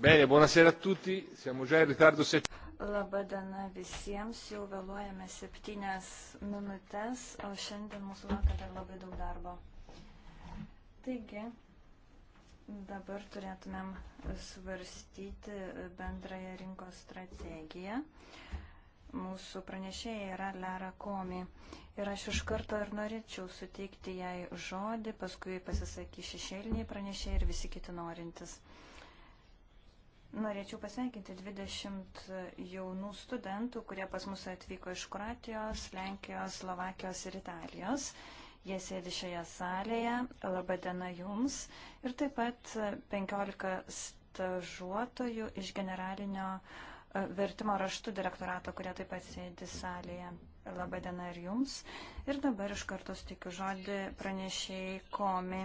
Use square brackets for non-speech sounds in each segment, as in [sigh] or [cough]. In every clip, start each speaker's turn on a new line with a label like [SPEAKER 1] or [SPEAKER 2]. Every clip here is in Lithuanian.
[SPEAKER 1] Bene, buonasera a tutti, siamo già in ritardo. Se...
[SPEAKER 2] Labadiena visiems, jau vėluojame septynias minutės, o šiandien mūsų laukia dar labai daug darbo. Taigi, dabar turėtumėm svarstyti bendrąją rinkos strategiją. Mūsų pranešėja yra Lara Komi. Ir aš iš karto ir norėčiau suteikti jai žodį, paskui pasisakys šešėliniai pranešėjai ir visi kiti norintys. Norėčiau pasveikinti 20 jaunų studentų, kurie pas mus atvyko iš Kroatijos, Lenkijos, Slovakijos ir Italijos. Jie sėdi šioje salėje. Labą dieną jums. Ir taip pat 15 stažuotojų iš generalinio e, vertimo raštų direktorato, kurie taip pat sėdi salėje. Labą dieną ir jums. Ir dabar iš karto stikiu žodį pranešėjai komi.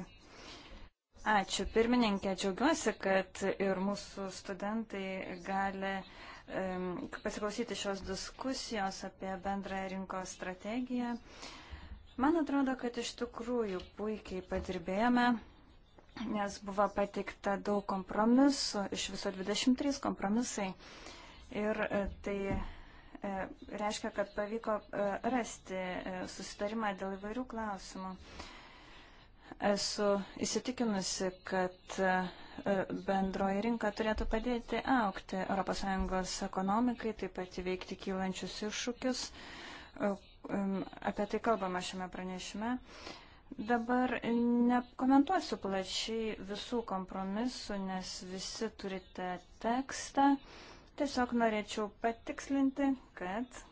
[SPEAKER 2] Ačiū pirmininkė, džiaugiuosi, kad ir mūsų studentai gali pasiklausyti šios diskusijos apie bendrąją rinkos strategiją. Man atrodo, kad iš tikrųjų puikiai padirbėjome, nes buvo pateikta daug kompromisų, iš viso 23 kompromisai. Ir e, tai e, reiškia, kad pavyko e, rasti susitarimą dėl įvairių klausimų esu įsitikinusi, kad e, bendroji rinka turėtų padėti aukti ES ekonomikai, taip pat įveikti kylančius iššūkius. E, apie tai kalbama šiame pranešime. Dabar nekomentuosiu plačiai visų kompromisų, nes visi turite tekstą. Tiesiog norėčiau patikslinti, kad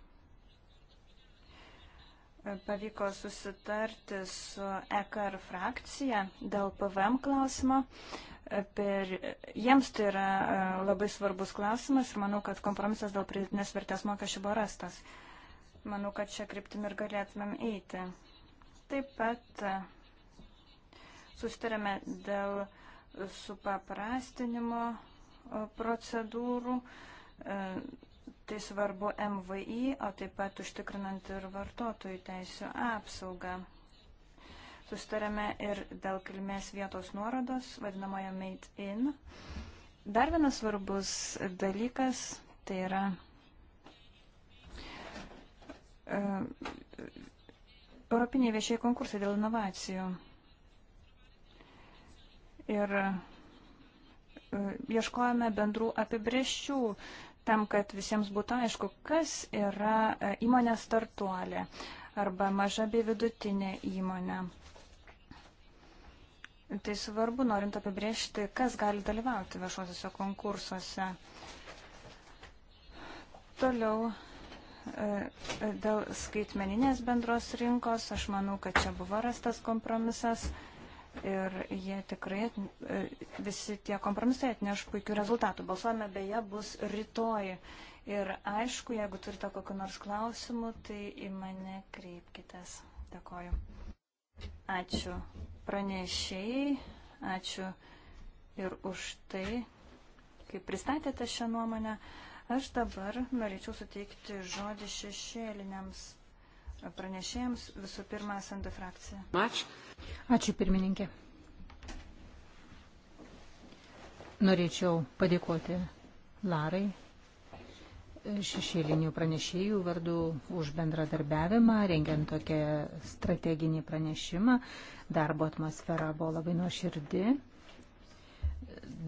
[SPEAKER 2] pavyko susitarti su EKR frakcija dėl PVM klausimo. Per, jiems tai yra e, labai svarbus klausimas ir manau, kad kompromisas dėl pridėtinės vertės mokesčių buvo rastas. Manau, kad čia kryptim ir galėtumėm eiti. Taip pat e, sustarėme dėl supaprastinimo procedūrų e, Tai svarbu MVI, o taip pat užtikrinant ir vartotojų teisų apsaugą. Sustarėme ir dėl kilmės vietos nuorodos, vadinamoje made in. Dar vienas svarbus dalykas tai yra e, Europiniai viešiai konkursai dėl inovacijų. Ir e, ieškojame bendrų apibrieščių tam, kad visiems būtų aišku, kas yra e, įmonė startuolė arba maža bei vidutinė įmonė. Tai svarbu, norint apibriežti, kas gali dalyvauti viešuosiuose konkursuose. Toliau e, dėl skaitmeninės bendros rinkos, aš manau, kad čia buvo rastas kompromisas ir jie tikrai, e, visi tie kompromisai atneš puikių rezultatų. Balsuojame beje bus rytoj. Ir aišku, jeigu turite kokiu nors klausimu, tai į mane kreipkitės. Dėkoju. Ačiū pranešėjai, ačiū ir už tai, kaip pristatėte šią nuomonę. Aš dabar norėčiau suteikti žodį šešėliniams pranešėjams. Visų pirma, SND frakcija.
[SPEAKER 3] Ačiū. Ačiū pirmininkė. Norėčiau padėkoti Larai šešėlinių pranešėjų vardų už bendradarbiavimą, rengiant tokią strateginį pranešimą. Darbo atmosfera buvo labai nuoširdi.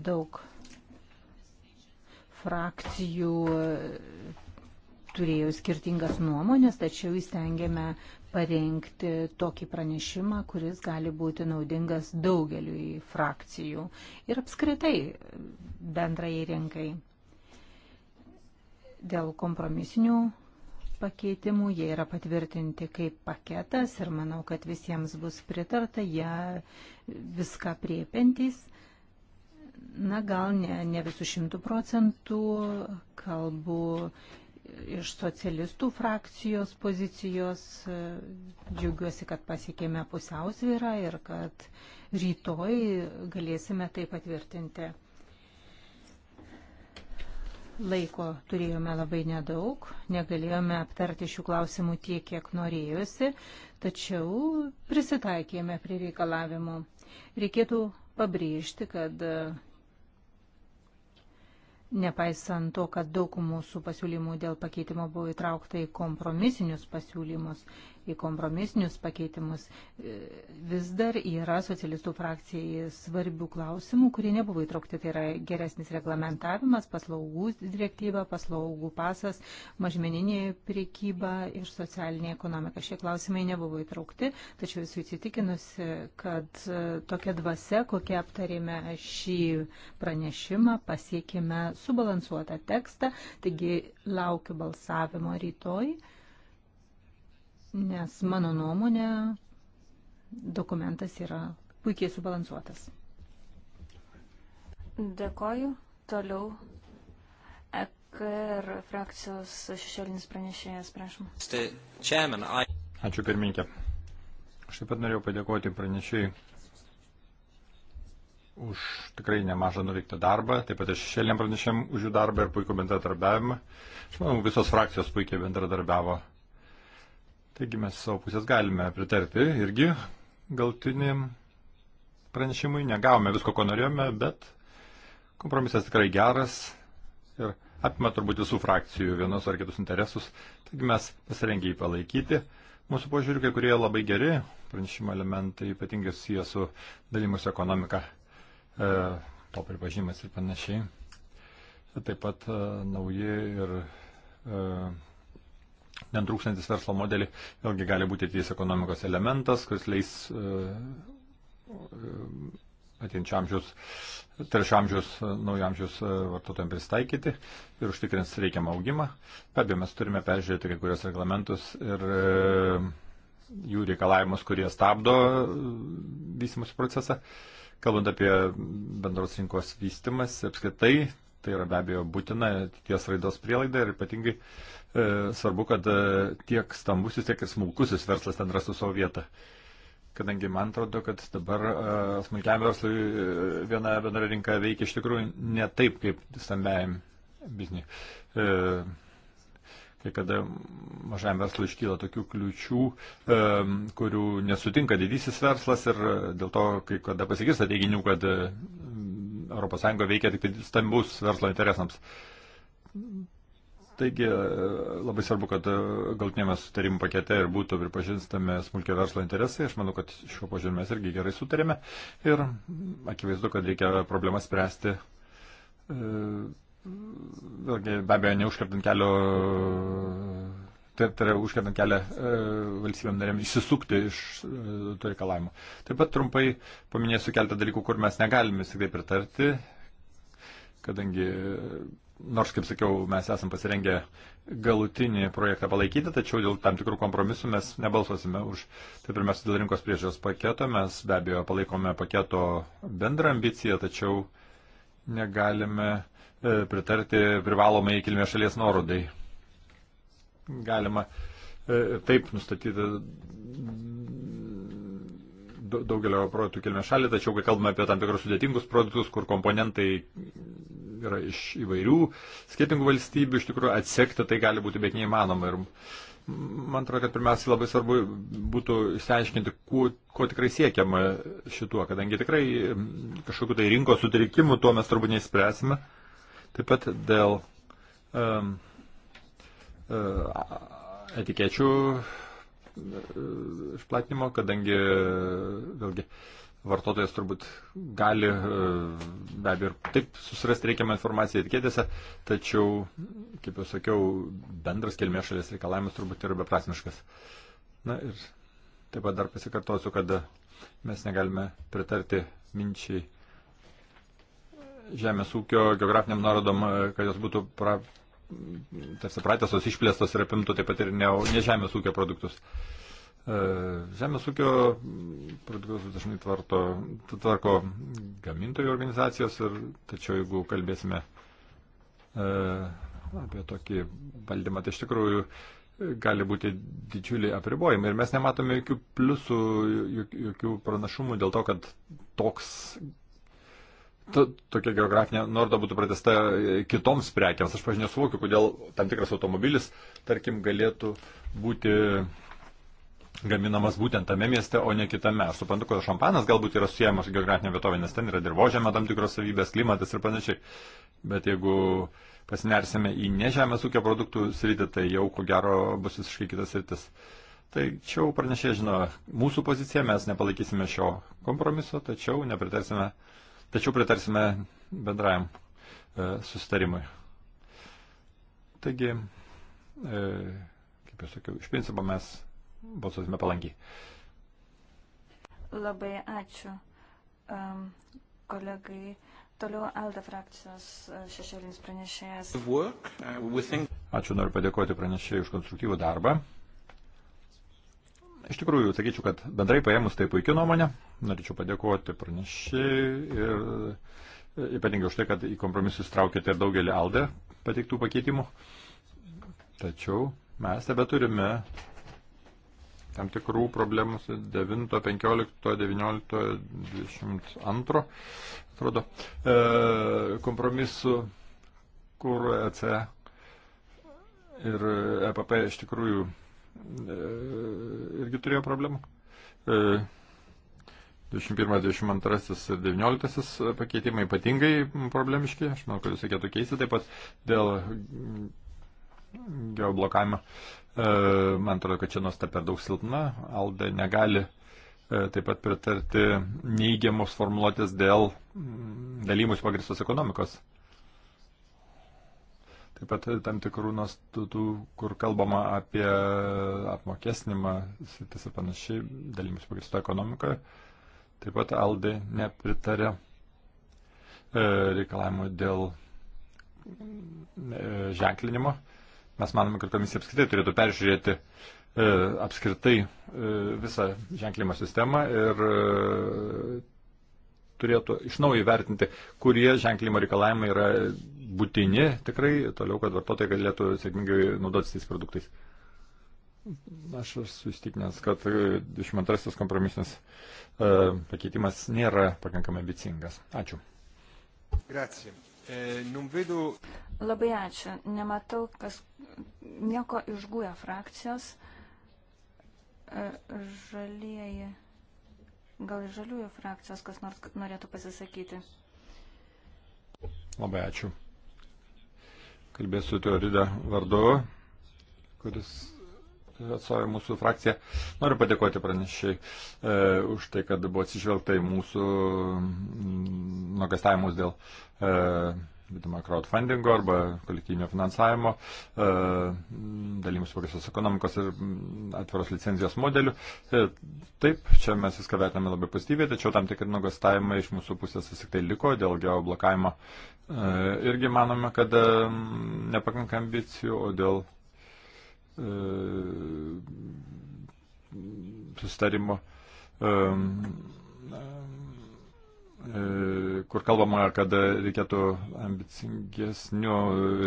[SPEAKER 3] Daug frakcijų turėjo skirtingas nuomonės, tačiau įstengėme parengti tokį pranešimą, kuris gali būti naudingas daugeliui frakcijų ir apskritai bendrai rinkai. Dėl kompromisinių pakeitimų jie yra patvirtinti kaip paketas ir manau, kad visiems bus pritarta, jie viską priepintys. Na, gal ne, ne visų šimtų procentų kalbu iš socialistų frakcijos pozicijos. Džiaugiuosi, kad pasiekėme pusiausvyrą ir kad rytoj galėsime tai patvirtinti. Laiko turėjome labai nedaug, negalėjome aptarti šių klausimų tiek, kiek norėjusi, tačiau prisitaikėme prie reikalavimų. Reikėtų pabrėžti, kad Nepaisant to, kad daug mūsų pasiūlymų dėl pakeitimo buvo įtraukta į kompromisinius pasiūlymus į kompromisinius pakeitimus. Vis dar yra socialistų frakcijai svarbių klausimų, kurie nebuvo įtraukti. Tai yra geresnis reglamentavimas, paslaugų direktyva, paslaugų pasas, mažmeninė priekyba ir socialinė ekonomika. Šie klausimai nebuvo įtraukti, tačiau esu įsitikinusi, kad tokia dvasia, kokia aptarėme šį pranešimą, pasiekime subalansuotą tekstą. Taigi laukiu balsavimo rytoj nes mano nuomonė dokumentas yra puikiai subalansuotas.
[SPEAKER 2] Dėkoju. Toliau EKR frakcijos šešėlinis pranešėjas, prašom.
[SPEAKER 1] Ačiū pirmininkė. Aš taip pat norėjau padėkoti pranešėjai už tikrai nemažą nuveiktą darbą, taip pat ir šešėlėm pranešėm už jų darbą ir puikų bendradarbiavimą. Aš manau, visos frakcijos puikiai bendradarbiavo Taigi mes savo pusės galime pritarti irgi galtiniam pranešimui. Negavome visko, ko norėjome, bet kompromisas tikrai geras ir apima turbūt visų frakcijų vienos ar kitus interesus. Taigi mes pasirengę jį palaikyti. Mūsų požiūrį, kai kurie labai geri pranešimo elementai, ypatingai susiję su dalymus ekonomika, e, to pripažinimas ir panašiai. Taip pat e, nauji ir e, netrūkstantis verslo modelį, vėlgi gali būti ateities ekonomikos elementas, kuris leis e, e, ateinčio amžiaus, trečio amžiaus, e, naujo amžiaus vartotojams pristaikyti ir užtikrins reikiamą augimą. Be abejo, mes turime peržiūrėti kai kurios reglamentus ir jų reikalavimus, kurie stabdo vystimus procesą. Kalbant apie bendros rinkos vystimas, apskritai Tai yra be abejo būtina ties raidos prielaida ir ypatingai e, svarbu, kad e, tiek stambusis, tiek ir smulkusis verslas ten rastų savo vietą. Kadangi man atrodo, kad dabar e, smulkiam verslui e, viena bendra rinka veikia iš tikrųjų ne taip, kaip stambiajam bizniui. E, kai kada mažajam verslui iškyla tokių kliučių, e, kurių nesutinka didysis verslas ir dėl to kai kada pasigirsta teiginių, kad ES veikia tik tai stambus verslo interesams. Taigi labai svarbu, kad galtinėme sutarimų pakete ir būtų pripažinstami smulkio verslo interesai. Aš manau, kad šiuo požiūriu mes irgi gerai sutarėme. Ir akivaizdu, kad reikia problemą spręsti. E, vėlgi, be abejo, neužkartant kelio Tai, tai yra užkertant kelią e, valstybėm narėm išsisukti iš e, to reikalavimo. Taip pat trumpai paminėsiu keletą dalykų, kur mes negalime vis tik tai pritarti, kadangi nors, kaip sakiau, mes esam pasirengę galutinį projektą palaikyti, tačiau dėl tam tikrų kompromisų mes nebalsuosime už. Tai pirmiausia, dėl rinkos priežiūros paketo mes be abejo palaikome paketo bendrą ambiciją, tačiau negalime e, pritarti privalomai kilmės šalies nuorodai galima e, taip nustatyti daugelio produktų kilmės šalį, tačiau kai kalbame apie tam tikrus sudėtingus produktus, kur komponentai yra iš įvairių skirtingų valstybių, iš tikrųjų atsekti tai gali būti beveik neįmanoma. Ir man atrodo, kad pirmiausiai labai svarbu būtų išsiaiškinti, kuo, ko tikrai siekiama šituo, kadangi tikrai kažkokiu tai rinkos sutrikimų tuo mes turbūt neįspręsime. Taip pat dėl um, E, etikečių e, išplatinimo, kadangi vėlgi vartotojas turbūt gali e, be abejo ir taip susirasti reikiamą informaciją etiketėse, tačiau, kaip jau sakiau, bendras kilmės šalies reikalavimas turbūt yra beprasmiškas. Na ir taip pat dar pasikartosiu, kad mes negalime pritarti minčiai žemės ūkio geografiniam nuorodom, kad jos būtų pra, tarsi pratesos išplėstos ir apimtų taip pat ir ne, ne žemės ūkio produktus. E, žemės ūkio produktus dažnai tvarto, tvarko gamintojų organizacijos, ir, tačiau jeigu kalbėsime e, apie tokį valdymą, tai iš tikrųjų gali būti didžiuliai apribojimai ir mes nematome jokių pliusų, jokių pranašumų dėl to, kad toks ta, tokia geografinė norda būtų pratesta e, kitoms prekiams. Aš pažiūrėjau, nesuvokiu, kodėl tam tikras automobilis, tarkim, galėtų būti gaminamas būtent tame mieste, o ne kitame. Aš suprantu, kad šampanas galbūt yra susijęs su geografinė vietovė, nes ten yra dirbožėme tam tikros savybės, klimatas ir panašiai. Bet jeigu pasinersime į nežemės ūkio produktų sritį, tai jau ko gero bus visiškai kitas sritis. Tai čia jau pranešė, žino, mūsų pozicija, mes nepalaikysime šio kompromiso, tačiau nepritarsime uh, tačiau pritarsime bendrajam e, sustarimui. Taigi, e, kaip jau sakiau, iš principo mes balsuosime palankiai.
[SPEAKER 2] Labai ačiū um, kolegai. Toliau Alda frakcijos e, šešėlinis pranešėjas.
[SPEAKER 1] Ačiū, noriu padėkoti pranešėjai už konstruktyvų darbą. Iš tikrųjų, sakyčiau, kad bendrai paėmus tai puikia nuomonė. Norėčiau padėkoti pranešėjai ir e, ypatingai už tai, kad į kompromisus traukėte daugelį aldę pateiktų pakeitimų. Tačiau mes tebe turime tam tikrų problemų su 9, 15, 19, 22, atrodo, e, kompromisu, kur EC ir EPP iš tikrųjų e, irgi turėjo problemų. E, 21, 22 ir 19 pakeitimai ypatingai problemiški. Aš manau, kad jūs reikėtų keisti taip pat dėl geoblokavimo. E, man atrodo, kad čia nuosta per daug silpna. Alda negali e, taip pat pritarti neįgiamos formuluotės dėl mm, dalymus pagristos ekonomikos. Taip pat tam tikrų nuostatų, kur kalbama apie apmokesnimą, sitis ir panašiai, dalymus pagristo ekonomikoje. Taip pat Aldė nepritarė e, reikalavimų dėl e, ženklinimo. Mes manome, kad komisija apskritai turėtų peržiūrėti e, apskritai visą ženklimo sistemą ir turėtų iš naujo įvertinti, kurie ženklimo reikalavimai yra būtini tikrai toliau, kad vartotojai galėtų sėkmingai naudotis tais produktais. Aš esu įstikinęs, kad 22 kompromisinis e, pakeitimas nėra pakankamai ambicingas. Ačiū. Grazie. E, vedu...
[SPEAKER 2] Labai ačiū. Nematau, kas nieko išgūja e frakcijos. E, žalieji. Gal iš žaliųjų frakcijos kas nors norėtų pasisakyti.
[SPEAKER 1] Labai ačiū. Kalbėsiu Teorida vardu, kuris atsovė mūsų frakcija. Noriu padėkoti pranešiai e, už tai, kad buvo atsižvelgta į mūsų mm, nuogastavimus dėl e, vadinamą crowdfundingo arba kolektyvinio finansavimo, e, dalymus progresos ekonomikos ir mm, atviros licenzijos modelių. E, taip, čia mes viską vertiname labai pozityviai, tačiau tam tikri nuogastavimai iš mūsų pusės vis tik tai liko dėl geoblokavimo. E, irgi manome, kad e, nepakanka ambicijų, o dėl E, susitarimo, e, e, kur kalbama, kad reikėtų ambicingesnių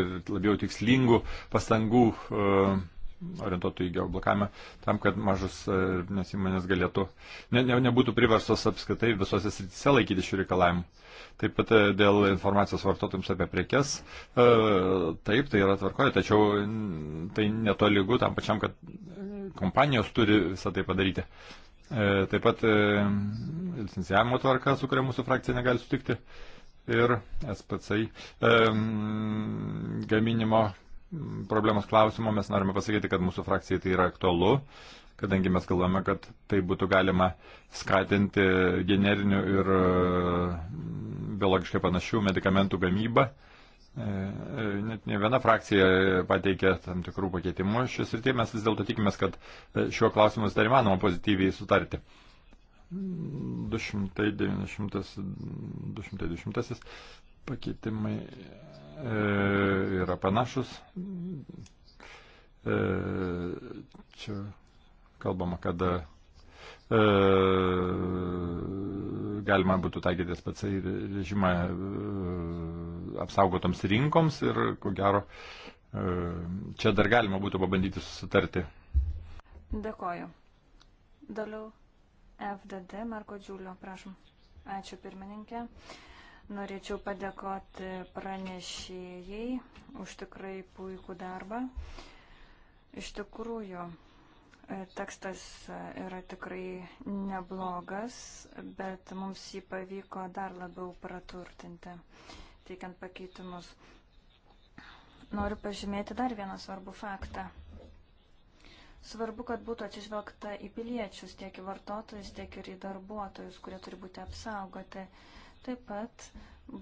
[SPEAKER 1] ir labiau tikslingų pastangų orientuotų į geoblokavimą, tam, kad mažus nes įmonės galėtų, ne, ne, nebūtų priversos apskritai visose srityse laikyti šių reikalavimų. Taip pat e, dėl informacijos vartotojams apie prekes, e, taip, tai yra tvarkoje, tačiau tai netolygu tam pačiam, kad kompanijos turi visą tai padaryti. E, taip pat licencijavimo tvarka, su kuria mūsų frakcija negali sutikti, ir SPCI gaminimo problemos klausimo mes norime pasakyti, kad mūsų frakcijai tai yra aktualu kadangi mes galvojame, kad tai būtų galima skatinti generinių ir e, biologiškai panašių medikamentų gamybą. E, e, net ne viena frakcija pateikė tam tikrų pakeitimų šis ir tai mes vis dėlto tikimės, kad šiuo klausimu dar įmanoma pozityviai sutarti. 290, 210 pakeitimai yra panašus. Čia kalbama, kad e, e, galima būtų taikyti speciai režimą e, apsaugotoms rinkoms ir ko gero e, čia dar galima būtų pabandyti susitarti.
[SPEAKER 2] Dėkoju. Daliau FDD Marko Džiulio, prašom. Ačiū pirmininkė. Norėčiau padėkoti pranešėjai už tikrai puikų darbą. Iš tikrųjų, Tekstas e, yra tikrai neblogas, bet mums jį pavyko dar labiau praturtinti, teikiant pakeitimus. Noriu pažymėti dar vieną svarbų faktą. Svarbu, kad būtų atsižvelgta į piliečius, tiek į vartotojus, tiek ir į darbuotojus, kurie turi būti apsaugoti. Taip pat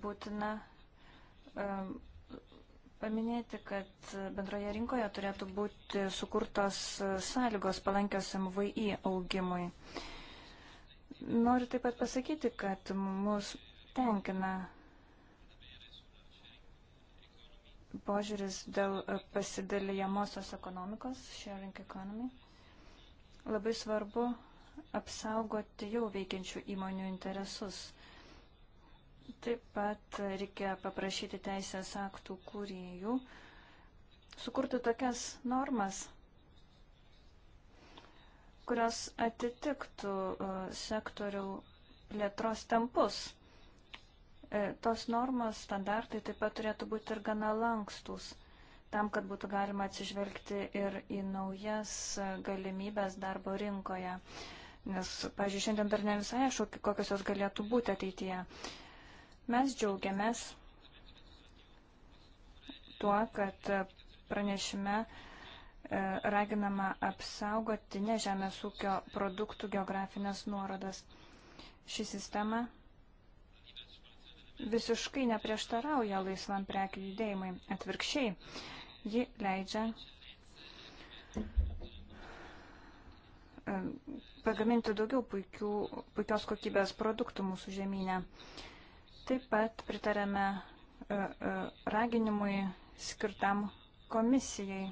[SPEAKER 2] būtina um, paminėti, kad bendroje rinkoje turėtų būti sukurtos sąlygos palankios MVI augimui. Noriu taip pat pasakyti, kad mus tenkina požiūris dėl pasidalijamosios ekonomikos, sharing economy. Labai svarbu apsaugoti jau veikiančių įmonių interesus. Taip pat reikia paprašyti teisės aktų kūrėjų sukurti tokias normas, kurios atitiktų e, sektorių plėtros tempus. E, tos normos, standartai taip pat turėtų būti ir gana lankstus, tam, kad būtų galima atsižvelgti ir į naujas galimybės darbo rinkoje. Nes, pažiūrėjau, šiandien dar ne visai aišku, kokios jos galėtų būti ateityje. Mes džiaugiamės tuo, kad pranešime e, raginama apsaugoti ne žemės ūkio produktų geografinės nuorodas. Ši sistema visiškai neprieštarauja laisvam prekių judėjimai. Atvirkščiai, ji leidžia e, pagaminti daugiau puikių, puikios kokybės produktų mūsų žemynė. Taip pat pritarėme e, e, raginimui skirtam komisijai.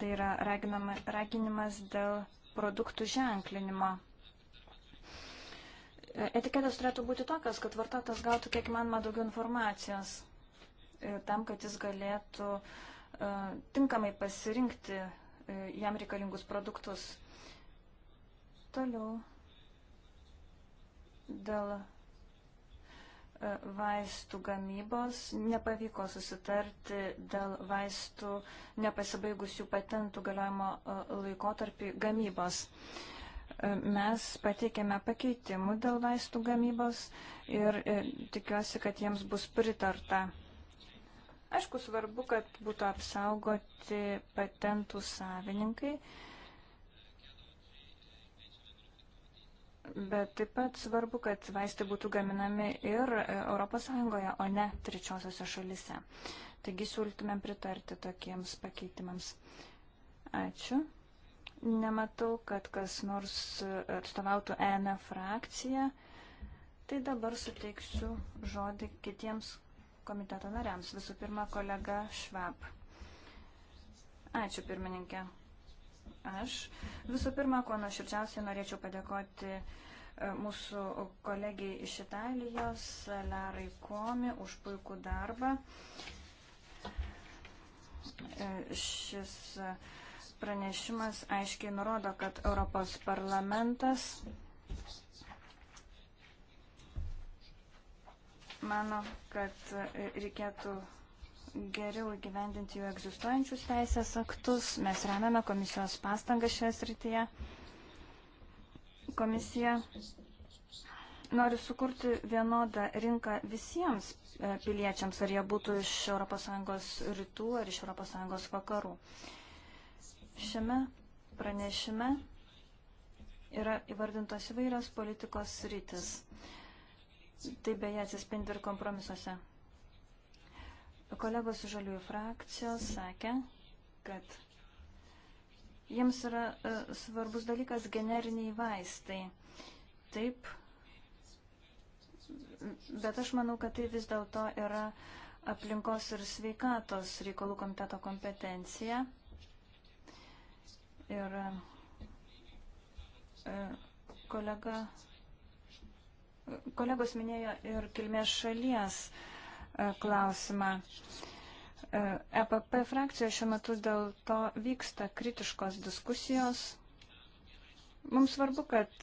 [SPEAKER 2] Tai yra raginama, raginimas dėl produktų ženklinimo. E, Etiketės turėtų būti tokios, kad vartotojas gautų kiek manoma daugiau informacijos tam, kad jis galėtų tinkamai pasirinkti jam reikalingus produktus. Toliau dėl E, vaistų gamybos, nepavyko susitarti dėl vaistų nepasibaigusių patentų galiojimo e, laikotarpį gamybos. E, mes pateikėme pakeitimų dėl vaistų gamybos ir tikiuosi, kad jiems bus pritarta. Aišku, svarbu, kad būtų apsaugoti patentų savininkai. Bet taip pat svarbu, kad vaistai būtų gaminami ir ES, o ne trečiosiose šalise. Taigi siūlytumėm pritarti tokiems pakeitimams. Ačiū. Nematau, kad kas nors atstovautų ENF frakciją. Tai dabar suteiksiu žodį kitiems komiteto nariams. Visų pirma, kolega Švab. Ačiū, pirmininkė aš. Visų pirma, kuo nuoširdžiausiai norėčiau padėkoti e, mūsų kolegijai iš Italijos, Larai Komi, už puikų darbą. E, šis pranešimas aiškiai nurodo, kad Europos parlamentas mano, kad reikėtų geriau įgyvendinti jų egzistuojančius teisės aktus. Mes remiame komisijos pastangą šioje srityje. Komisija nori sukurti vienodą rinką visiems e, piliečiams, ar jie būtų iš ES rytų ar iš ES vakarų. Šiame pranešime yra įvardintos įvairios politikos rytis. Tai beje atsispindi ir kompromisuose. Kolegos iš žaliųjų frakcijos sakė, kad jiems yra e, svarbus dalykas generiniai vaistai. Taip, bet aš manau, kad tai vis dėlto yra aplinkos ir sveikatos reikalų komiteto kompetencija. Ir e, kolega, kolegos minėjo ir kilmės šalies E, klausimą. EPP e frakcija šiuo metu dėl to vyksta kritiškos diskusijos. Mums svarbu, kad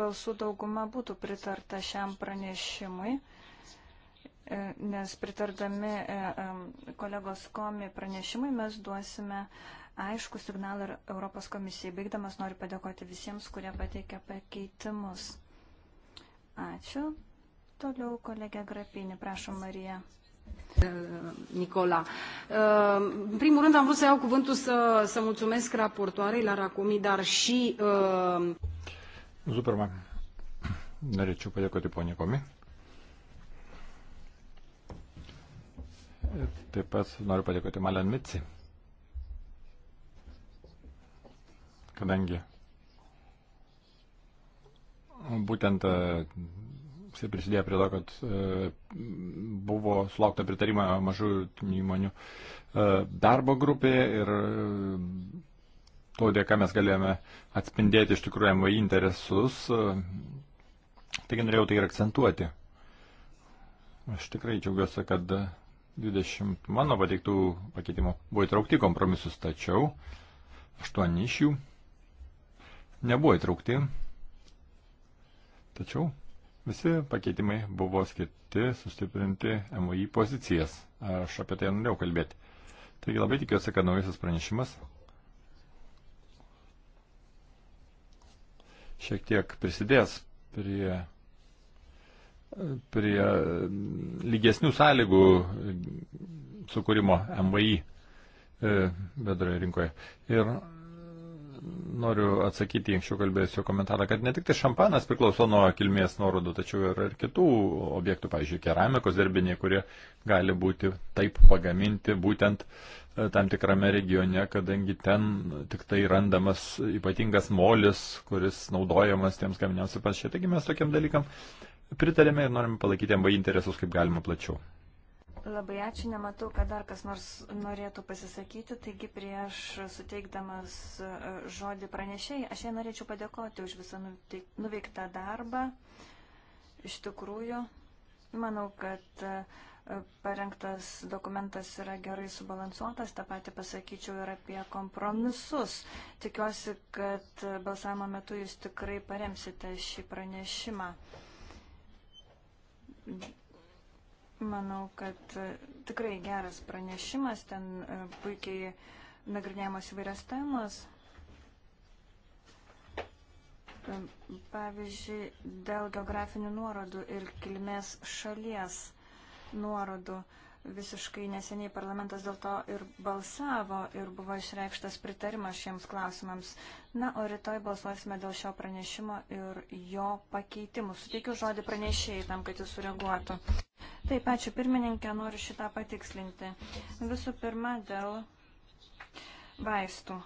[SPEAKER 2] balsų dauguma būtų pritarta šiam pranešimui, e, nes pritardami kolegos komi pranešimui mes duosime aišku signalą ir Europos komisijai. Baigdamas noriu padėkoti visiems, kurie pateikė pakeitimus. Ačiū. Toliau kolegė Grapinė, prašom Marija. E, Nicola. E, în primul rând am vrut să iau cuvântul să, să mulțumesc raportoarei Lara Comi,
[SPEAKER 3] dar și...
[SPEAKER 1] Visų e, pirma, norėčiau padėkoti poniai Komi. Ir taip pat noriu padėkoti Malen Mitsi, kadangi būtent jisai prisidėjo prie to, kad e, buvo sulaukta pritarimo mažų įmonių e, darbo grupėje ir e, to dėka mes galėjome atspindėti iš tikrųjų MVI interesus. Taigi norėjau tai ir akcentuoti. Aš tikrai džiaugiuosi, kad 20 mano pateiktų pakeitimų buvo įtraukti kompromisus, tačiau 8 iš jų nebuvo įtraukti. Tačiau Visi pakeitimai buvo skirti sustiprinti MOI pozicijas. Aš apie tai norėjau kalbėti. Taigi labai tikiuosi, kad naujasis pranešimas šiek tiek prisidės prie, prie lygesnių sąlygų sukūrimo MVI e, bendroje rinkoje. Ir noriu atsakyti į anksčiau kalbėjusio komentarą, kad ne tik tai šampanas priklauso nuo kilmės nuorodų, tačiau yra ir kitų objektų, pavyzdžiui, keramikos dirbiniai, kurie gali būti taip pagaminti būtent e, tam tikrame regione, kadangi ten tik tai randamas ypatingas molis, kuris naudojamas tiems gaminiams ir panašiai. Taigi mes tokiam dalykam pritarėme ir norime palaikyti MBA interesus kaip galima plačiau.
[SPEAKER 2] Labai ačiū, nematau, kad dar kas nors norėtų pasisakyti, taigi prieš suteikdamas e, žodį pranešėjai, aš jai norėčiau padėkoti už visą nuveiktą darbą. Iš tikrųjų, manau, kad e, parengtas dokumentas yra gerai subalansuotas, tą patį pasakyčiau ir apie kompromisus. Tikiuosi, kad balsavimo metu jūs tikrai paremsite šį pranešimą Manau, kad e, tikrai geras pranešimas, ten e, puikiai nagrinėjamos įvairias temas. E, pavyzdžiui, dėl geografinių nuorodų ir kilmės šalies nuorodų. Uh, Visiškai neseniai parlamentas dėl to ir balsavo ir buvo išreikštas pritarimas šiems klausimams. Na, o rytoj balsuosime dėl šio pranešimo ir jo pakeitimų. Suteikiu žodį pranešėjai tam, kad jis sureaguotų. Taip, ačiū pirmininkė, noriu šitą patikslinti. Visų pirma, dėl vaistų.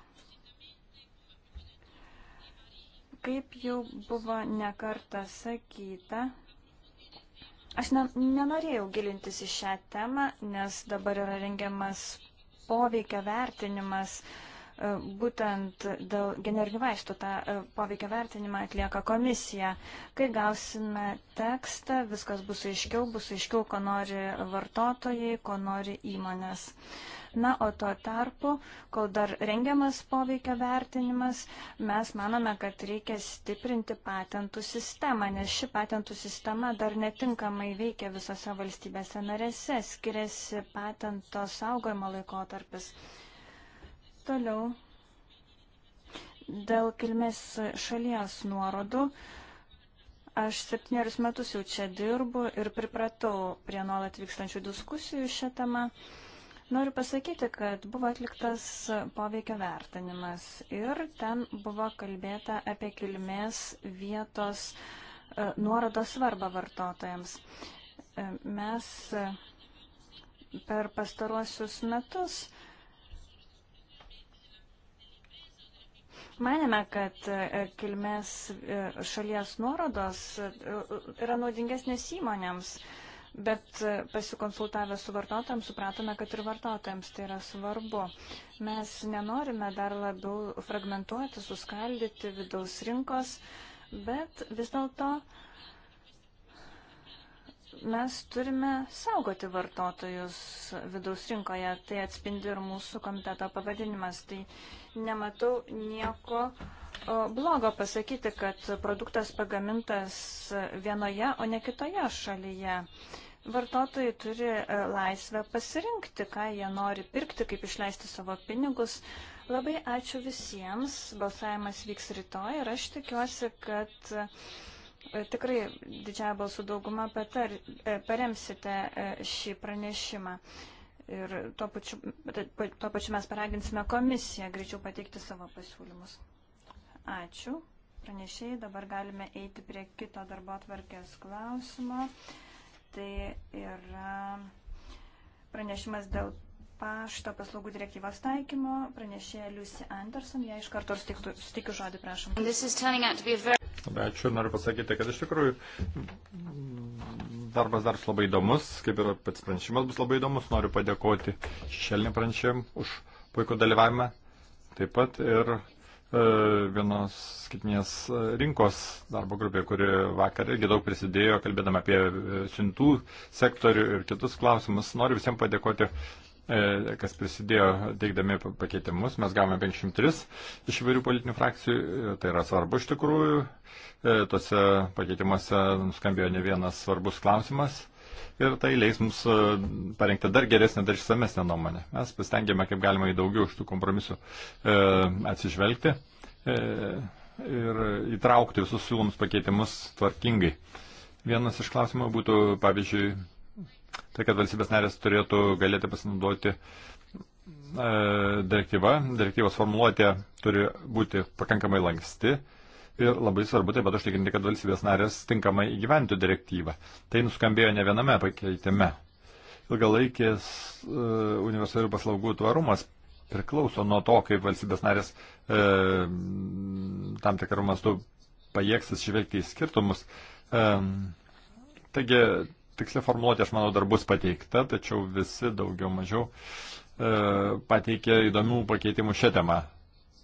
[SPEAKER 2] Kaip jau buvo nekarta sakyta, Aš ne, nenorėjau gilintis į šią temą, nes dabar yra rengiamas poveikio vertinimas. Uh, E, būtent dėl generinių vaistų tą e, poveikio vertinimą atlieka komisija. Kai gausime tekstą, viskas bus aiškiau, bus aiškiau, ko nori vartotojai, ko nori įmonės. Na, o tuo tarpu, kol dar rengiamas poveikio vertinimas, mes manome, kad reikia stiprinti patentų sistemą, nes ši patentų sistema dar netinkamai veikia visose valstybėse narėse, skiriasi patento saugojimo laikotarpis. Toliau dėl kilmės šalies nuorodų. Aš septynerius metus jau čia dirbu ir pripratau prie nuolat vykstančių diskusijų šią temą. Noriu pasakyti, kad buvo atliktas poveikio vertinimas ir ten buvo kalbėta apie kilmės vietos e, nuorodos svarbą vartotojams. E, mes e, per pastaruosius metus uh, Manėme, kad e, kilmės e, šalies nuorodos e, yra naudingesnės įmonėms, bet pasikonsultavę su vartotojams supratome, kad ir vartotojams tai yra svarbu. Mes nenorime dar labiau fragmentuoti, suskaldyti vidaus rinkos, bet vis dėlto uh, mes turime saugoti vartotojus vidaus rinkoje. Tai atspindi ir mūsų komiteto pavadinimas. Tai nematau nieko blogo pasakyti, kad produktas pagamintas vienoje, o ne kitoje šalyje. Vartotojai turi e, laisvę pasirinkti, ką jie nori pirkti, kaip išleisti savo pinigus. Labai ačiū visiems. Balsavimas vyks rytoj ir aš tikiuosi, kad E, tikrai didžiąją balsų daugumą patar, e, paremsite e, šį pranešimą. Ir tuo pačiu, tuo pačiu mes paraginsime komisiją greičiau pateikti savo pasiūlymus. Ačiū. Pranešėjai, dabar galime eiti prie kito darbo atvarkės klausimo. Tai yra pranešimas dėl pašto paslaugų direktyvos taikymo. Pranešėja Liusi Anderson, ją iš karto sutikiu žodį, prašom.
[SPEAKER 1] Labai ačiū ir noriu pasakyti, kad iš tikrųjų darbas dar labai įdomus, kaip ir pats pranešimas bus labai įdomus. Noriu padėkoti šešėlinį pranešimą už puikų dalyvavimą. Taip pat ir e, vienos skaitinės e, rinkos darbo grupė, kuri vakar irgi daug prisidėjo, kalbėdama apie e, siuntų sektorių ir kitus klausimus. Noriu visiems padėkoti E, kas prisidėjo teikdami pakeitimus. Mes gavome 503 iš įvairių politinių frakcijų, e, tai yra svarbu iš tikrųjų. E, Tuose pakeitimuose nuskambėjo ne vienas svarbus klausimas ir tai leis mums parengti dar geresnę, dar išsamesnę nuomonę. Mes pasitengėme, kaip galima į daugiau iš tų kompromisų e, atsižvelgti e, ir įtraukti visus siūlomus pakeitimus tvarkingai. Vienas iš klausimų būtų, pavyzdžiui, tai kad valstybės narės turėtų galėti pasinaudoti e, direktyva, direktyvos formuluotė turi būti pakankamai lanksti ir labai svarbu taip pat užtikrinti, kad valstybės narės tinkamai įgyventų direktyvą. Tai nuskambėjo ne viename pakeitime. Ilgalaikės e, universalių paslaugų tvarumas priklauso nuo to, kaip valstybės narės e, tam tikrų mastų pajėgsis žvelgti į skirtumus. E, taigi tiksliai formuluotė, aš manau, dar bus pateikta, tačiau visi daugiau mažiau e, pateikė įdomių pakeitimų šią temą.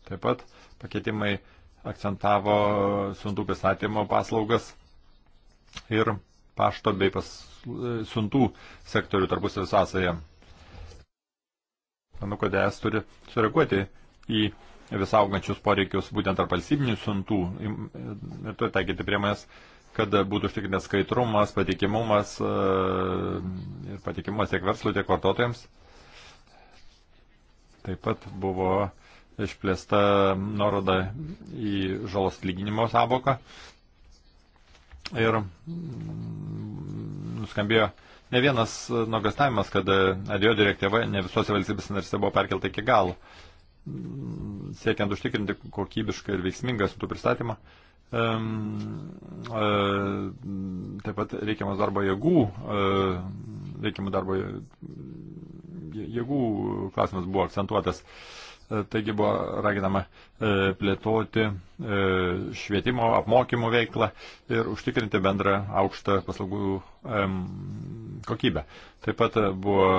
[SPEAKER 1] Taip pat pakeitimai akcentavo siuntų pristatymo paslaugas ir pašto bei pas, e, siuntų sektorių tarpusavį sąsąją. Manau, kad ES turi sureaguoti į visaugančius poreikius būtent tarp valstybinių siuntų ir turi taikyti priemonės, e, kad būtų užtikrintas skaidrumas, patikimumas e, ir patikimumas tiek verslui, tiek vartotojams. Taip pat buvo išplėsta nuoroda į žalos lyginimo savoką ir mm, nuskambėjo ne vienas nuogastavimas, kad ADO direktyva ne visose valstybės narėse buvo perkelta iki galo, mm, siekiant užtikrinti kokybišką ir veiksmingą sutų pristatymą. Uh, E, taip pat reikiamas darbo jėgų, e, reikiamų darbo jėgų klausimas buvo akcentuotas. E, taigi buvo raginama plėtoti švietimo, apmokymo veiklą ir užtikrinti bendrą aukštą paslaugų kokybę. Taip pat buvo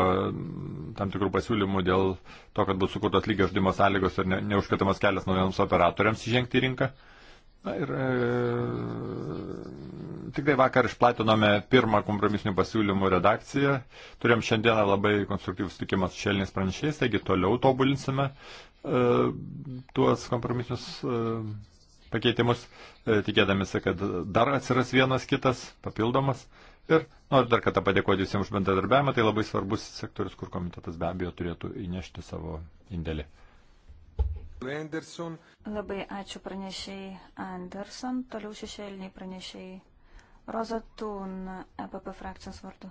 [SPEAKER 1] tam tikrų pasiūlymų dėl to, kad bus sukurtos lygios žaidimo sąlygos ir neužkirtamas kelias naujoms operatoriams įžengti į rinką. Na ir e, tik tai vakar išplatinome pirmą kompromisinių pasiūlymų redakciją. Turėjom šiandieną labai konstruktyvų sutikimą su šelniais pranešėjais, taigi toliau tobulinsime e, tuos kompromisinius e, pakeitimus, e, tikėdamėsi, kad dar atsiras vienas kitas papildomas. Ir noriu dar kartą padėkoti visiems už bendradarbiavimą, tai labai svarbus sektorius, kur komitetas be abejo turėtų įnešti savo indėlį. Anderson.
[SPEAKER 2] Labai ačiū pranešėjai Anderson. Toliau šešėliniai pranešėjai. Roza Tun, EPP frakcijos vardu.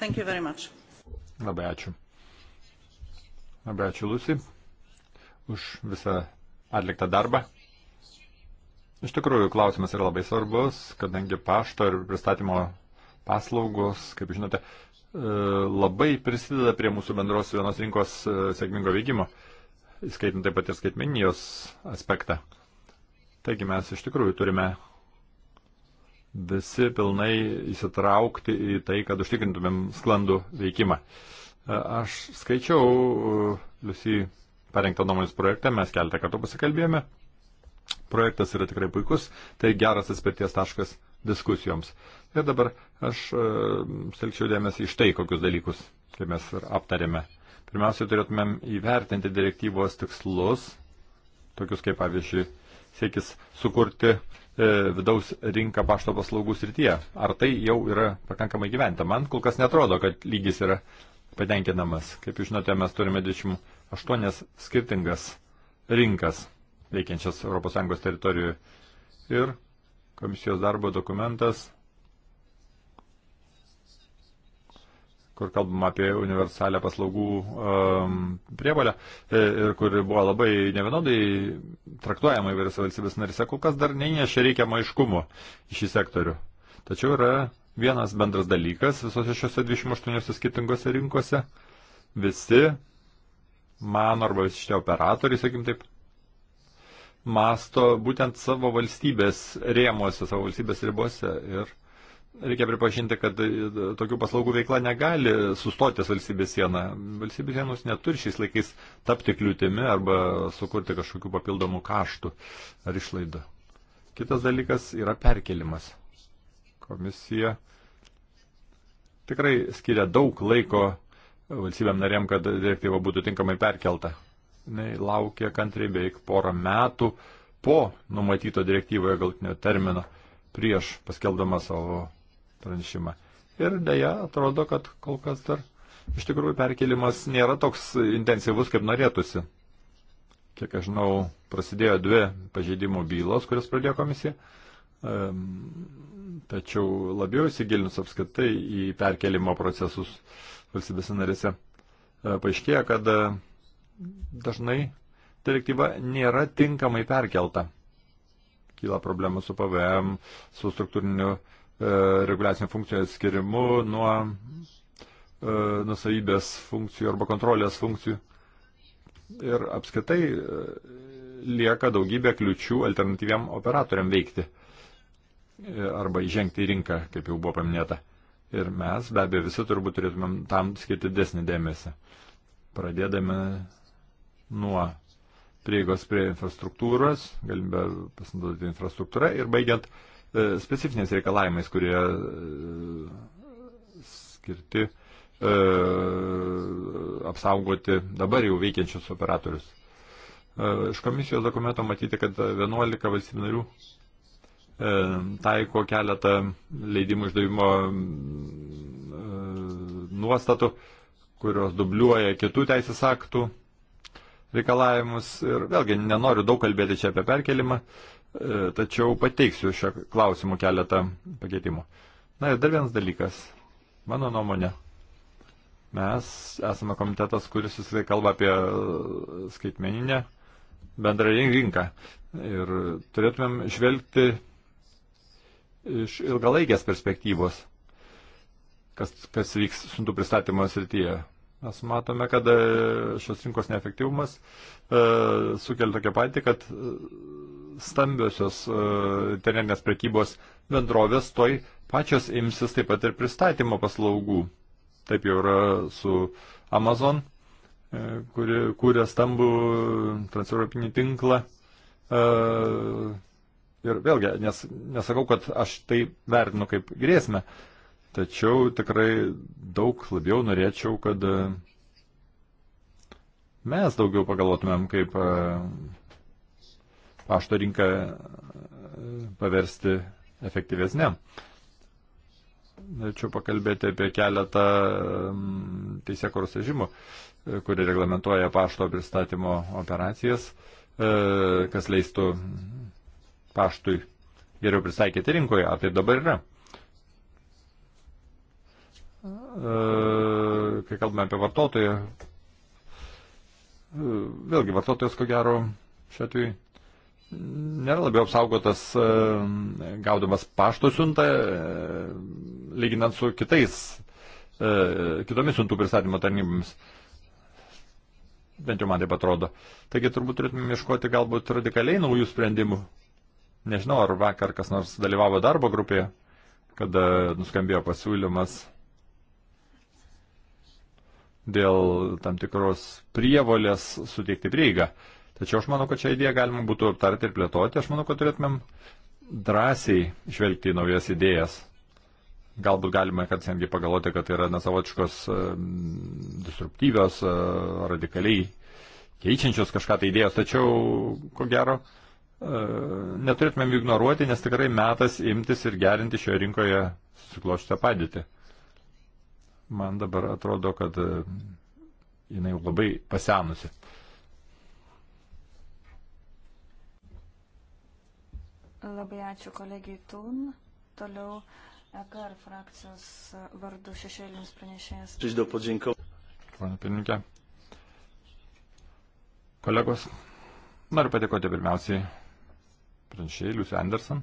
[SPEAKER 2] Thank you very much.
[SPEAKER 1] Labai ačiū. Labai ačiū Lusi už visą atliktą darbą. Iš tikrųjų, klausimas yra labai svarbus, kadangi pašto ir pristatymo paslaugos, kaip žinote, e, labai prisideda prie mūsų bendros vienos rinkos e, sėkmingo veikimo įskaitant taip pat ir skaitmenijos aspektą. Taigi mes iš tikrųjų turime visi pilnai įsitraukti į tai, kad užtikrintumėm sklandų veikimą. E, aš skaičiau e, Liusy parengtą nuomonės projektą, mes keletą kartų pasikalbėjome. Projektas yra tikrai puikus, tai geras atspirties taškas diskusijoms. Ir dabar aš uh, e, selkčiau dėmesį iš tai, kokius dalykus, kaip mes ir aptarėme Pirmiausia, turėtumėm įvertinti direktyvos tikslus, tokius kaip pavyzdžiui siekis sukurti e, vidaus rinką pašto paslaugų srityje. Ar tai jau yra pakankamai gyventa? Man kol kas netrodo, kad lygis yra patenkinamas. Kaip jūs žinote, mes turime 28 skirtingas rinkas veikiančias ES teritorijoje. Ir komisijos darbo dokumentas kur kalbam apie universalią paslaugų um, prievalę e, ir kuri buvo labai nevienodai traktuojama įvairiose valstybės narise, kol kas dar neįnešė reikiamą aiškumo į šį sektorių. Tačiau yra vienas bendras dalykas visose šiuose 28 skirtingose rinkose. Visi mano arba visi šitie operatoriai, sakim taip, masto būtent savo valstybės rėmuose, savo valstybės ribose ir Reikia pripažinti, kad e, tokių paslaugų veikla negali sustoti valstybės sieną. Valstybės sienos neturi šiais laikais tapti kliūtimi arba sukurti kažkokių papildomų kaštų ar išlaidų. Kitas dalykas yra perkelimas. Komisija tikrai skiria daug laiko valstybėm narėm, kad direktyva būtų tinkamai perkelta. Jis laukia kantriai beveik porą metų po numatyto direktyvoje galtinio termino prieš paskelbdama savo pranešimą. Ir dėja, atrodo, kad kol kas dar iš tikrųjų perkelimas nėra toks intensyvus, kaip norėtųsi. Kiek aš žinau, prasidėjo dvi pažeidimų bylos, kurias pradėjo komisija. Tačiau labiau įsigilinus apskritai į perkelimo procesus valstybės narėse, e, paaiškėjo, kad e, dažnai direktyva nėra tinkamai perkelta. Kyla problemų su PVM, su struktūriniu E, reguliacinių funkcijų atskirimu nuo e, nusavybės funkcijų arba kontrolės funkcijų. Ir apskritai e, lieka daugybė kliučių alternatyviam operatoriam veikti arba įžengti į rinką, kaip jau buvo paminėta. Ir mes be abejo visi turbūt turėtumėm tam skirti desnį dėmesį. Pradėdami nuo prieigos prie infrastruktūros, galimybę pasinaudoti infrastruktūrą ir baigiant uh, E, specifiniais reikalavimais, kurie e, skirti e, apsaugoti dabar jau veikiančius operatorius. Iš komisijos dokumento matyti, kad 11 valstybių narių taiko keletą leidimų išdavimo nuostatų, kurios dubliuoja kitų teisės aktų reikalavimus. Ir vėlgi nenoriu daug kalbėti čia apie perkelimą, E, tačiau pateiksiu šio klausimu keletą pakeitimų. Na ir dar vienas dalykas. Mano nuomonė. Mes esame komitetas, kuris visą laiką kalba apie skaitmeninę bendrą rinką. Ir turėtumėm žvelgti iš ilgalaikės perspektyvos, kas, kas vyks siuntų pristatymo srityje. Mes matome, kad e, šios rinkos neefektyvumas e, sukelia tokią patį, kad e, stambiosios e, internetinės prekybos bendrovės toj pačios imsis taip pat ir pristatymo paslaugų. Taip jau yra su Amazon, e, kuri kūrė stambų transeuropinį tinklą. E, ir vėlgi, nes, nesakau, kad aš tai vertinu kaip grėsmę, tačiau tikrai daug labiau norėčiau, kad mes daugiau pagalvotumėm, kaip pašto rinką e, paversti efektyvesnė. Norėčiau pakalbėti apie keletą teisėkoros režimų, e, kurie reglamentuoja pašto pristatymo operacijas, e, kas leistų paštui geriau pristaikyti rinkoje, ar taip dabar yra. Kai kalbame apie vartotoją, vėlgi vartotojas ko gero šiuo atveju nėra labiau apsaugotas e, gaudamas pašto siuntą, e, lyginant su kitais, e, kitomis siuntų pristatymo tarnybomis. Bent jau man taip atrodo. Taigi turbūt turėtume ieškoti galbūt radikaliai naujų sprendimų. Nežinau, ar vakar kas nors dalyvavo darbo grupėje, kada nuskambėjo pasiūlymas dėl tam tikros prievolės suteikti prieigą. Uh, Tačiau aš manau, kad šią idėją galima būtų aptarti ir plėtoti. Aš manau, kad turėtumėm drąsiai žvelgti į naujas idėjas. Galbūt galima, kad netgi pagalvoti, kad tai yra nesavotiškos, e, disruptyvios, e, radikaliai keičiančios kažką tai idėjos, tačiau, ko gero, e, neturėtumėm ignoruoti, nes tikrai metas imtis ir gerinti šioje rinkoje susikloščią padėtį. Man dabar atrodo, kad jinai labai pasenusi.
[SPEAKER 2] Labai ačiū kolegijai Tun. Toliau EKR frakcijos vardu šešėlinis pranešėjas. Žydau
[SPEAKER 1] padžinkau. Pane pirmininkė. Kolegos, noriu padėkoti pirmiausiai pranešėjai Liusi Anderson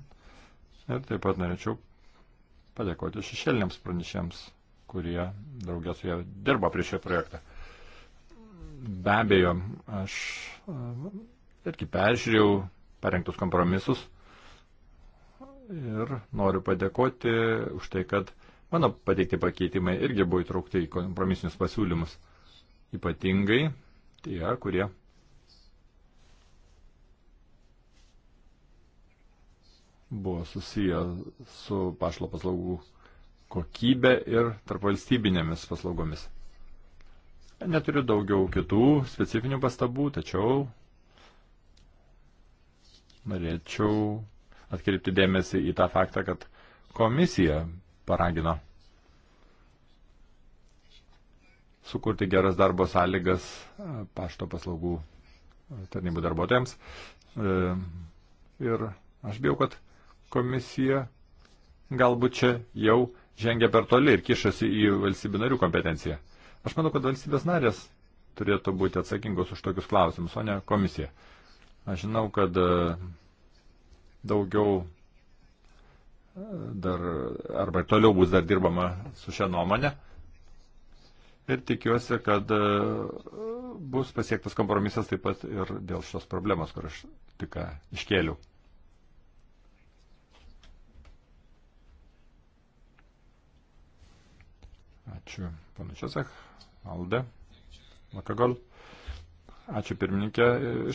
[SPEAKER 1] ir taip pat norėčiau padėkoti šešėliniams pranešėjams, kurie draugės su jie dirba prie šio projektą. Be abejo, aš e, irgi peržiūrėjau parengtus kompromisus ir noriu padėkoti už tai, kad mano pateikti pakeitimai irgi buvo įtraukti į kompromisinius pasiūlymus. Ypatingai tie, kurie buvo susiję su pašlo paslaugų kokybė ir tarpvalstybinėmis paslaugomis. Neturiu daugiau kitų specifinių pastabų, tačiau norėčiau atkreipti dėmesį į tą faktą, kad komisija paragino sukurti geras darbo sąlygas e, pašto paslaugų tarnybų darbuotojams. E, ir aš bijau, kad komisija galbūt čia jau žengia per toli ir kišasi į valstybių narių kompetenciją. Aš manau, kad valstybės narės turėtų būti atsakingos už tokius klausimus, o ne komisija. Aš žinau, kad e, daugiau e, dar arba ir toliau bus dar dirbama su šią nuomonę. Ir tikiuosi, kad e, bus pasiektas kompromisas taip pat ir dėl šios problemos, kur aš tik iškėliau. Ačiū, panašiosek, Alde, Vakagol. Ačiū pirmininkė.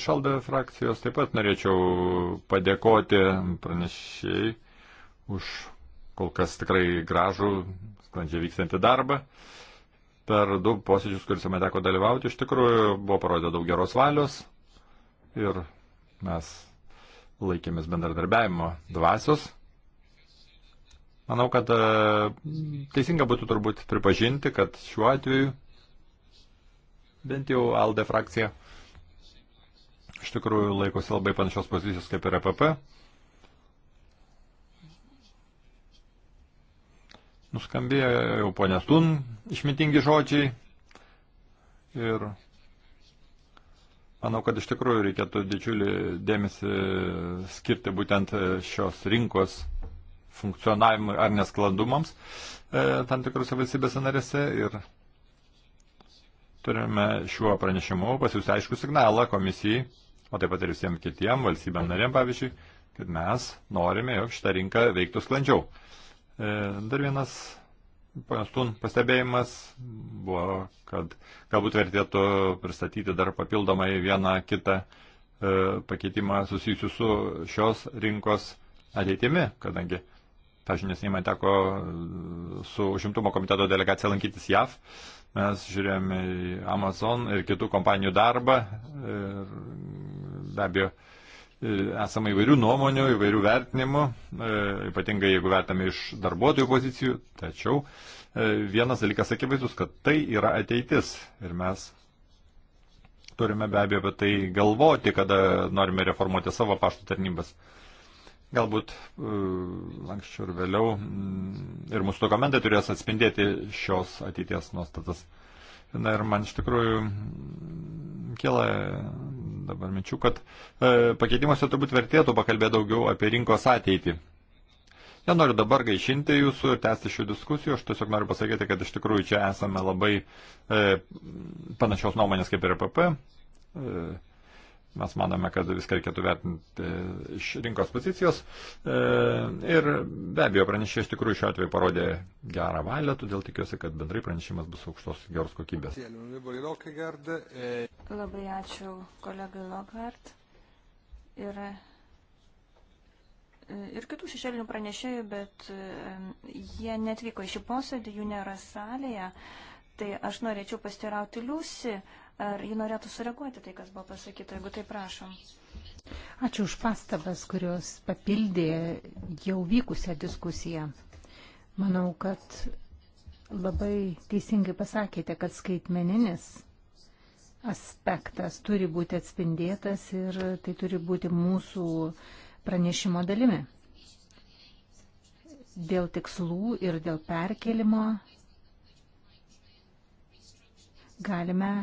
[SPEAKER 1] Išaldę frakcijos taip pat norėčiau padėkoti pranešiai už kol kas tikrai gražų, sklandžiai vykstantį darbą. Per du posėdžius, kuriuose man teko dalyvauti, iš tikrųjų buvo parodyta daug geros valios ir mes laikėmės bendradarbiavimo dvasios. Manau, kad e, teisinga būtų turbūt pripažinti, kad šiuo atveju bent jau ALDE frakcija iš tikrųjų laikosi labai panašios pozicijos kaip ir EPP. Nuskambėjo jau ponės Tun išmintingi žodžiai ir manau, kad iš tikrųjų reikėtų didžiulį dėmesį skirti būtent šios rinkos funkcionavimui ar nesklandumams e, tam tikrose valstybėse narėse ir turime šiuo pranešimu pasiūsti aišku signalą komisijai o taip pat ir visiems kitiem valstybėm narėm, pavyzdžiui, kad mes norime, jog šitą rinką veiktų sklandžiau. E, dar vienas Ponios Tun pastebėjimas buvo, kad galbūt vertėtų pristatyti dar papildomai vieną kitą e, pakeitimą susijusiu su šios rinkos ateitimi, kadangi, pažiūrėjau, nesnei man teko su užimtumo komiteto delegacija lankytis JAV Mes žiūrėjome į Amazon ir kitų kompanijų darbą. Ir be abejo, esame įvairių nuomonių, įvairių vertinimų, e, ypatingai jeigu vertame iš darbuotojų pozicijų. Tačiau e, vienas dalykas akivaizdus, kad tai yra ateitis. Ir mes turime be abejo apie tai galvoti, kada norime reformuoti savo pašto tarnybas. Galbūt e, lankščiau ir vėliau mm, ir mūsų dokumentai turės atspindėti šios ateities nuostatas. Na ir man iš tikrųjų mm, kėlė dabar minčių, kad e, pakeitimuose turbūt vertėtų pakalbėti daugiau apie rinkos ateitį. Nenoriu dabar gaišinti jūsų ir tęsti šių diskusijų, aš tiesiog noriu pasakyti, kad iš tikrųjų čia esame labai e, panašios nuomonės kaip ir PP. E, e Mes manome, kad viską reikėtų vertinti iš rinkos pozicijos. E, ir be abejo, pranešė iš tikrųjų šiuo atveju parodė gerą valią, todėl tikiuosi, kad bendrai pranešimas bus aukštos geros kokybės.
[SPEAKER 2] Labai ačiū kolegai Lockhart. Yra e, ir kitų šešėlinių pranešėjų, bet e, jie netvyko į šį posėdį, jų nėra salėje. Tai aš norėčiau pastirauti Liusi, Ar ji norėtų sureaguoti tai, kas buvo pasakyta, jeigu tai prašom?
[SPEAKER 3] Ačiū už pastabas, kurios papildė jau vykusią diskusiją. Manau, kad labai teisingai pasakėte, kad skaitmeninis aspektas turi būti atspindėtas ir tai turi būti mūsų pranešimo dalimi. Dėl tikslų ir dėl perkelimo galime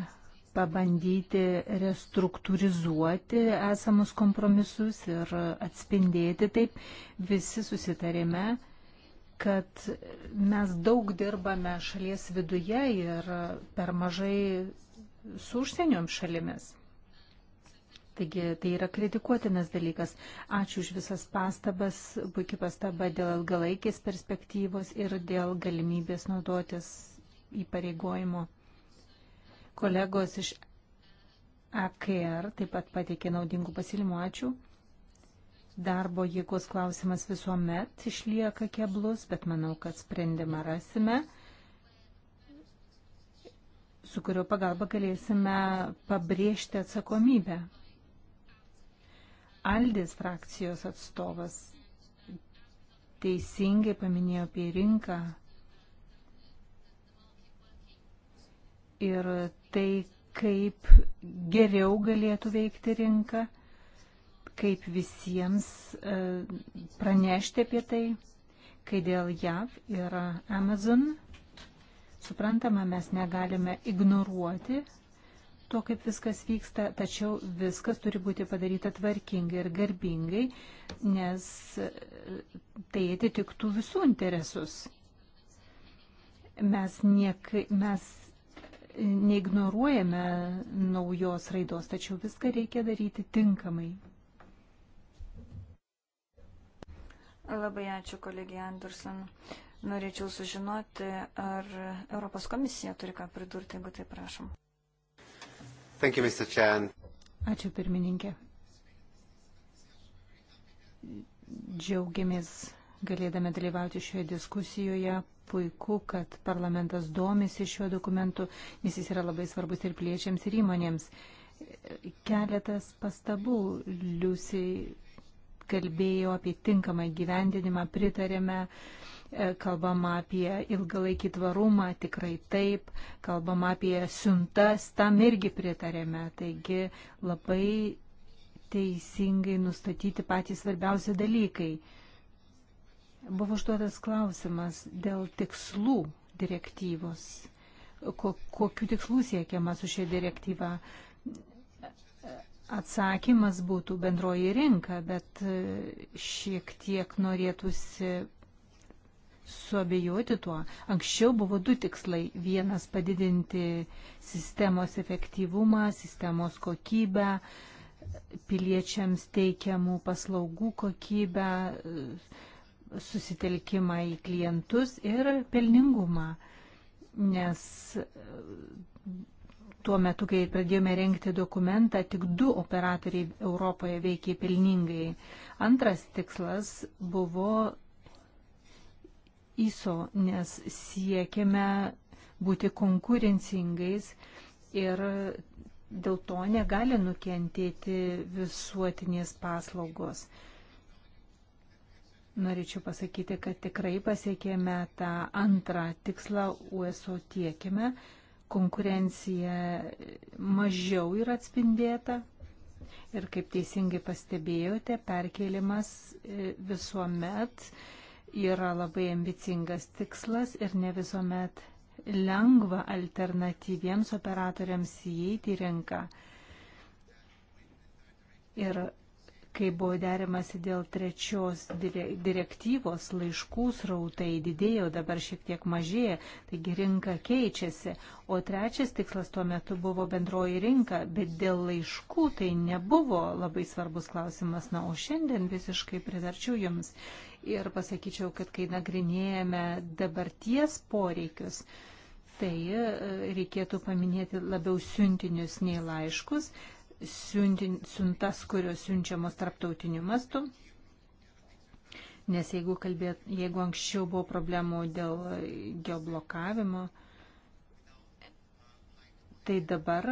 [SPEAKER 3] pabandyti restruktūrizuoti esamus kompromisus ir atspindėti taip. Visi susitarėme, kad mes daug dirbame šalies viduje ir per mažai su užsieniom šalimis. Taigi tai yra kritikuotinas dalykas. Ačiū už visas pastabas, puikiai pastaba dėl ilgalaikės perspektyvos ir dėl galimybės naudotis įpareigojimu. Kolegos iš AKR taip pat pateikė naudingų pasilimų. Ačiū. Darbo jėgos klausimas visuomet išlieka keblus, bet manau, kad sprendimą rasime su kurio pagalba galėsime pabrėžti atsakomybę. Aldis frakcijos atstovas teisingai paminėjo apie rinką ir tai, kaip geriau galėtų veikti rinka, kaip visiems e, pranešti apie tai, kai dėl JAV yra Amazon. Suprantama, mes negalime ignoruoti to, kaip viskas vyksta, tačiau viskas turi būti padaryta tvarkingai ir garbingai, nes e, tai atitiktų visų interesus. Mes, niek, mes neignoruojame naujos raidos, tačiau viską reikia daryti tinkamai.
[SPEAKER 2] Labai ačiū, kolegija Anderson. Norėčiau sužinoti, ar Europos komisija turi ką pridurti, jeigu tai prašom.
[SPEAKER 1] Thank you, Mr. Chan.
[SPEAKER 3] Ačiū, pirmininkė. Džiaugiamės galėdami dalyvauti šioje diskusijoje. Puiku, kad parlamentas domisi šiuo dokumentu, nes jis yra labai svarbus ir pliečiams, ir įmonėms. Keletas pastabų Liusiai kalbėjo apie tinkamą gyvendinimą, pritarėme, kalbama apie ilgalaikį tvarumą, tikrai taip, kalbama apie siuntas, tam irgi pritarėme. Taigi labai teisingai nustatyti patys svarbiausi dalykai. Buvo užduotas klausimas dėl tikslų direktyvos. Kokiu tikslu siekiama su šia direktyva? Atsakymas būtų bendroji rinka, bet e, šiek tiek norėtųsi suabejoti tuo. Anksčiau buvo du tikslai. Vienas padidinti sistemos efektyvumą, sistemos kokybę, piliečiams teikiamų paslaugų kokybę, susitelkimą į klientus ir pelningumą, nes e, tuo metu, kai pradėjome renkti dokumentą, tik du operatoriai Europoje veikė pelningai. Antras tikslas buvo ISO, nes siekiame būti konkurencingais ir dėl to negali nukentėti visuotinės paslaugos. Norėčiau pasakyti, kad tikrai pasiekėme tą antrą tikslą USO tiekime. Konkurencija mažiau yra atspindėta. Ir kaip teisingai pastebėjote, perkelimas e, visuomet yra labai ambicingas tikslas ir ne visuomet lengva alternatyviems operatoriams įeiti į rinką. Ir kai buvo derimasi dėl trečios direktyvos, laiškų srautai didėjo, dabar šiek tiek mažėja, taigi rinka keičiasi. O trečias tikslas tuo metu buvo bendroji rinka, bet dėl laiškų tai nebuvo labai svarbus klausimas. Na, o šiandien visiškai pritarčiau Jums ir pasakyčiau, kad kai nagrinėjame dabarties poreikius, tai e, reikėtų paminėti labiau siuntinius nei laiškus, siuntas, kurios siunčiamos tarptautiniu mastu. Nes jeigu, kalbėt, jeigu anksčiau buvo problemų dėl geoblokavimo, tai dabar,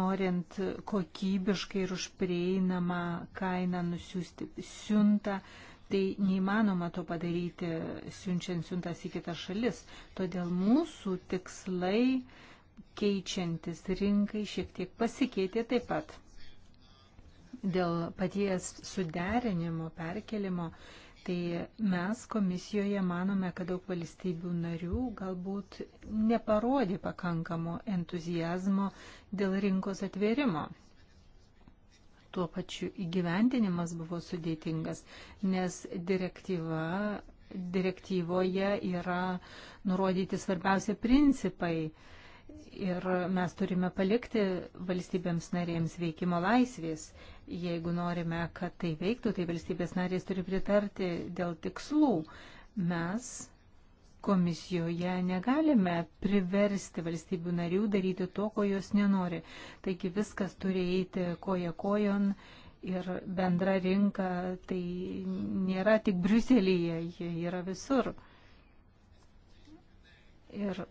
[SPEAKER 3] norint kokybiškai ir už prieinamą kainą nusiųsti siuntą, tai neįmanoma to padaryti siunčiant siuntas į kitas šalis. Todėl mūsų tikslai uh, keičiantis rinkai šiek tiek pasikeitė taip pat. Dėl paties suderinimo, perkelimo, tai mes komisijoje manome, kad daug valstybių narių galbūt neparodė pakankamo entuzijazmo dėl rinkos atvėrimo. Tuo pačiu įgyvendinimas buvo sudėtingas, nes direktyva direktyvoje yra nurodyti svarbiausia principai, Ir mes turime palikti valstybėms narėms veikimo laisvės. Jeigu norime, kad tai veiktų, tai valstybės narės turi pritarti dėl tikslų. Mes komisijoje negalime priversti valstybių narių daryti to, ko jos nenori. Taigi viskas turi eiti koja kojon ir bendra rinka tai nėra tik Briuselyje, ji yra visur. Ir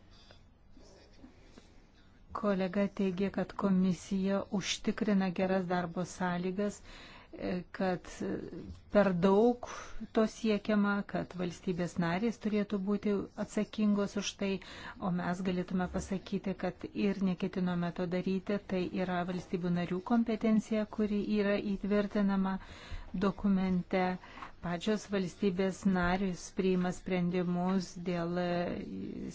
[SPEAKER 3] Kolega teigia, kad komisija užtikrina geras darbo sąlygas, e, kad per daug to siekiama, kad valstybės narės turėtų būti atsakingos už tai, o mes galėtume pasakyti, kad ir neketinome to daryti, tai yra valstybių narių kompetencija, kuri yra įtvirtinama. Uh, dokumente pačios valstybės narius priima sprendimus dėl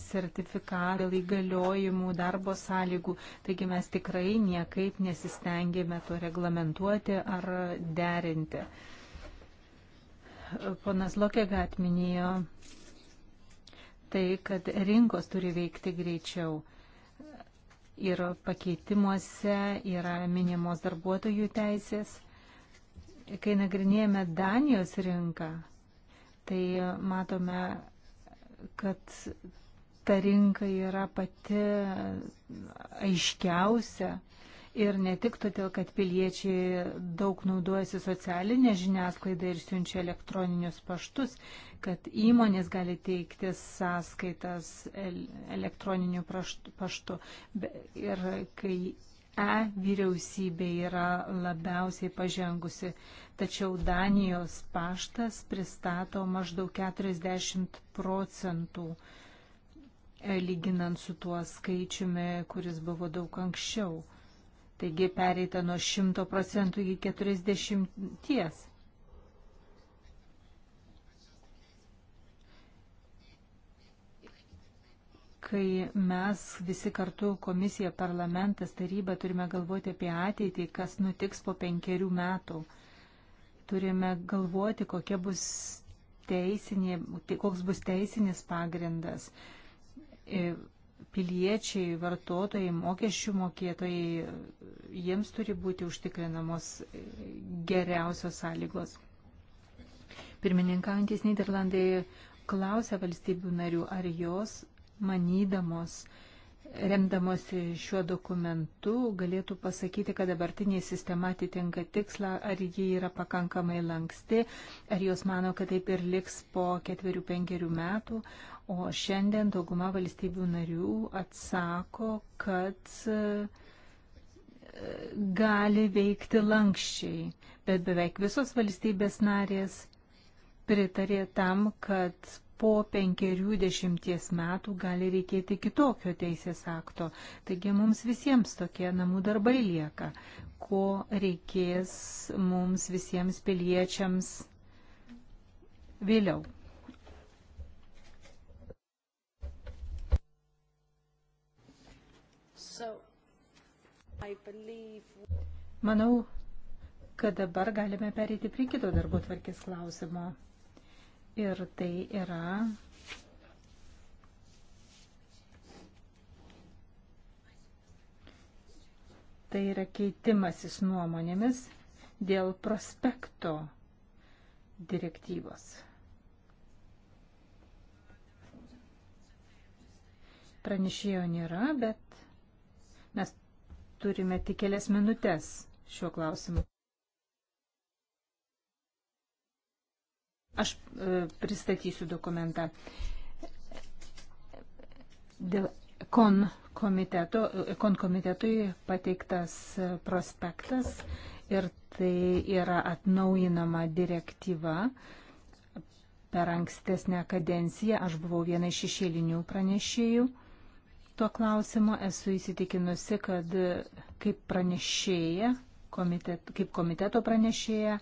[SPEAKER 3] sertifikatų, dėl įgaliojimų, darbo sąlygų. Taigi mes tikrai niekaip nesistengėme to reglamentuoti ar derinti. Ponas Lokegat minėjo tai, kad rinkos turi veikti greičiau. Ir pakeitimuose yra minimos darbuotojų teisės Kai nagrinėjame Danijos rinką, tai matome, kad ta rinka yra pati aiškiausia. Ir ne tik todėl, kad piliečiai daug naudojasi socialinę žiniasklaidą ir siunčia elektroninius paštus, kad įmonės gali teikti sąskaitas elektroniniu paštu. Ir kai E vyriausybė yra labiausiai pažengusi, tačiau Danijos paštas pristato maždaug 40 procentų e, lyginant su tuo skaičiumi, kuris buvo daug anksčiau. Taigi pereita nuo 100 procentų iki 40. -ties. kai mes visi kartu, komisija, parlamentas, taryba, turime galvoti apie ateitį, kas nutiks po penkerių metų. Turime galvoti, kokia bus teisinė, tai koks bus teisinis pagrindas. E, piliečiai, vartotojai, mokesčių mokėtojai, jiems turi būti užtikrinamos geriausios sąlygos. Pirmininkaujantis Niderlandai klausia valstybių narių, ar jos manydamos, remdamosi šiuo dokumentu, galėtų pasakyti, kad dabartinė sistema atitinka tikslą, ar ji yra pakankamai lanksti, ar jos mano, kad taip ir liks po ketverių, penkerių metų. O šiandien dauguma valstybių narių atsako, kad e, gali veikti lankščiai, bet beveik visos valstybės narės pritarė tam, kad po penkerių dešimties metų gali reikėti kitokio teisės akto. Taigi mums visiems tokie namų darbai lieka, ko reikės mums visiems piliečiams vėliau.
[SPEAKER 1] So,
[SPEAKER 2] believe...
[SPEAKER 3] Manau, kad dabar galime perėti prie kito darbo tvarkės klausimo. Ir tai yra tai yra keitimasis nuomonėmis dėl prospekto direktyvos. Pranešėjo nėra, bet mes turime tik kelias minutės šiuo klausimu. Aš e, pristatysiu dokumentą. Dėl kon komiteto, e, kon komitetui pateiktas prospektas ir tai yra atnaujinama direktyva. Per ankstesnę kadenciją aš buvau viena iš šešėlinių pranešėjų. Tuo klausimu esu įsitikinusi, kad kaip pranešėja, komitet, kaip komiteto pranešėja,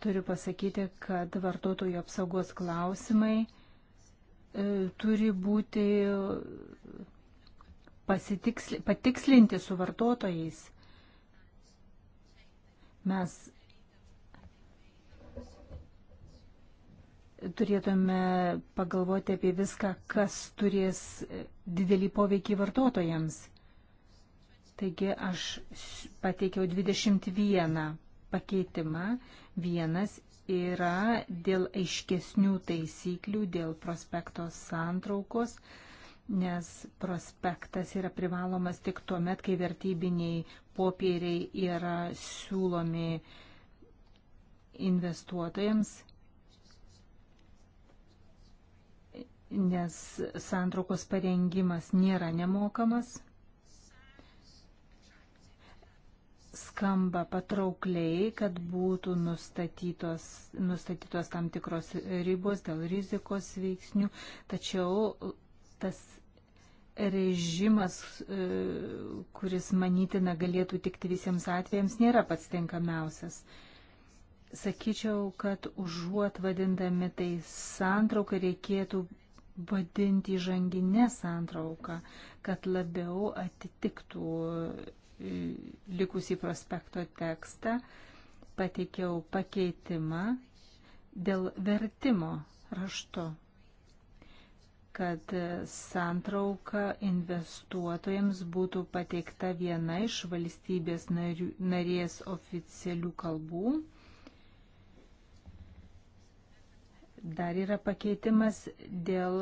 [SPEAKER 3] Turiu pasakyti, kad vartotojų apsaugos klausimai e, turi būti patikslinti su vartotojais. Mes turėtume pagalvoti apie viską, kas turės didelį poveikį vartotojams. Taigi aš pateikiau 21 pakeitimą. Vienas yra dėl aiškesnių taisyklių, dėl prospekto santraukos, nes prospektas yra privalomas tik tuo met, kai vertybiniai popieriai yra siūlomi investuotojams, nes santraukos parengimas nėra nemokamas. skamba patraukliai, kad būtų nustatytos, nustatytos tam tikros ribos dėl rizikos veiksnių, tačiau tas režimas, e, kuris manytina galėtų tikti visiems atvejams, nėra pats tinkamiausias. Sakyčiau, kad užuot vadindami tai santrauką reikėtų vadinti žanginę santrauką, kad labiau atitiktų likusį prospekto tekstą, pateikiau pakeitimą dėl vertimo raštu, kad santrauka investuotojams būtų pateikta viena iš valstybės narės oficialių kalbų. Dar yra pakeitimas dėl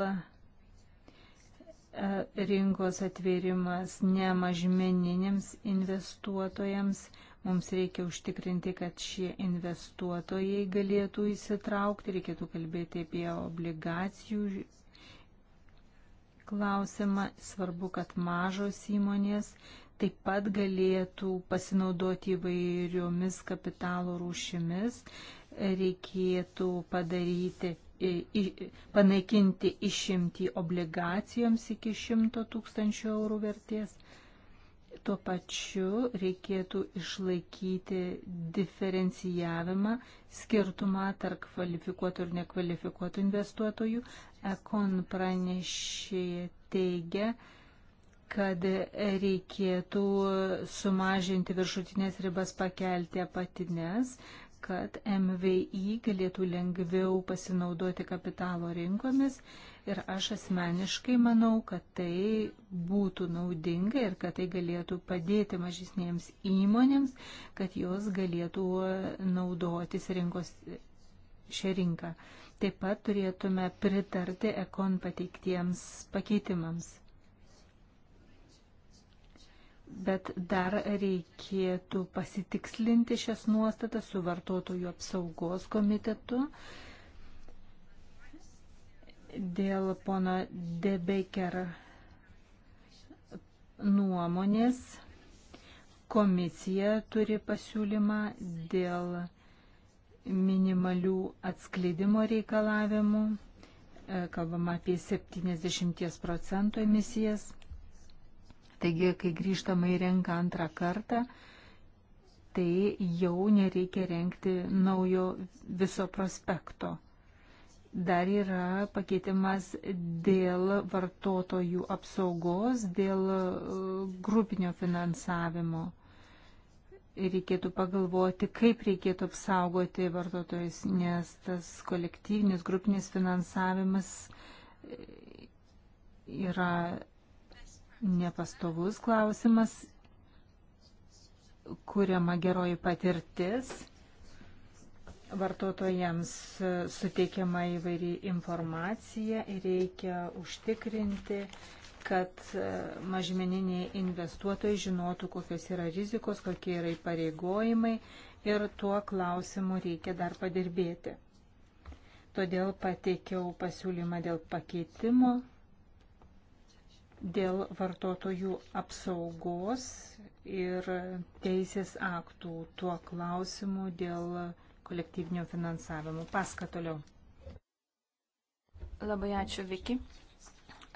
[SPEAKER 3] E, rinkos atvėrimas ne mažmeniniams investuotojams. Mums reikia užtikrinti, kad šie investuotojai galėtų įsitraukti, reikėtų kalbėti apie obligacijų klausimą. Svarbu, kad mažos įmonės taip pat galėtų pasinaudoti įvairiomis kapitalo rūšimis. Reikėtų padaryti panaikinti išimtį obligacijoms iki 100 tūkstančių eurų vertės. Tuo pačiu reikėtų išlaikyti diferencijavimą, skirtumą tarp kvalifikuotų ir nekvalifikuotų investuotojų. Ekon pranešėje teigia, kad reikėtų sumažinti viršutinės ribas, pakelti apatinės, kad MVI galėtų lengviau pasinaudoti kapitalo rinkomis ir aš asmeniškai manau, kad tai būtų naudinga ir kad tai galėtų padėti mažesnėms įmonėms, kad jos galėtų naudotis rinkos šią rinką. Taip pat turėtume pritarti ekon pateiktiems pakeitimams bet dar reikėtų pasitikslinti šias nuostatas su vartotojų apsaugos komitetu. Dėl pono Debeker nuomonės komisija turi pasiūlymą dėl minimalių atskleidimo reikalavimų, kalbama apie 70 procentų emisijas Taigi, kai grįžtama į renką antrą kartą, tai jau nereikia renkti naujo viso prospekto. Dar yra pakeitimas dėl vartotojų apsaugos, dėl e, grupinio finansavimo. Reikėtų pagalvoti, kaip reikėtų apsaugoti vartotojus, nes tas kolektyvinis, grupinis finansavimas e, yra nepastovus klausimas, kuriama geroji patirtis, vartotojams suteikiama įvairi informacija ir reikia užtikrinti, kad mažmeniniai investuotojai žinotų, kokios yra rizikos, kokie yra įpareigojimai ir tuo klausimu reikia dar padirbėti. Todėl pateikiau pasiūlymą dėl pakeitimo dėl vartotojų apsaugos ir teisės aktų tuo klausimu dėl kolektyvinio finansavimo. Paska toliau. Labai
[SPEAKER 2] ačiū, Viki.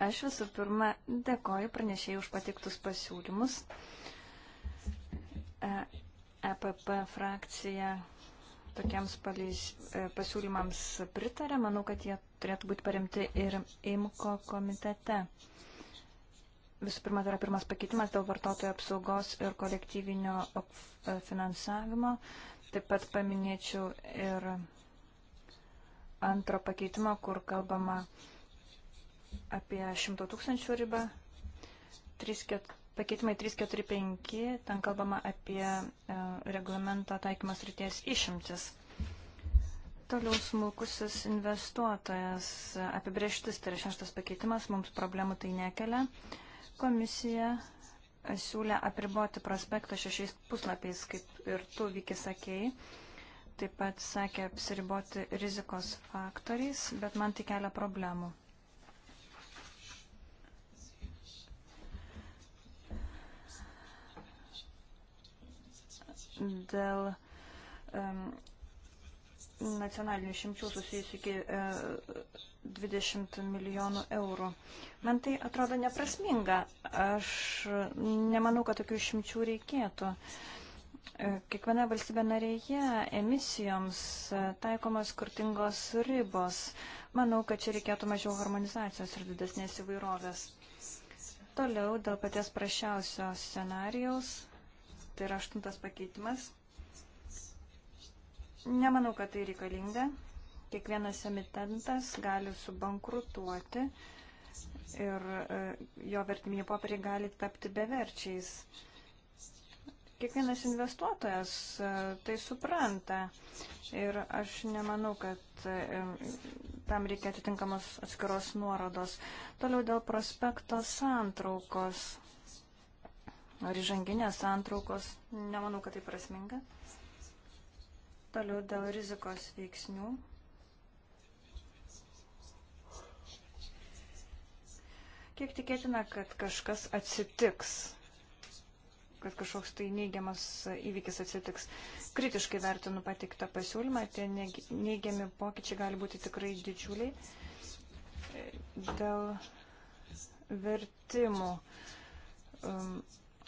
[SPEAKER 2] Aš visų pirma dėkoju pranešėjai už patiktus pasiūlymus. EPP e frakcija tokiems palys, e, pasiūlymams pritarė. Manau, kad jie turėtų būti paremti ir IMKO komitete. Visų pirma, tai yra pirmas pakeitimas dėl vartotojų apsaugos ir kolektyvinio e, finansavimo. Taip pat paminėčiau ir antro pakeitimo, kur kalbama apie 100 tūkstančių ribą. 3, 4, pakeitimai 345, ten kalbama apie e, reglamento taikymas ryties išimtis. Toliau smulkusis investuotojas apibrieštis, tai yra šeštas pakeitimas, mums problemų tai nekelia. Komisija e, siūlė apriboti prospektą šešiais puslapiais, kaip ir tu, Viki, sakėjai. Taip pat sakė apsiriboti rizikos faktoriais, bet man tai kelia problemų. Dėl um, nacionalinių šimčių susijusių iki e, 20 milijonų eurų. Man tai atrodo neprasminga. Aš nemanau, kad tokių šimčių reikėtų. E, kiekviena valstybė narėje emisijoms taikomos skirtingos ribos. Manau, kad čia reikėtų mažiau harmonizacijos ir didesnės įvairovės. Toliau dėl paties prašiausio scenarijaus, tai yra aštuntas pakeitimas. Nemanau, kad tai reikalinga. Kiekvienas emitentas gali subankrutuoti ir e, jo vertiminiai popieriai gali tapti beverčiais. Kiekvienas investuotojas e, tai supranta ir aš nemanau, kad e, tam reikia atitinkamos atskiros nuorodos. Toliau dėl prospekto santraukos ar įžanginės santraukos, nemanau, kad tai prasminga. Toliau dėl rizikos veiksnių. Kiek tikėtina, kad kažkas atsitiks, kad kažkoks tai neigiamas įvykis atsitiks. Kritiškai vertinu patiktą pasiūlymą, tie neigiami pokyčiai gali būti tikrai didžiuliai. Dėl vertimų. Um,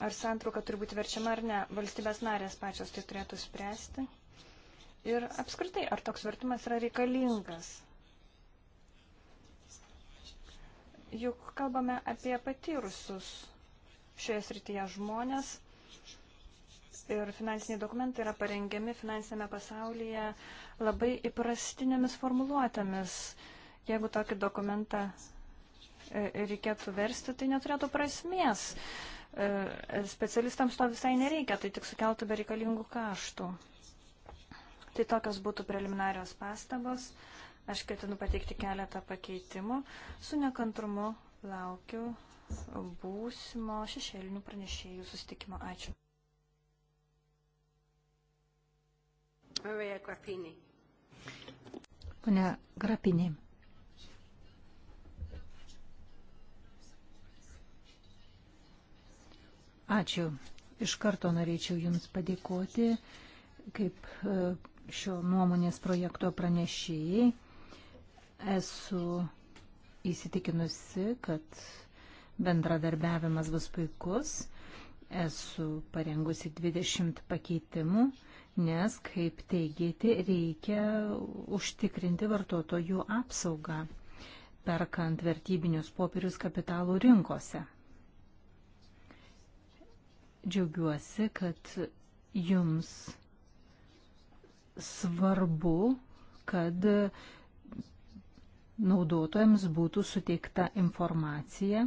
[SPEAKER 2] ar santrauka turi būti verčiama ar ne, valstybės narės pačios tai turėtų spręsti ir apskritai, ar toks vertimas yra reikalingas. Juk kalbame apie patyrusius šioje srityje žmonės ir finansiniai dokumentai yra parengiami finansinėme pasaulyje labai įprastinėmis formuluotėmis. Jeigu tokį dokumentą e, reikėtų versti, tai neturėtų prasmės. E, specialistams to visai nereikia, tai tik sukeltų bereikalingų kaštų. Tai tokios būtų preliminarios pastabos. Aš ketinu pateikti keletą pakeitimų. Su nekantrumu laukiu būsimo šešėlinių pranešėjų sustikimo. Ačiū.
[SPEAKER 3] Marija Grapinė. Pane Grapinė. Ačiū. Iš karto norėčiau Jums padėkoti kaip e, šio nuomonės projekto pranešėjai. Esu įsitikinusi, kad bendradarbiavimas bus puikus. Esu parengusi 20 pakeitimų, nes, kaip teigėti, reikia užtikrinti vartotojų apsaugą, perkant vertybinius popierius kapitalų rinkose. Džiaugiuosi, kad jums svarbu, kad naudotojams būtų suteikta informacija.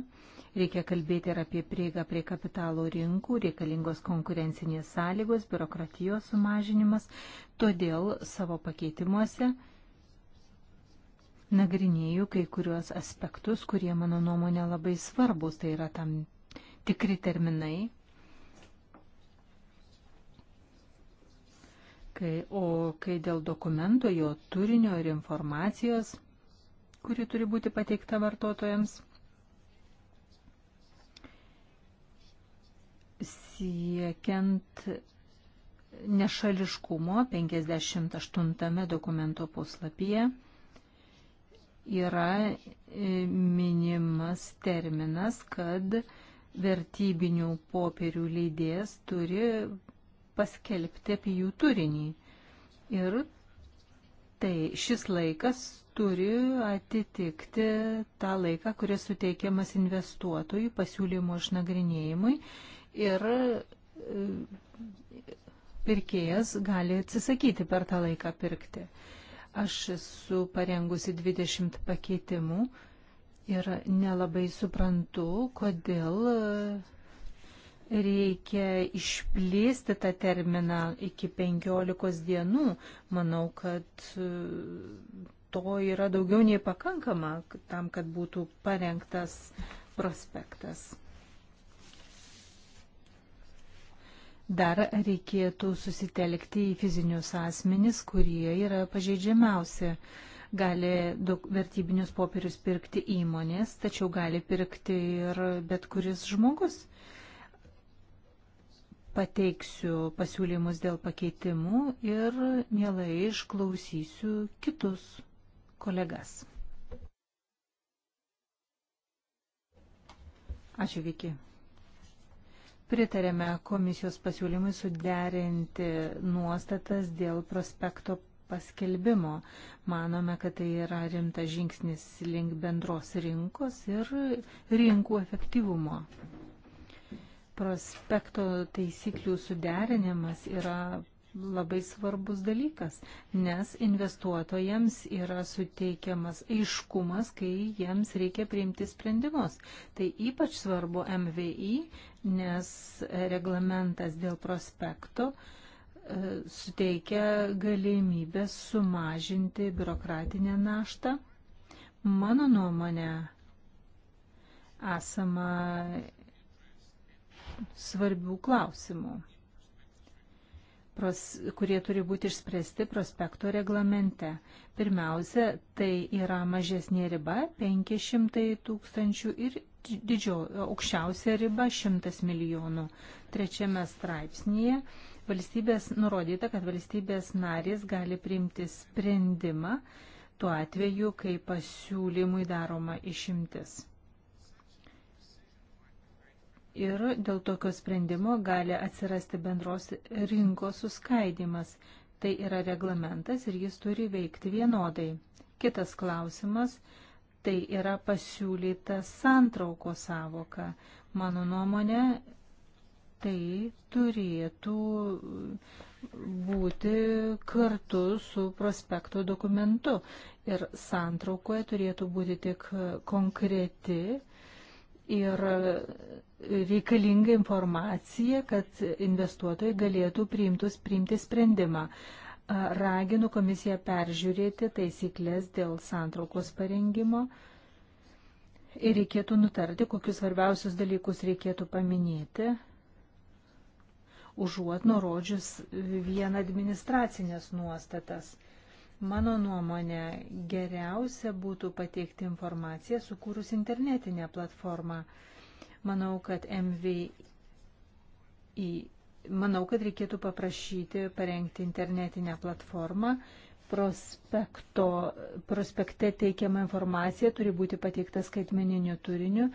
[SPEAKER 3] Reikia kalbėti ir apie prieigą prie kapitalo rinkų, reikalingos konkurencinės sąlygos, biurokratijos sumažinimas. Todėl savo pakeitimuose nagrinėjau kai kuriuos aspektus, kurie mano nuomonė labai svarbus. Tai yra tam tikri terminai, Kai, o kai dėl dokumento, jo turinio ir informacijos, kuri turi būti pateikta vartotojams, siekiant nešališkumo 58 dokumento puslapyje yra e, minimas terminas, kad vertybinių popierių leidėjas turi paskelbti apie jų turinį. Ir tai šis laikas turi atitikti tą laiką, kuris suteikiamas investuotojų pasiūlymų išnagrinėjimui ir e, pirkėjas gali atsisakyti per tą laiką pirkti. Aš esu parengusi 20 pakeitimų ir nelabai suprantu, kodėl reikia išplėsti tą terminą iki 15 dienų. Manau, kad e, to yra daugiau nei pakankama tam, kad būtų parengtas prospektas. Dar reikėtų susitelkti į fizinius asmenis, kurie yra pažeidžiamiausi. Gali daug vertybinius popierius pirkti įmonės, tačiau gali pirkti ir bet kuris žmogus pateiksiu pasiūlymus dėl pakeitimų ir mielai išklausysiu kitus kolegas. Ačiū, Viki. Pritarėme komisijos pasiūlymui suderinti nuostatas dėl prospekto paskelbimo. Manome, kad tai yra rimtas žingsnis link bendros rinkos ir rinkų efektyvumo prospekto taisyklių suderinimas yra labai svarbus dalykas, nes investuotojams yra suteikiamas aiškumas, kai jiems reikia priimti sprendimus. Tai ypač svarbu MVI, nes reglamentas dėl prospekto e, suteikia galimybę sumažinti biurokratinę naštą. Mano nuomonė, esama svarbių klausimų, pros, kurie turi būti išspręsti prospekto reglamente. Pirmiausia, tai yra mažesnė riba 500 tūkstančių ir didžio, aukščiausia riba 100 milijonų. Trečiame straipsnėje valstybės nurodyta, kad valstybės narės gali priimti sprendimą tuo atveju, kai pasiūlymui daroma išimtis ir dėl tokio sprendimo gali atsirasti bendros rinkos suskaidimas. Tai yra reglamentas ir jis turi veikti vienodai. Kitas klausimas - tai yra pasiūlyta santrauko savoka. Mano nuomonė, tai turėtų būti kartu su prospekto dokumentu. Ir santraukoje turėtų būti tik konkreti ir reikalinga informacija, kad investuotojai galėtų priimtus priimti sprendimą. Raginu komisiją peržiūrėti taisyklės dėl santraukos parengimo ir reikėtų nutarti, kokius svarbiausius dalykus reikėtų paminėti, užuot nurodžius vien administracinės nuostatas. Mano nuomonė, geriausia būtų pateikti informaciją sukūrus internetinę platformą. Manau, kad MVI, manau, kad reikėtų paprašyti parengti internetinę platformą. Prospekto, prospekte teikiama informacija turi būti pateikta skaitmeniniu turiniu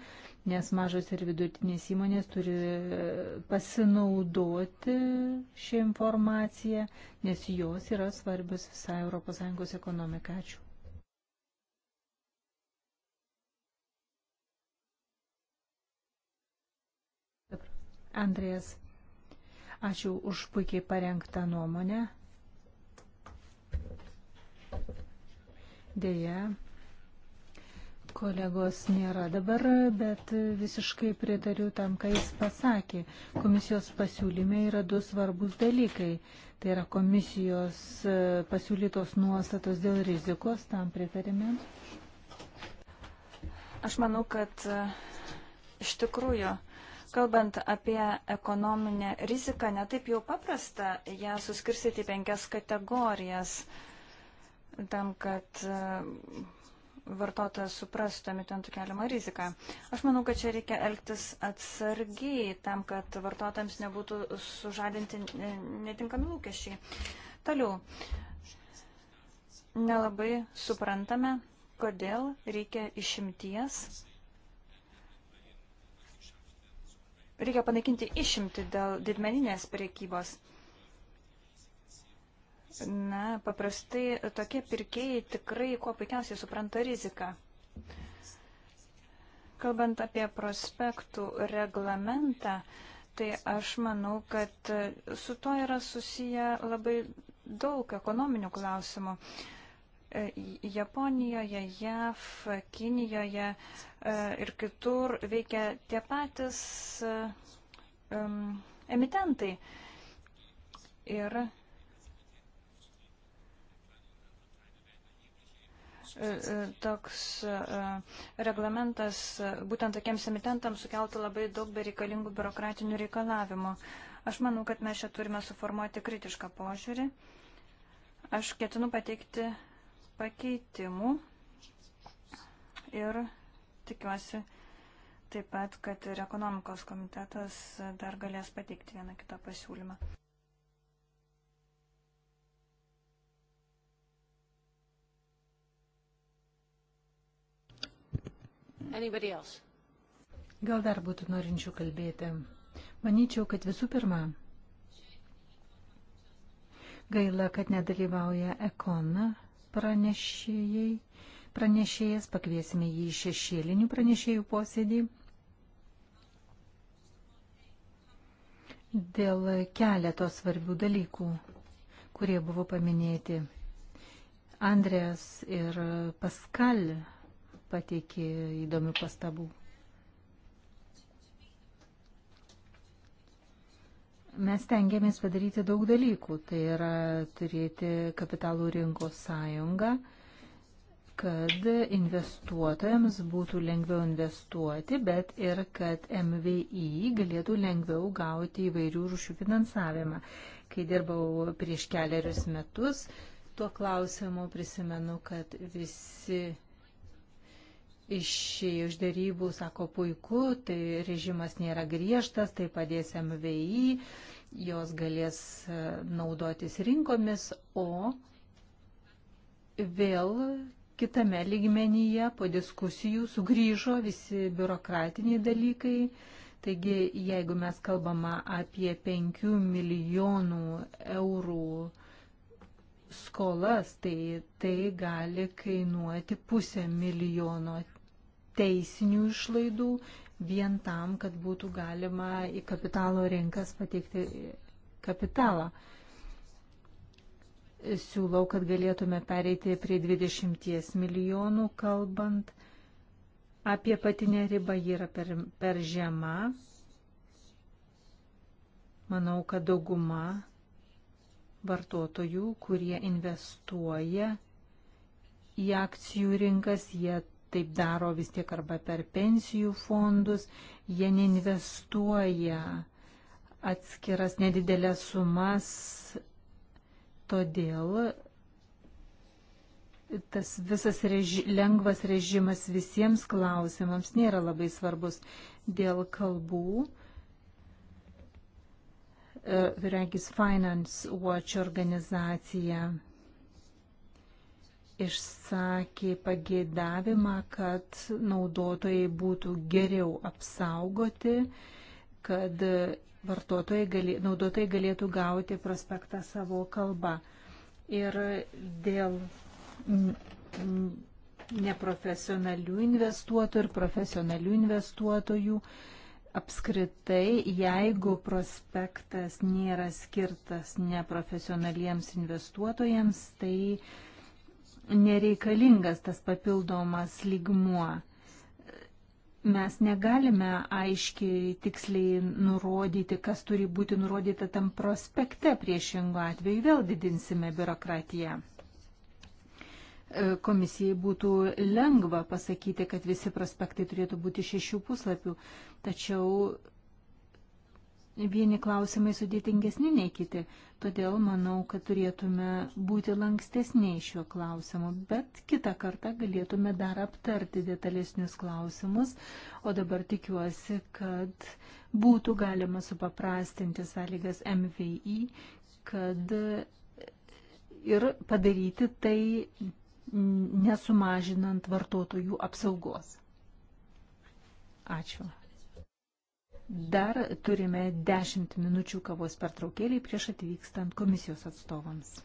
[SPEAKER 3] nes mažos ir vidutinės įmonės turi e, pasinaudoti šią informaciją, nes jos yra svarbios visai ES ekonomikai. Ačiū. Andrės, ačiū už puikiai parengtą nuomonę. Deja, Kolegos nėra dabar, bet visiškai pritariu tam, ką jis pasakė. Komisijos pasiūlyme yra du svarbus dalykai. Tai yra komisijos e, pasiūlytos nuostatos dėl rizikos, tam pritarėme.
[SPEAKER 2] Aš manau, kad e, iš tikrųjų, kalbant apie ekonominę riziką, netaip jau paprasta ją suskirstyti į penkias kategorijas, tam, kad e, vartotojas suprastų emitentų keliamą riziką. Aš manau, kad čia reikia elgtis atsargiai tam, kad vartotojams nebūtų sužadinti netinkami lūkesčiai. Toliau, nelabai suprantame, kodėl reikia išimties. Reikia panaikinti išimti dėl didmeninės priekybos. Na, paprastai tokie pirkėjai tikrai kuo puikiausiai supranta riziką. Kalbant apie prospektų reglamentą, tai aš manau, kad su to yra susiję labai daug ekonominių klausimų. Japonijoje, JAV, Kinijoje e, ir kitur veikia tie patys um, emitentai. Ir E, e, toks e, reglamentas būtent tokiems emitentams sukeltų labai daug bereikalingų biurokratinių reikalavimų. Aš manau, kad mes čia turime suformuoti kritišką požiūrį. Aš ketinu pateikti pakeitimų ir tikiuosi taip pat, kad ir ekonomikos komitetas dar galės pateikti vieną kitą pasiūlymą.
[SPEAKER 3] Anybody else? Gal dar būtų norinčių kalbėti? Manyčiau, kad visų pirma, gaila, kad nedalyvauja ekona pranešėjai. Pranešėjas pakviesime jį į šešėlinių pranešėjų posėdį. Dėl keleto svarbių dalykų, kurie buvo paminėti, Andrės ir Paskal pateikė įdomių pastabų. Mes tengiamės padaryti daug dalykų. Tai yra turėti kapitalų rinkos sąjungą, kad investuotojams būtų lengviau investuoti, bet ir kad MVI galėtų lengviau gauti įvairių rūšių finansavimą. Kai dirbau prieš keliarius metus, tuo klausimu prisimenu, kad visi išėjo iš dėrybų, sako puiku, tai režimas nėra griežtas, tai padės MVI, jos galės e, naudotis rinkomis, o vėl kitame lygmenyje po diskusijų sugrįžo visi biurokratiniai dalykai. Taigi, jeigu mes kalbame apie 5 milijonų eurų skolas, tai tai gali kainuoti pusę milijono teisinių išlaidų vien tam, kad būtų galima į kapitalo rinkas pateikti kapitalą. Siūlau, kad galėtume pereiti prie 20 milijonų, kalbant apie patinę ribą, ji yra per, per žema. Manau, kad dauguma vartotojų, kurie investuoja į akcijų rinkas, jie taip daro vis tiek arba per pensijų fondus, jie neinvestuoja atskiras nedidelės sumas, todėl tas visas reži lengvas režimas visiems klausimams nėra labai svarbus dėl kalbų. E, Regis Finance Watch organizacija išsakė pageidavimą, kad naudotojai būtų geriau apsaugoti, kad galė, naudotojai galėtų gauti prospektą savo kalbą. Ir dėl neprofesionalių investuotojų ir profesionalių investuotojų apskritai, jeigu prospektas nėra skirtas neprofesionaliems investuotojams, tai nereikalingas tas papildomas lygmuo. Mes negalime aiškiai, tiksliai nurodyti, kas turi būti nurodyta tam prospekte, priešingo atveju vėl didinsime biurokratiją. Komisijai būtų lengva pasakyti, kad visi prospektai turėtų būti šešių puslapių, tačiau vieni klausimai sudėtingesni nei kiti, todėl manau, kad turėtume būti lankstesniai šiuo klausimu, bet kitą kartą galėtume dar aptarti detalesnius klausimus, o dabar tikiuosi, kad būtų galima supaprastinti sąlygas MVI, kad ir padaryti tai nesumažinant vartotojų apsaugos. Ačiū. Dar turime 10 minučių kavos pertraukėlį prieš atvykstant komisijos atstovams.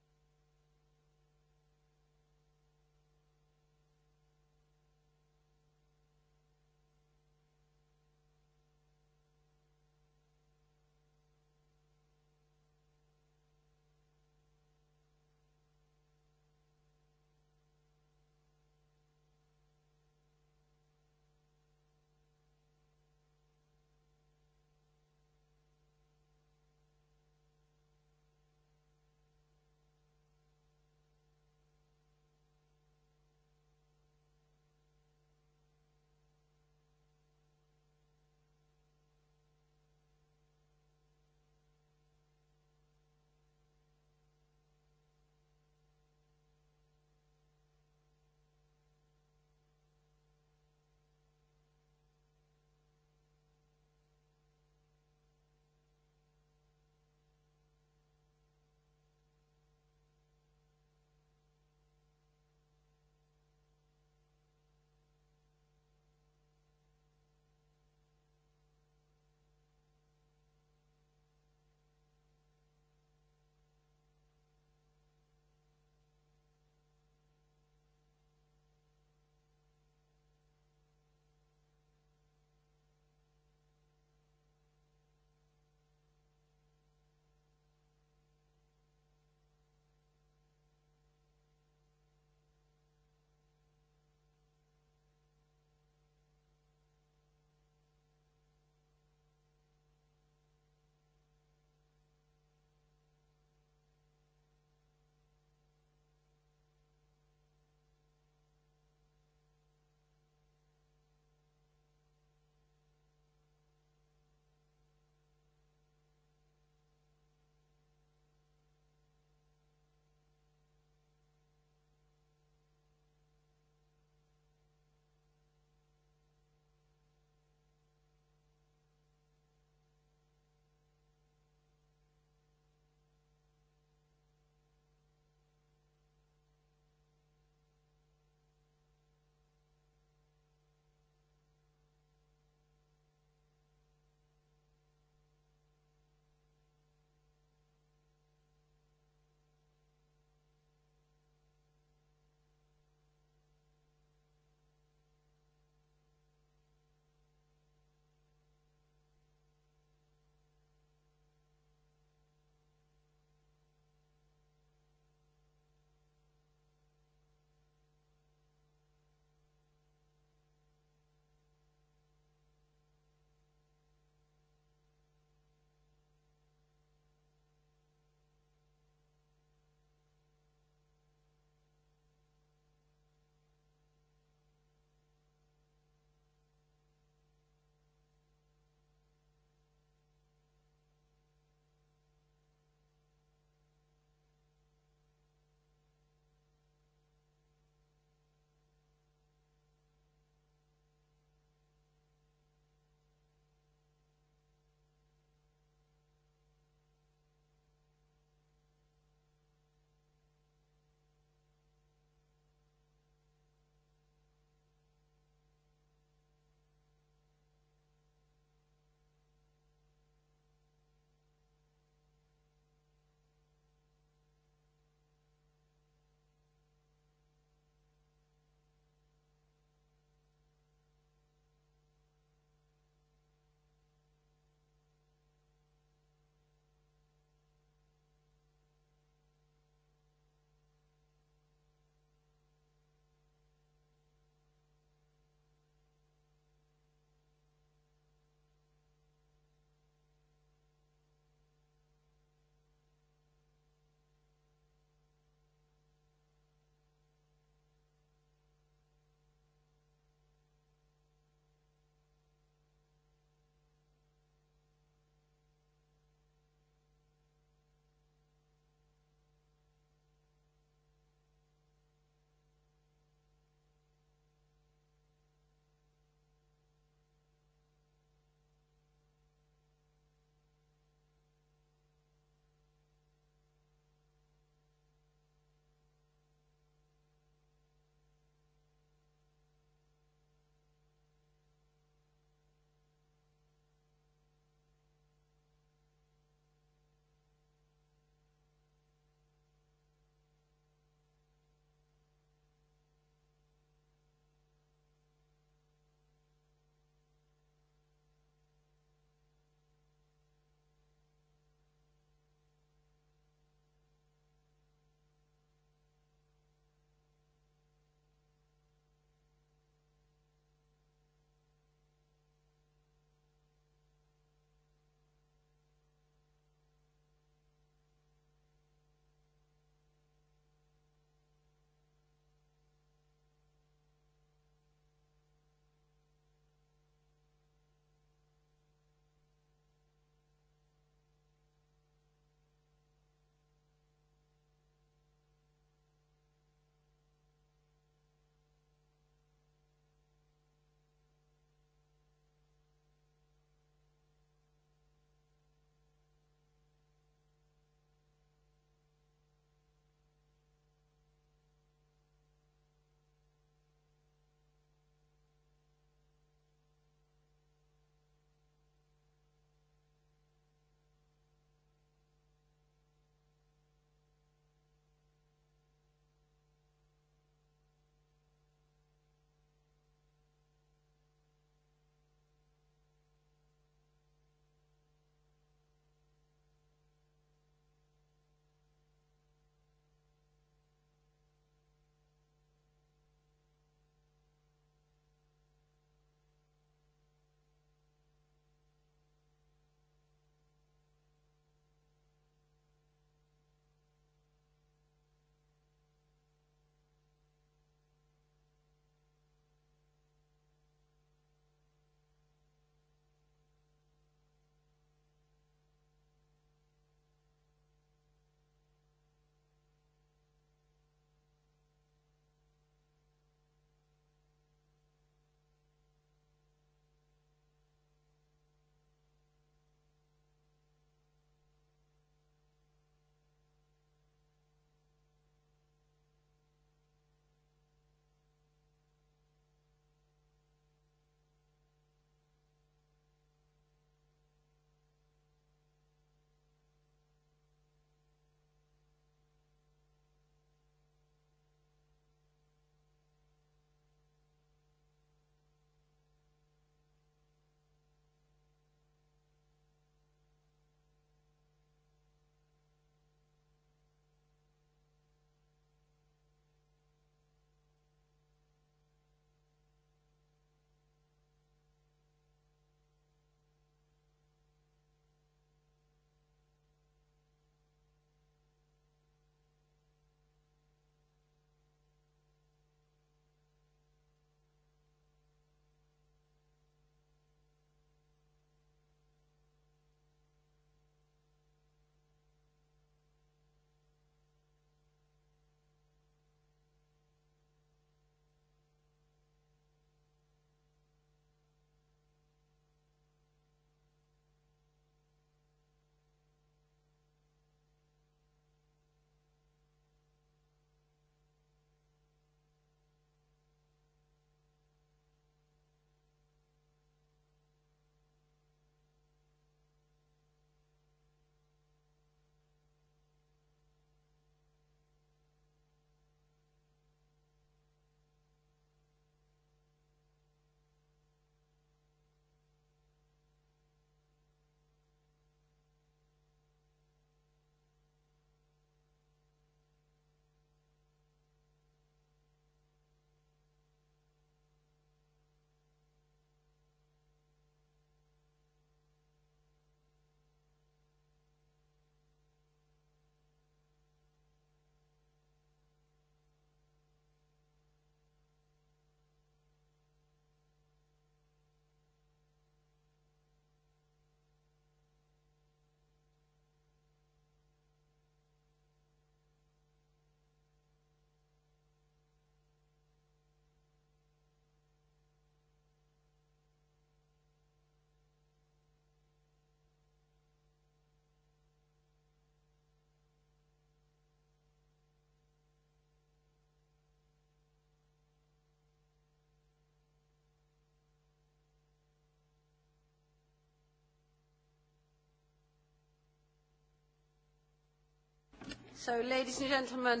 [SPEAKER 3] So, ladies and gentlemen.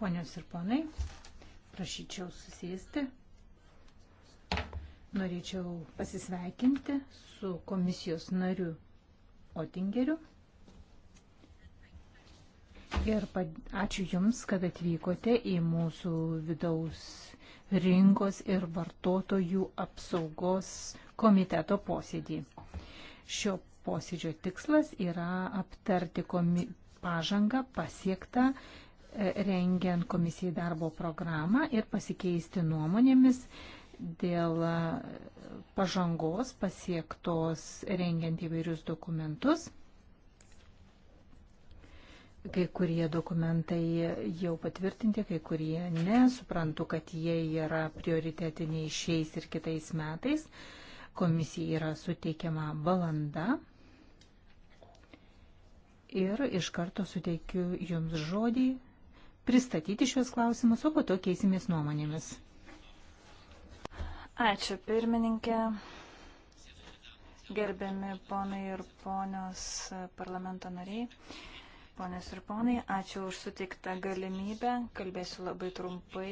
[SPEAKER 3] Ponios ir ponai, prašyčiau susėsti. Norėčiau pasisveikinti su komisijos nariu Otingeriu. Ir ačiū Jums, kad atvykote į mūsų vidaus rinkos ir vartotojų apsaugos komiteto posėdį. Šio posėdžio tikslas yra aptarti komi pažangą pasiektą e, rengiant komisijai darbo programą ir pasikeisti nuomonėmis dėl e, pažangos pasiektos rengiant įvairius dokumentus. Kai kurie dokumentai jau patvirtinti, kai kurie ne. Suprantu, kad jie yra prioritetiniai šiais ir kitais metais. Komisija yra suteikiama valanda ir iš karto suteikiu Jums žodį pristatyti šios klausimus, o po to keisimės nuomonėmis.
[SPEAKER 2] Ačiū pirmininkė, gerbiami ponai ir ponios parlamento nariai. Ponės ir ponai, ačiū už sutiktą galimybę, kalbėsiu labai trumpai,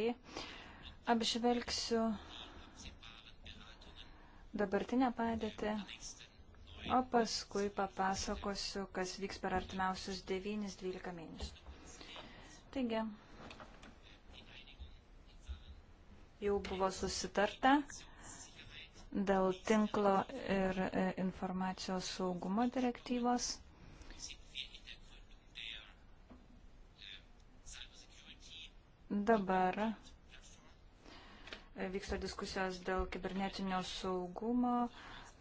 [SPEAKER 2] apžvelgsiu dabartinę padėtį o paskui papasakosiu, kas vyks per artimiausius 9-12 mėnesių. Taigi, jau buvo susitarta dėl tinklo ir e, informacijos saugumo direktyvos. Dabar e, vyksta diskusijos dėl kibernetinio saugumo,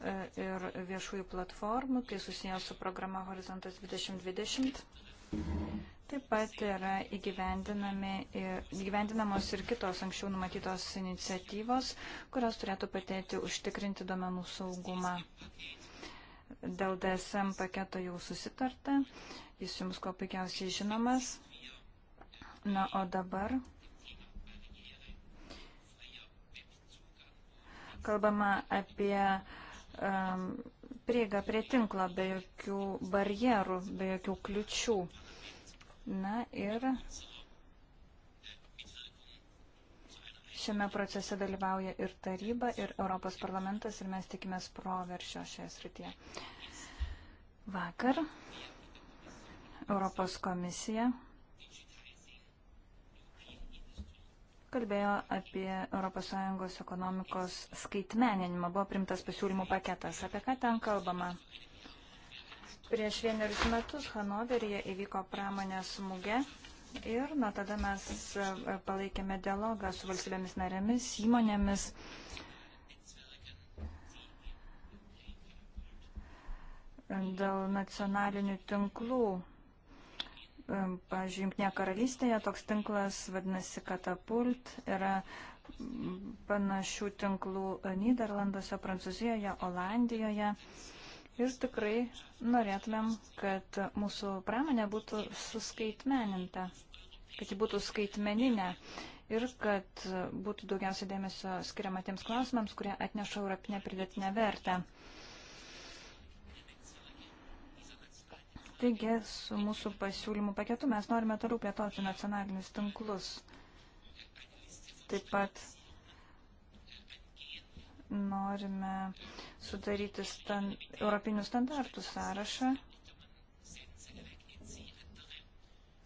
[SPEAKER 2] E, ir viešųjų platformų, tai susijęs su programa Horizontas 2020. Taip pat yra įgyvendinamos ir kitos anksčiau numatytos iniciatyvos, kurios turėtų patėti užtikrinti domenų saugumą. Dėl DSM paketo jau susitarta, jis jums ko puikiausiai žinomas. Na, o dabar kalbama apie Um, prieiga prie tinklo be jokių barjerų, be jokių kliučių. Na ir šiame procese dalyvauja ir taryba, ir Europos parlamentas, ir mes tikimės proveršio šioje srityje. Vakar Europos komisija kalbėjo apie ES ekonomikos skaitmeninimą. Buvo primtas pasiūlymų paketas. Apie ką ten kalbama? Prieš vienerius metus Hanoveryje įvyko pramonės smūgė ir nuo tada mes e, palaikėme dialogą su valstybėmis narėmis, įmonėmis. Dėl nacionalinių tinklų Pavyzdžiui, Junktinėje karalystėje toks tinklas vadinasi Katapult, yra panašių tinklų Niderlanduose, Prancūzijoje, Olandijoje. Ir tikrai norėtumėm, kad mūsų pramonė būtų suskaitmeninta, kad ji būtų skaitmeninė ir kad būtų daugiausia dėmesio skiriama tiems klausimams, kurie atneša europinę pridėtinę vertę. Taigi, su mūsų pasiūlymų paketu mes norime toliau plėtoti nacionalinius tinklus. Taip pat norime sudaryti stan, europinių standartų sąrašą.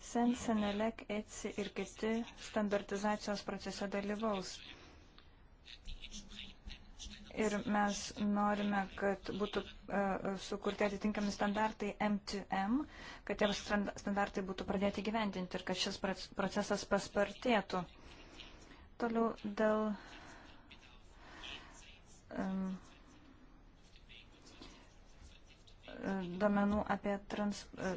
[SPEAKER 2] Sen, Senelek, ECI ir kiti standartizacijos procese dalyvaus ir mes norime, kad būtų e, sukurti atitinkami standartai M2M, kad tie standartai būtų pradėti gyvendinti ir kad šis procesas paspartėtų. Toliau dėl um, domenų apie trans, e,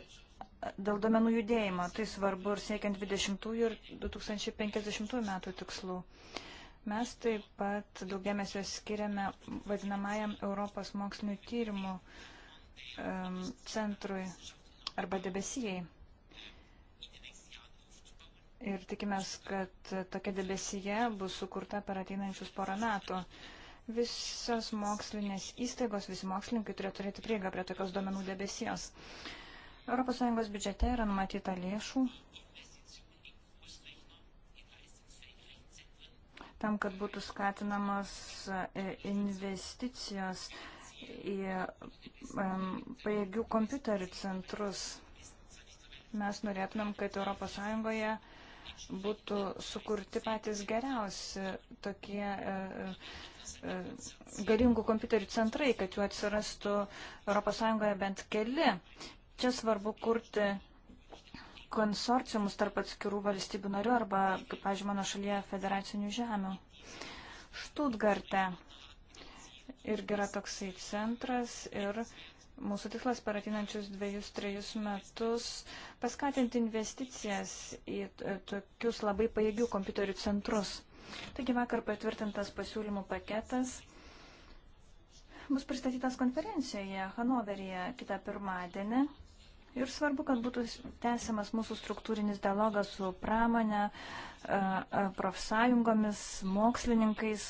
[SPEAKER 2] dėl domenų judėjimo. Tai svarbu ir siekiant 20 ir 2050 metų tikslų. Uh, Mes taip pat daug dėmesio skiriame vadinamajam Europos mokslinių tyrimų um, centrui arba debesijai. Ir tikimės, kad tokia debesija bus sukurta per ateinančius porą metų. Visos mokslinės įstaigos, visi mokslininkai turėtų turėti prieigą prie tokios duomenų debesijos. ES biudžete yra numatyta lėšų tam, kad būtų skatinamos e, investicijos į pajėgių kompiuterių centrus. Mes norėtumėm, kad ES būtų sukurti patys geriausi tokie e, e, galingų kompiuterių centrai, kad jų atsirastų ES bent keli. Čia svarbu kurti konsorciumus tarp atskirų valstybių narių arba, kaip pažiūrėjau, mano šalyje federacinių žemių. Štutgarte irgi yra toksai centras ir mūsų tikslas per atinančius dviejus, trejus metus paskatinti investicijas į tokius labai pajėgių kompiuterių centrus. Taigi vakar patvirtintas pasiūlymų paketas bus pristatytas konferencijoje Hanoveryje kitą pirmadienį. Ir svarbu, kad būtų tęsiamas mūsų struktūrinis dialogas su pramonė, profsąjungomis, mokslininkais,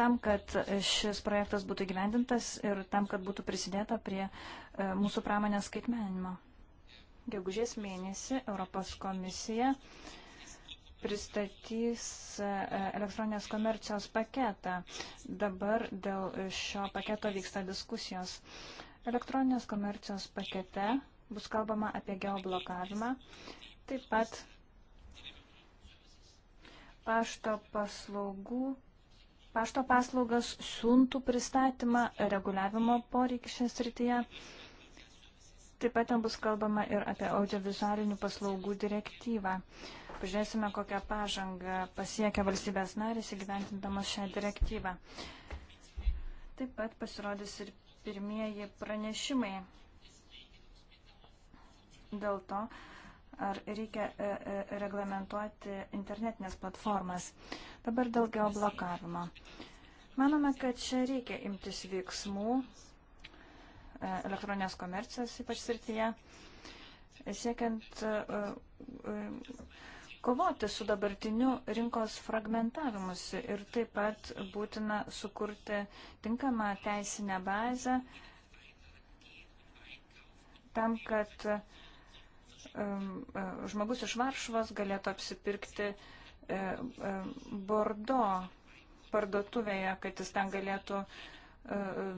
[SPEAKER 2] tam, kad šis projektas būtų gyvendintas ir tam, kad būtų prisidėta prie mūsų pramonės skaitmeninimo. Gegužės mėnesį Europos komisija pristatys elektroninės komercijos paketą. Dabar dėl šio paketo vyksta diskusijos. Elektroninės komercijos pakete bus kalbama apie geoblokavimą. Taip pat pašto paslaugų, pašto paslaugas siuntų pristatymą, reguliavimo poreikį šią srityje. Taip pat ten bus kalbama ir apie audiovizualinių paslaugų direktyvą. Pažiūrėsime, kokią pažangą pasiekia valstybės narės įgyventindamas šią direktyvą. Taip pat pasirodys ir pirmieji pranešimai dėl to, ar reikia e, e, reglamentuoti internetinės platformas. Dabar dėl geoblokavimo. Manome, kad čia reikia imtis veiksmų e, elektroninės komercijos, ypač srityje, siekiant kovoti su dabartiniu rinkos fragmentavimus ir taip pat būtina sukurti tinkamą teisinę bazę tam, kad uh, Um, e, žmogus iš Varšuvos galėtų apsipirkti e, e, Bordo parduotuvėje, kad jis ten galėtų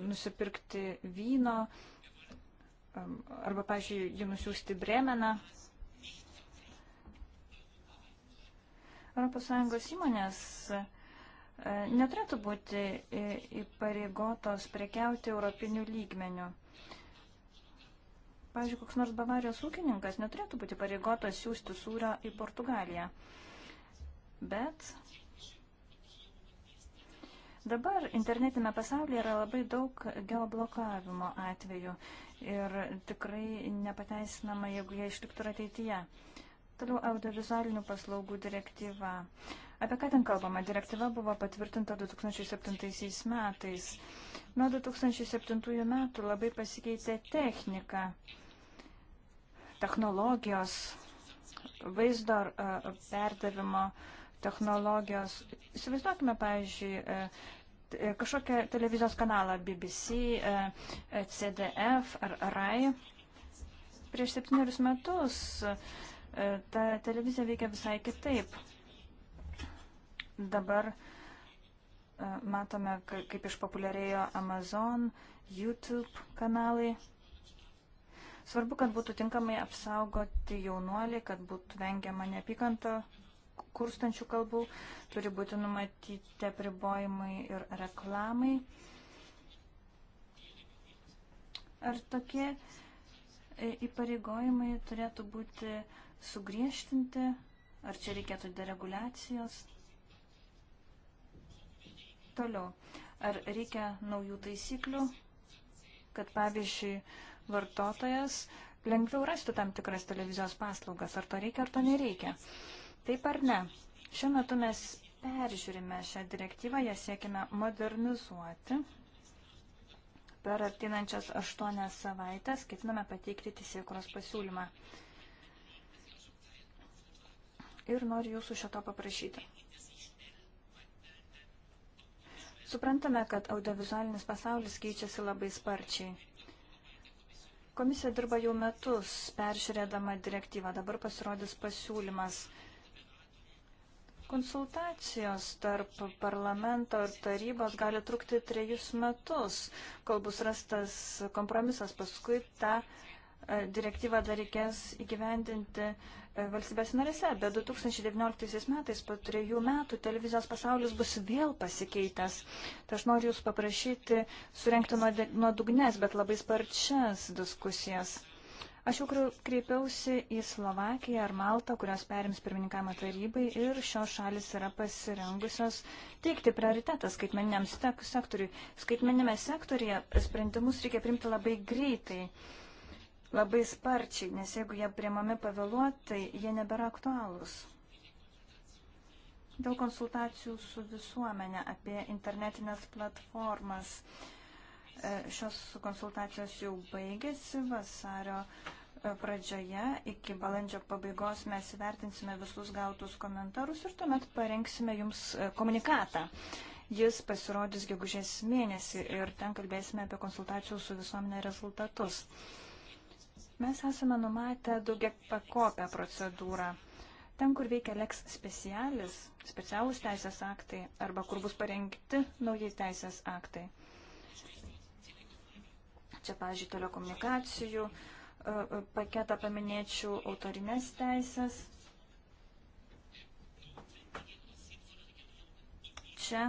[SPEAKER 2] nusipirkti vyno um, arba, pažiūrėjau, jį nusiųsti Bremeną. ES įmonės neturėtų būti įpareigotos prekiauti europinių lygmenių. Pavyzdžiui, koks nors Bavarijos ūkininkas neturėtų būti pareigotas siūsti sūrio į Portugaliją. Bet dabar internetinė pasaulyje yra labai daug geoblokavimo atvejų ir tikrai nepateisinama, jeigu jie išliktų ir ateityje. Toliau audiovizualinių paslaugų direktyva. Apie ką ten kalbama? Direktyva buvo patvirtinta 2007 metais. Nuo 2007 metų labai pasikeitė technika technologijos, vaizdo e, perdavimo technologijos. Įsivaizduokime, pavyzdžiui, e, e, kažkokią televizijos kanalą BBC, CDF ar RAI. Prieš septynerius metus ta televizija veikia visai kitaip. Dabar matome, kaip išpopuliarėjo Amazon, YouTube kanalai. Svarbu, kad būtų tinkamai apsaugoti jaunuoliai, kad būtų vengiama neapykanta kurstančių kalbų, turi būti numatyti apribojimai ir reklamai. Ar tokie e, įpareigojimai turėtų būti sugriežtinti, ar čia reikėtų deregulacijos? Toliau, ar reikia naujų taisyklių, kad pavyzdžiui, vartotojas lengviau rastų tam tikras televizijos paslaugas, ar to reikia, ar to nereikia. Taip ar ne? Šiuo metu mes peržiūrime šią direktyvą, ją siekime modernizuoti. Per artinančias aštuonias savaitės ketiname pateikti teisėkuros pasiūlymą. Ir noriu jūsų šito paprašyti. Suprantame, kad audiovizualinis pasaulis keičiasi labai sparčiai. Komisija dirba jau metus peržiūrėdama direktyvą, dabar pasirodys pasiūlymas. Konsultacijos tarp parlamento ir tarybos gali trukti trejus metus, kol bus rastas kompromisas, paskui tą ta E, direktyvą dar reikės įgyvendinti e, valstybės narėse, bet 2019 metais po trejų metų televizijos pasaulis bus vėl pasikeitęs. Tai aš noriu Jūs paprašyti surenkti nuodugnes, bet labai sparčias diskusijas. Aš jau kreipiausi į Slovakiją ar Maltą, kurios perims pirmininkavimą tarybai ir šios šalis yra pasirengusios teikti prioritetą skaitmeniniam sektoriui. Skaitmeninėme sektorija sprendimus reikia primti labai greitai. Uh, labai sparčiai, nes jeigu jie priemami pavėluotai, jie nebėra aktualūs. Dėl konsultacijų su visuomenė apie internetinės platformas. E, šios konsultacijos jau baigėsi vasario e, pradžioje. Iki balandžio pabaigos mes vertinsime visus gautus komentarus ir tuomet parengsime jums e, komunikatą. Jis pasirodys gegužės mėnesį ir ten kalbėsime apie konsultacijų su visuomenė rezultatus. Uh, Mes esame numatę daugia pakopę procedūrą. Ten, kur veikia leks specialis, specialūs teisės aktai arba kur bus parengti nauji teisės aktai. Čia, pavyzdžiui, telekomunikacijų e, e, paketą paminėčiau autorinės teisės. Čia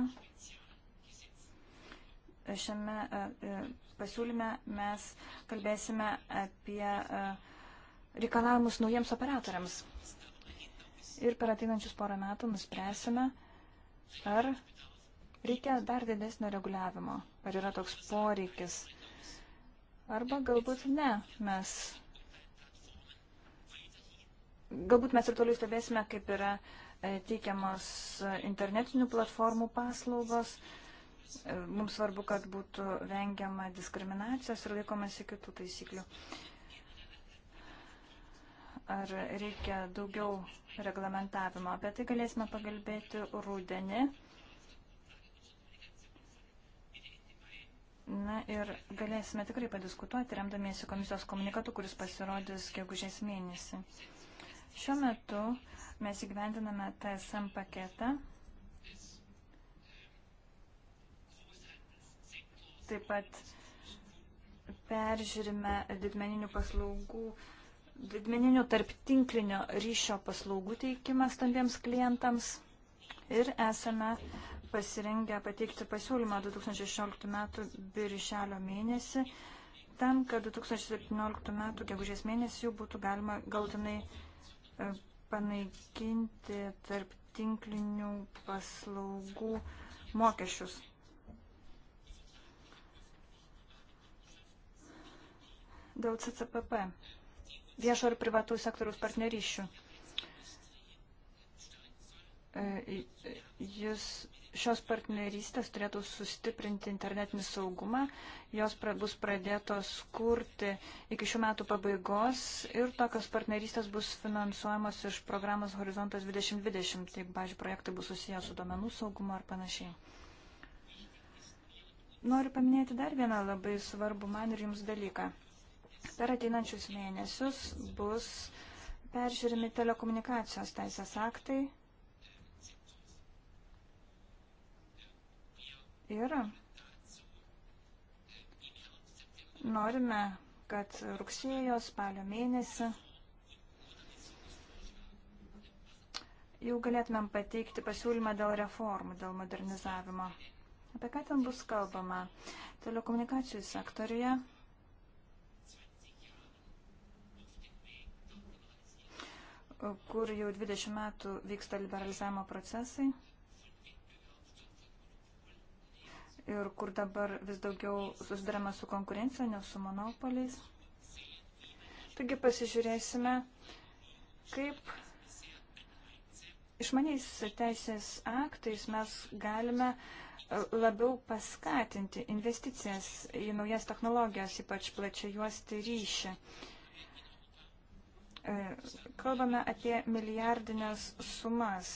[SPEAKER 2] šiame e, e, pasiūlyme mes kalbėsime apie e, reikalavimus naujiems operatoriams. Ir per ateinančius porą metų nuspręsime, ar reikia dar didesnio reguliavimo, ar yra toks poreikis. Arba galbūt ne, mes. Galbūt mes ir toliau stebėsime, kaip yra teikiamos internetinių platformų paslaugos, E, mums svarbu, kad būtų vengiama diskriminacijos ir laikomasi kitų taisyklių. Ar reikia daugiau reglamentavimo? Apie tai galėsime pagalbėti rūdienį. Na ir galėsime tikrai padiskutuoti, remdamiesi komisijos komunikatu, kuris pasirodys gegužės mėnesį. Šiuo metu mes įgyvendiname TSM paketą, Taip pat peržiūrime didmeninių paslaugų, didmeninių tarptinklinio ryšio paslaugų teikimą stambiems klientams ir esame pasirengę pateikti pasiūlymą 2016 m. birželio mėnesį, tam, kad 2017 m. gegužės mėnesį jau būtų galima galtinai e, panaikinti tarptinklinių paslaugų mokesčius. dėl CCPP, viešo ir privatų sektoriaus partnerysčių. E, jis šios partnerystės turėtų sustiprinti internetinį saugumą, jos bus pradėtos kurti iki šių metų pabaigos ir tokios partnerystės bus finansuojamos iš programos Horizontas 2020, tai, pažiūrėjau, projektai bus susijęs su domenų saugumo ar panašiai. Noriu paminėti dar vieną labai svarbų man ir jums dalyką. Per ateinančius mėnesius bus peržiūrimi telekomunikacijos teisės aktai ir norime, kad rugsėjo spalio mėnesį jau galėtumėm pateikti pasiūlymą dėl reformų, dėl modernizavimo. Apie ką ten bus kalbama? Telekomunikacijų sektoriuje kur jau 20 metų vyksta liberalizavimo procesai ir kur dabar vis daugiau susidurėme su konkurencija, ne su monopoliais. Taigi pasižiūrėsime, kaip išmaniais teisės aktais mes galime e, labiau paskatinti investicijas į naujas technologijas, ypač plačiai juosti ryšį. Uh, E, kalbame apie milijardinės sumas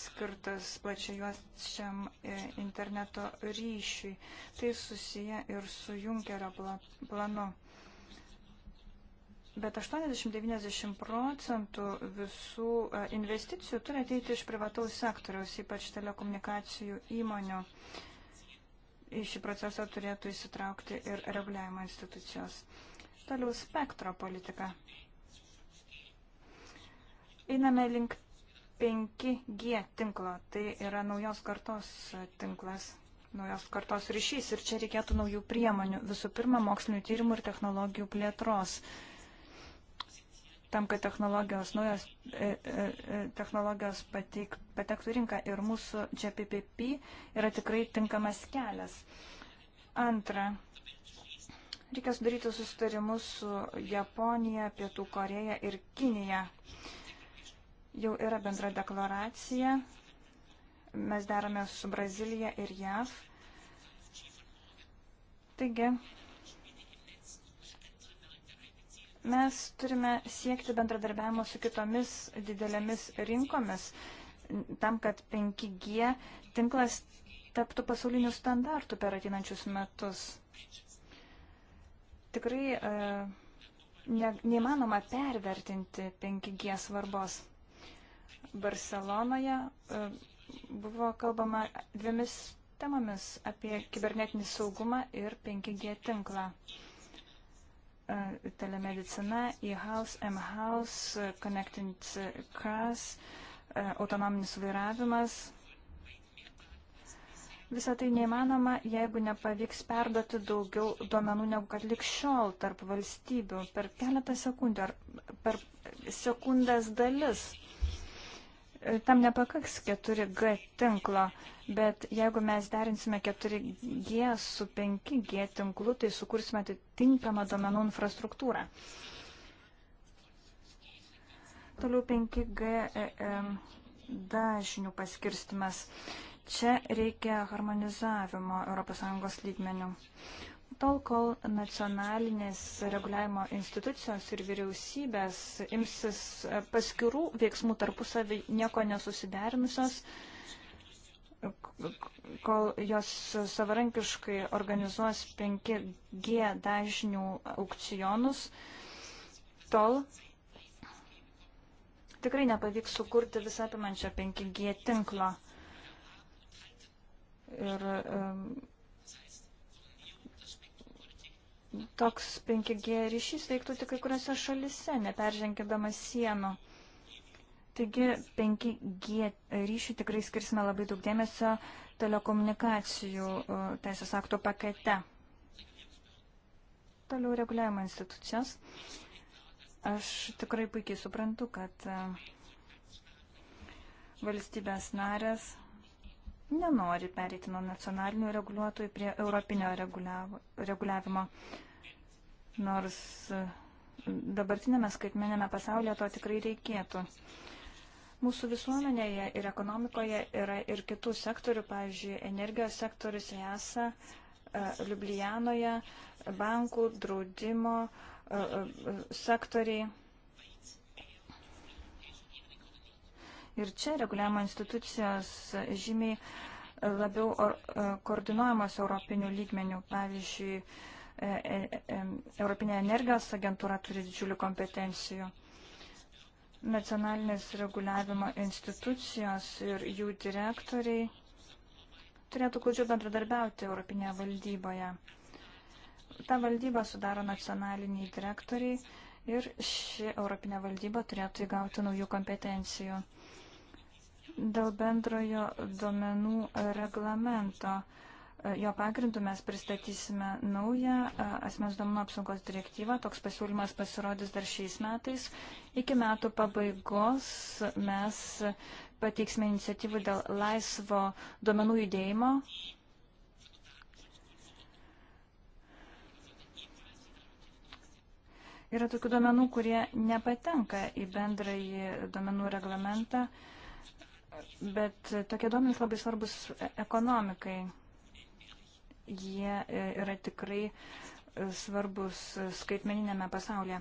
[SPEAKER 2] skirtas plačiajuosčiam e, interneto ryšiui. Tai susiję ir su Junkerio planu. Bet 80-90 procentų visų e, investicijų turi ateiti iš privataus sektoriaus, ypač telekomunikacijų įmonių. Į šį procesą turėtų įsitraukti ir reguliavimo institucijos. Toliau spektro politika. Einame link 5G tinklo. Tai yra naujos kartos tinklas, naujos kartos ryšys ir čia reikėtų naujų priemonių. Visų pirma, mokslinių tyrimų ir technologijų plėtros. Tam, kad technologijos, naujos e, e, e technologijos pateik, patektų rinką ir mūsų GPPP yra tikrai tinkamas kelias. Antra, reikia sudaryti sustarimus su Japonija, Pietų Koreja ir Kinija. E, Jau yra bendra deklaracija. Mes darome su Brazilija ir JAV. Taigi, mes turime siekti bendradarbiavimo su kitomis didelėmis rinkomis, tam, kad 5G tinklas taptų pasaulinių standartų per ateinančius metus. Tikrai e, ne, neįmanoma pervertinti 5G svarbos. Barcelonoje e, buvo kalbama dviemis temomis apie kibernetinį saugumą ir 5G tinklą. E, telemedicina, e-house, m-house, connecting cars, e, autonominis vairavimas. Visą tai neįmanoma, jeigu nepavyks perduoti daugiau duomenų negu kad likščiol tarp valstybių per keletą sekundžių ar per sekundės dalis. Uh, tam nepakaks 4G tinklo, bet jeigu mes derinsime 4G su 5G tinklu, tai sukursime atitinkamą domenų infrastruktūrą. Toliau 5G e, e, dažnių paskirstimas. Čia reikia harmonizavimo ES lygmenių tol, kol nacionalinės reguliavimo institucijos ir vyriausybės imsis e, paskirų veiksmų tarpusavį nieko nesusiderinusios, kol jos savarankiškai organizuos 5G dažnių aukcionus, tol tikrai nepavyks sukurti visą apimančią 5G tinklo. Ir um, toks 5G ryšys veiktų tik kai kuriuose šalise, neperženkėdamas sienų. Taigi 5G ryšių tikrai skirsime labai daug dėmesio telekomunikacijų e, teisės akto pakete. Toliau reguliavimo institucijas. Aš tikrai puikiai suprantu, kad e, valstybės narės nenori pereiti nuo nacionalinių reguliuotojų prie europinio reguliavimo nors e, dabartinėme skaitmenėme pasaulyje to tikrai reikėtų. Mūsų visuomenėje ir ekonomikoje yra ir kitų sektorių, pavyzdžiui, energijos sektorius ESA, e, Ljubljanoje, bankų, draudimo e, sektoriai. Ir čia reguliavimo institucijos žymiai labiau koordinuojamos europinių lygmenių, pavyzdžiui, E, e, e, Europinė energijos agentūra turi didžiulių kompetencijų. Nacionalinės reguliavimo institucijos ir jų direktoriai turėtų klaudžiau bendradarbiauti Europinėje valdyboje. Ta valdyba sudaro nacionaliniai direktoriai ir ši Europinė valdyba turėtų įgauti naujų kompetencijų. Dėl bendrojo duomenų reglamento Jo pagrindų mes pristatysime naują e, asmens duomenų apsaugos direktyvą. Toks pasiūlymas pasirodys dar šiais metais. Iki metų pabaigos mes pateiksime iniciatyvų dėl laisvo duomenų judėjimo. Yra tokių duomenų, kurie nepatenka į bendrąjį duomenų reglamentą, bet tokie duomenys labai svarbus e- ekonomikai jie e, yra tikrai e, svarbus skaitmeninėme pasaulyje.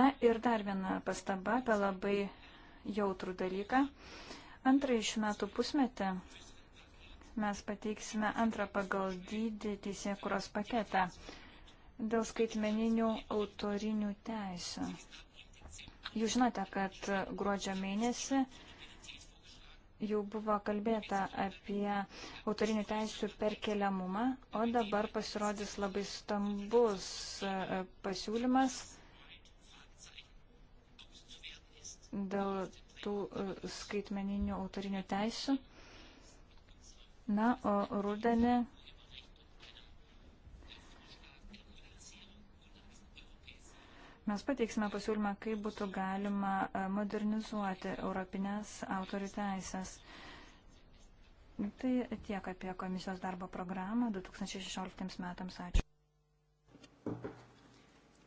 [SPEAKER 2] Na ir dar viena pastaba apie labai jautrų dalyką. Antrąjį šių metų pusmetį mes pateiksime antrą pagal dydį teisėkuros paketą dėl skaitmeninių autorinių teisų. Jūs žinote, kad gruodžio mėnesį uh, jau buvo kalbėta apie autorinių teisų perkeliamumą, o dabar pasirodys labai stambus e, pasiūlymas dėl tų e, skaitmeninių autorinių teisų. Na, o rudenį Mes pateiksime pasiūlymą, kaip būtų galima e, modernizuoti europinės autorių teisės. Tai tiek apie komisijos darbo programą 2016 metams. Ačiū.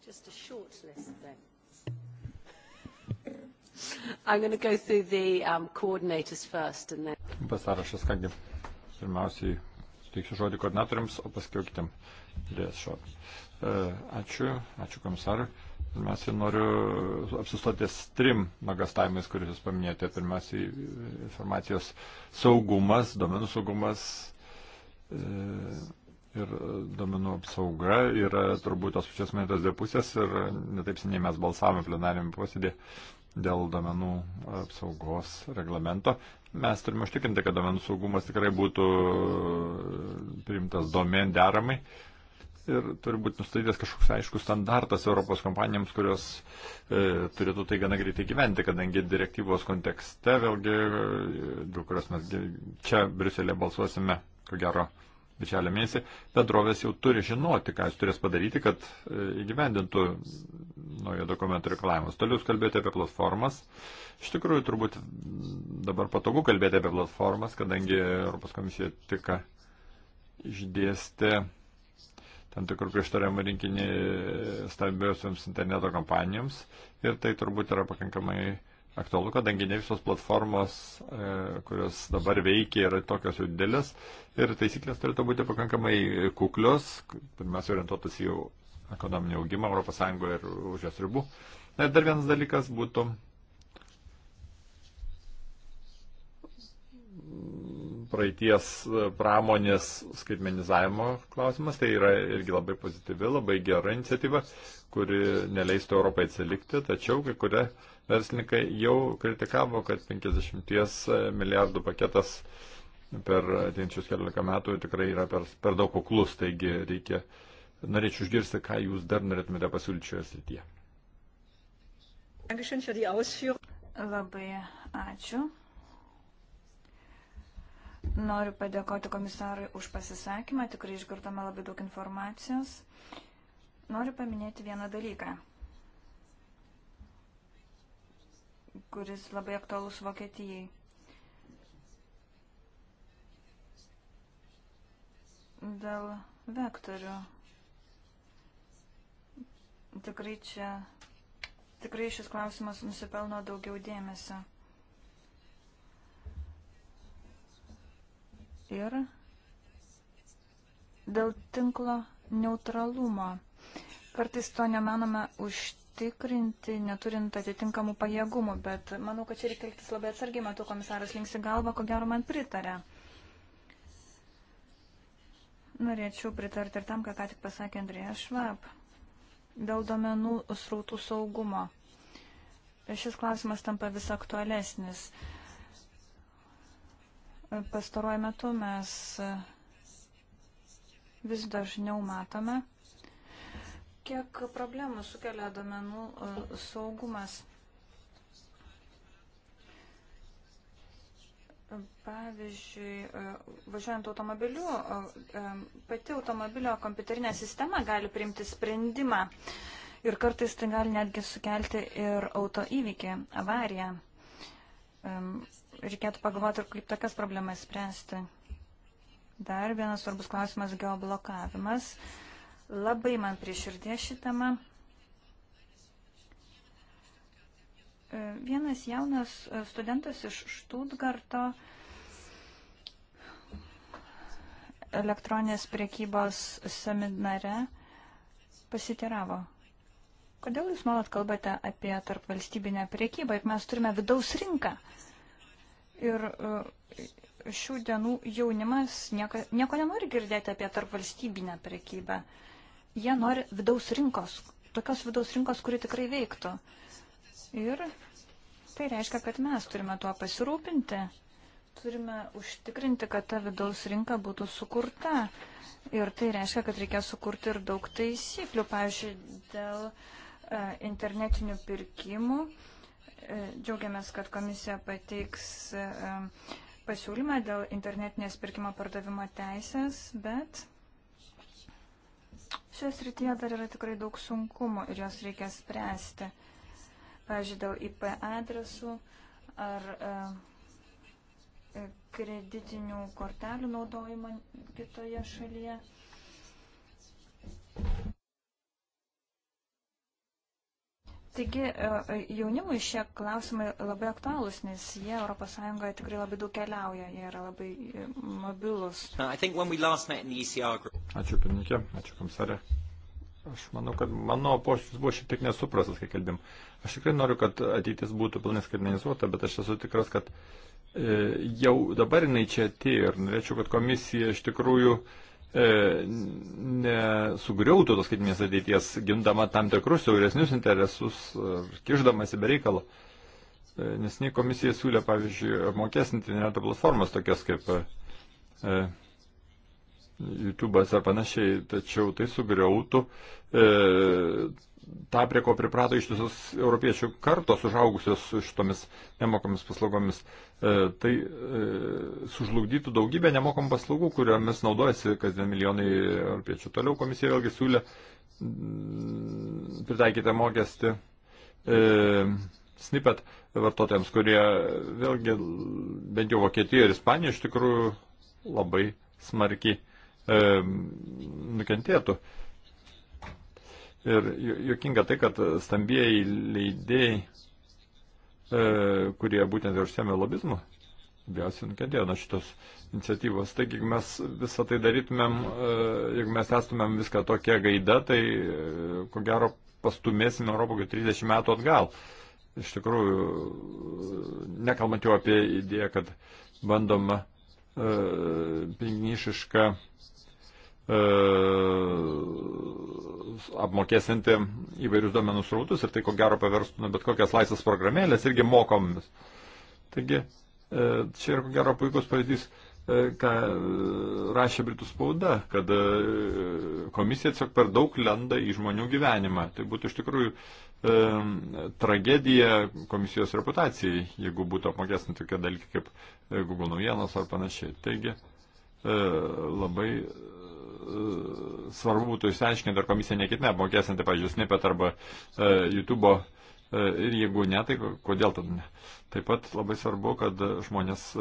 [SPEAKER 1] Just
[SPEAKER 3] a short list then.
[SPEAKER 1] [laughs] I'm going to go through the um, coordinators first and then. Pasarašas, kągi, pirmiausiai suteiksiu žodį koordinatoriams, o paskui kitam. E, ačiū, ačiū komisarui. Pirmiausia, noriu apsistoti trim magastavimais, kuriuos jūs paminėjote. Pirmiausia, informacijos saugumas, domenų saugumas e, ir domenų apsauga yra turbūt tos pačios minėtos dvi pusės ir netaip seniai mes balsavome plenarėme posėdį dėl domenų apsaugos reglamento. Mes turime užtikrinti, kad domenų saugumas tikrai būtų priimtas domen deramai ir turi būti nustatytas kažkoks aiškus standartas Europos kompanijoms, kurios e, turėtų tai gana greitai gyventi, kadangi direktyvos kontekste vėlgi, e, dėl kurios mes čia Briuselėje balsuosime, ko gero, bičelio mėnesį, bendrovės jau turi žinoti, ką jis turės padaryti, kad e, įgyvendintų naujo dokumento reikalavimus. Toliau jūs kalbėjote apie platformas. Iš tikrųjų, turbūt dabar patogu kalbėti apie platformas, kadangi Europos komisija tik išdėstė tam tikrų prieštaravimų rinkinį stambiosiams interneto kompanijoms ir tai turbūt yra pakankamai aktualu, kadangi ne visos platformos, e, kurios dabar veikia, yra tokios jau didelės ir taisyklės turėtų būti pakankamai kuklios, pirmiausia orientuotas į ekonominį augimą ES ir už jos ribų. Na ir dar vienas dalykas būtų praeities e, pramonės skaitmenizavimo klausimas. Tai yra irgi labai pozityvi, labai gera iniciatyva, kuri neleistų Europai atsilikti, tačiau kai kurie verslininkai jau kritikavo, kad 50 e, milijardų paketas per ateinčius keliolika metų tikrai yra per, per daug kuklus, taigi reikia, norėčiau išgirsti, ką jūs dar norėtumėte pasiūlyti šioje srityje.
[SPEAKER 2] Labai ačiū Noriu padėkoti komisarui už pasisakymą, tikrai išgirdome labai daug informacijos. Noriu paminėti vieną dalyką, kuris labai aktualus Vokietijai. Dėl vektorių. Tikrai čia, tikrai šis klausimas nusipelno daugiau dėmesio. ir dėl tinklo neutralumo. Kartais to nemanome užtikrinti, neturint atitinkamų pajėgumų, bet manau, kad čia reikia elgtis labai atsargiai, matau, komisaras linksi galvą, ko gero man pritarė. Norėčiau pritarti ir tam, ką ką tik pasakė Andrėja Švab, dėl domenų srautų saugumo. Šis klausimas tampa vis aktualesnis. Pastaruoju metu mes e, vis dažniau matome, kiek problemų sukelia domenų e, saugumas. Pavyzdžiui, e, važiuojant automobiliu, pati automobilio kompiuterinė sistema gali priimti sprendimą ir kartais tai gali netgi sukelti ir auto įvykį, avariją reikėtų pagalvoti, kaip tokias problemas spręsti. Dar vienas svarbus klausimas - geoblokavimas. Labai man prieširdė šį temą. Vienas jaunas studentas iš Štutgarto elektroninės priekybos seminare pasitiravo, kodėl jūs nuolat kalbate apie tarpvalstybinę priekybą, juk mes turime vidaus rinką. Uh, Ir e, šių dienų jaunimas nieko, nieko nenori girdėti apie tarpvalstybinę prekybą. Jie nori vidaus rinkos, tokios vidaus rinkos, kuri tikrai veiktų. Ir tai reiškia, kad mes turime tuo pasirūpinti, turime užtikrinti, kad ta vidaus rinka būtų sukurta. Ir tai reiškia, kad reikia sukurti ir daug taisyklių, pavyzdžiui, dėl e, internetinių pirkimų. E, E, džiaugiamės, kad komisija pateiks e, pasiūlymą dėl internetinės pirkimo pardavimo teisės, bet šios rytyje dar yra tikrai daug sunkumų ir jos reikia spręsti. Pavyzdžiui, dėl IP adresų ar e, kreditinių kortelių naudojimą kitoje šalyje. Taigi e, e, jaunimui šie klausimai labai aktualūs, nes jie ES tikrai labai daug keliauja, jie yra labai e, mobilus.
[SPEAKER 1] Uh, ačiū pirmininkė, ačiū komisarė. Aš manau, kad mano poštis buvo šiek tiek nesuprastas, kai kalbėm. Aš tikrai noriu, kad ateitis būtų pilnai skaitmenizuota, bet aš esu tikras, kad e, jau dabar jinai čia atėjo ir norėčiau, kad komisija iš tikrųjų e, E, nesugriautų tos skaitinės ateities, gindama tam tikrus siauresnius interesus ar e, kiždamasi be reikalo. E, nes nei komisija siūlė, pavyzdžiui, apmokestinti interneto platformas tokias kaip e, YouTube'as ar panašiai, tačiau tai sugriautų e, tą, prie ko priprato ištisos europiečių kartos užaugusios su šitomis nemokamis paslaugomis, e, tai e, sužlugdytų daugybę nemokamų paslaugų, kuriomis naudojasi kasdien milijonai europiečių. Toliau komisija vėlgi siūlė mm, pritaikyti mokestį e, snipet vartotojams, kurie vėlgi bent jau Vokietijoje ir Ispanijoje iš tikrųjų labai smarkiai e, nukentėtų. E, Ir juokinga tai, kad stambieji leidėjai, e, kurie būtent ir užsiemė lobizmu, labiausiai nukentėjo nuo šitos iniciatyvos. Taigi, jeigu mes visą tai darytumėm, e, jeigu mes estumėm viską tokia gaida, tai e, ko gero pastumėsim Europą 30 metų atgal. Iš tikrųjų, nekalbant jau apie idėją, kad bandoma e, pingnišišką E, apmokėsinti įvairius duomenų srautus ir tai ko gero paverstų nu, bet kokias laisvas programėlės irgi mokomis. Taigi, e, čia yra ko gero puikus pavyzdys, e, ką rašė Britų spauda, kad komisija tiesiog per daug lenda į žmonių gyvenimą. Tai būtų iš tikrųjų tragedija komisijos reputacijai, jeigu būtų apmokestinti tokie dalykai kaip Google naujienos ar panašiai. Taigi, labai svarbu būtų išsiaiškinti, ar komisija nekitina apmokėsinti, pavyzdžiui, Snipet arba e, YouTube. E, ir jeigu ne, tai kodėl tad ne? Taip pat labai svarbu, kad žmonės e,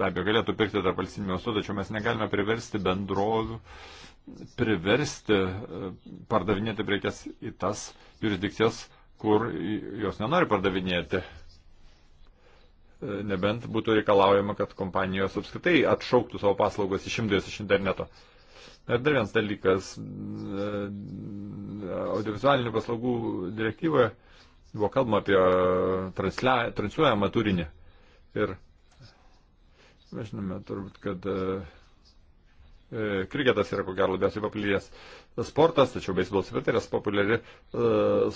[SPEAKER 1] be abejo galėtų pirkti tarp valstybinių uostų, tačiau mes negalime priversti bendrovių, priversti e, pardavinėti prekes į tas jurisdikcijas, kur jos nenori pardavinėti e, nebent būtų reikalaujama, kad kompanijos apskritai atšauktų savo paslaugas išimdės iš interneto. Ir dar vienas dalykas, audiovizualinių paslaugų direktyvoje buvo kalbama apie translia, transliuojamą turinį. Ir mes žinome turbūt, kad e, kriketas yra ko gero labiausiai paplitęs sportas, tačiau beisbolas taip pat yra populiari e,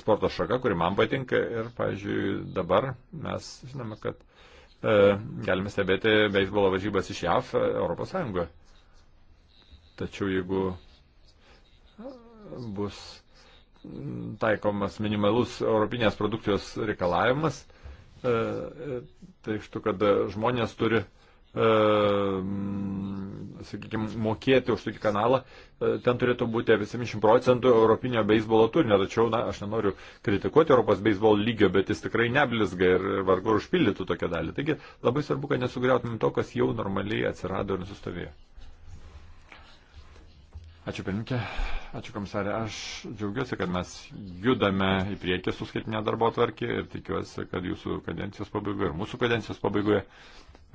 [SPEAKER 1] sporto šaka, kuri man patinka ir, pavyzdžiui, dabar mes žinome, kad e, galime stebėti beisbolo varžybas iš JAV Europos Sąjungoje. Tačiau jeigu bus taikomas minimalus europinės produkcijos reikalavimas, e, tai iš tų, kad žmonės turi e, sakykime, mokėti už tokį kanalą, e, ten turėtų būti apie 70 procentų europinio beisbolo turinio. Tačiau, na, aš nenoriu kritikuoti Europos beisbolo lygio, bet jis tikrai neblizga ir vargu užpildytų tokią dalį. Taigi labai svarbu, kad nesugriautumėm to, kas jau normaliai atsirado ir nusistovėjo. Ačiū pirmininkė, ačiū komisarė. Aš džiaugiuosi, kad mes judame į priekį su skaitinė darbo tvarkė ir tikiuosi, kad jūsų kadencijos pabaigoje ir mūsų kadencijos pabaigoje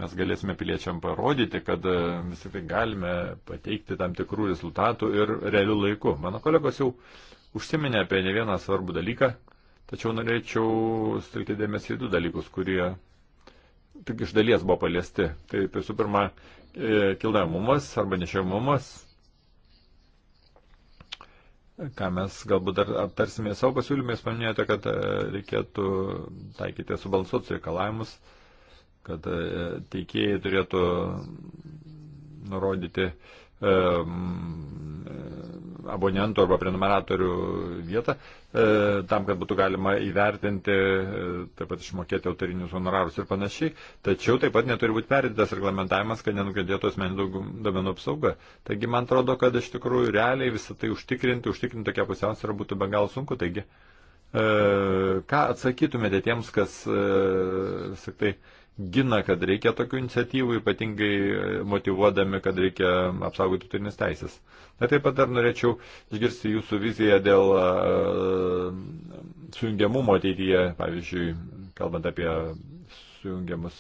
[SPEAKER 1] mes galėsime piliečiam parodyti, kad e, vis tik tai galime pateikti tam tikrų rezultatų ir realių laikų. Mano kolegos jau užsiminė apie ne vieną svarbų dalyką, tačiau norėčiau stilti dėmesį į du dalykus, kurie tik iš dalies buvo paliesti. Tai visų pirma, e, kilnojamumas arba nešiamumas ką mes galbūt dar aptarsime savo pasiūlymais, paminėjote, kad e, reikėtų taikyti subalansuotus reikalavimus, kad e, teikėjai turėtų nurodyti uh, abonentų arba prenumeratorių vietą, e, tam, kad būtų galima įvertinti, e, taip pat išmokėti autorinius honorarus ir panašiai. Tačiau taip pat neturi būti perdėtas reglamentavimas, kad nenukentėtų asmeninių domenų apsauga. Taigi man atrodo, kad iš tikrųjų realiai visą tai užtikrinti, užtikrinti tokią pusiausvyrą būtų be galo sunku. Taigi, e, ką atsakytumėte tiems, kas vis tik tai gina, kad reikia tokių iniciatyvų, ypatingai motivuodami, kad reikia apsaugoti turinės teisės. Na taip pat dar norėčiau išgirsti jūsų viziją dėl uh, sujungiamumo ateityje, pavyzdžiui, kalbant apie sujungiamus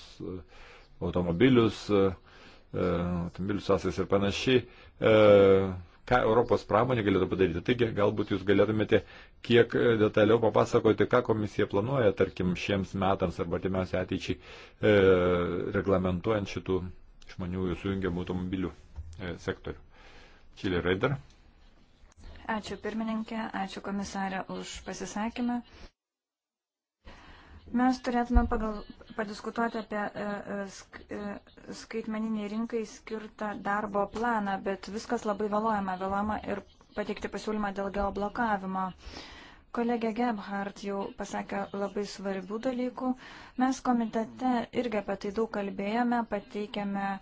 [SPEAKER 1] automobilius, uh, automobilių sąsais ir panašiai. Uh, ką Europos pramonė galėtų padaryti. Taigi, galbūt jūs galėtumėte kiek e, detaliau papasakoti, ką komisija planuoja, tarkim, šiems metams arba artimiausiai ateičiai e, reglamentuojant šitų išmaniųjų sujungiamų automobilių e, sektorių. Čilė Raider.
[SPEAKER 2] Ačiū pirmininkė, ačiū komisarė už pasisakymą. Mes turėtume pagal, padiskutuoti apie e, e sk, e, skaitmeniniai rinkai skirtą darbo planą, bet viskas labai vėluojama, vėluojama ir pateikti pasiūlymą dėl geoblokavimo. Kolegė Gebhardt jau pasakė labai svarbių dalykų. Mes komitete irgi apie tai daug kalbėjome, pateikėme e,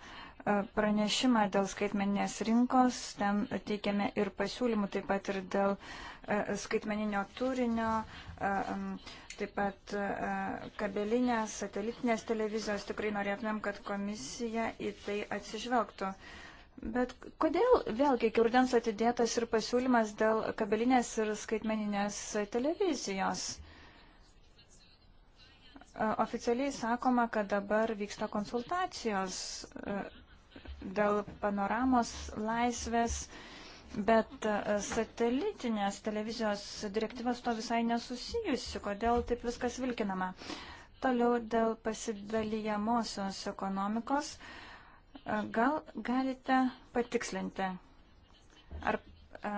[SPEAKER 2] pranešimą dėl skaitmeninės rinkos, ten teikiame ir pasiūlymų taip pat ir dėl e, skaitmeninio turinio, e, taip pat kabelinės, satelitinės televizijos. Tikrai norėtumėm, kad komisija į tai atsižvelgtų. Bet kodėl vėlgi iki rudens atidėtas ir pasiūlymas dėl kabelinės ir skaitmeninės televizijos? E, oficialiai sakoma, kad dabar vyksta konsultacijos e, dėl panoramos laisvės, bet e, satelitinės televizijos direktyvas to visai nesusijusi. Kodėl taip viskas vilkinama? Toliau dėl pasidalyjamosios ekonomikos. Uh, Gal galite patikslinti, ar e,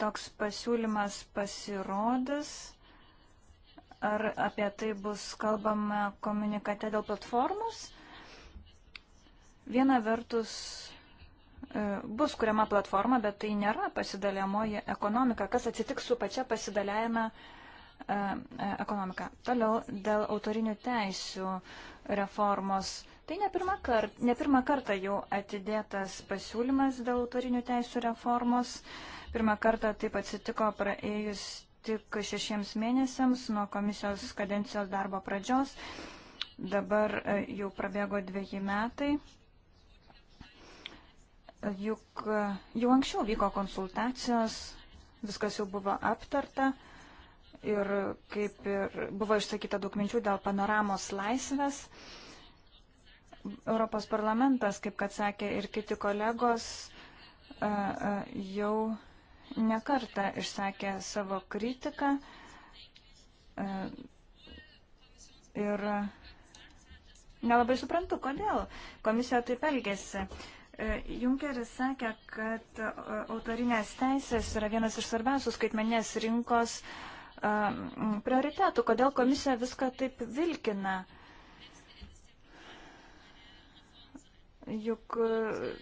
[SPEAKER 2] toks pasiūlymas pasirodys, ar apie tai bus kalbama komunikate dėl platformos? Viena vertus e, bus kuriama platforma, bet tai nėra pasidaliamoji ekonomika. Kas atsitiks su pačia pasidaliajame e, ekonomika? Toliau dėl autorinių teisių reformos. Tai ne pirmą, kart, ne pirmą kartą jau atidėtas pasiūlymas dėl autorinių teisų reformos. Pirmą kartą taip atsitiko praėjus tik šešiems mėnesiams nuo komisijos kadencijos darbo pradžios. Dabar e, jau prabėgo dviejai metai. Juk e, jau anksčiau vyko konsultacijos, viskas jau buvo aptarta ir kaip ir buvo išsakyta daug minčių dėl panoramos laisvės. Europos parlamentas, kaip kad sakė ir kiti kolegos, e, e, jau nekarta išsakė savo kritiką e, ir nelabai suprantu, kodėl komisija taip elgėsi. Junkeris sakė, kad autorinės teisės yra vienas iš svarbiausių skaitmenės rinkos prioritetų. Kodėl komisija viską taip vilkina? Juk e,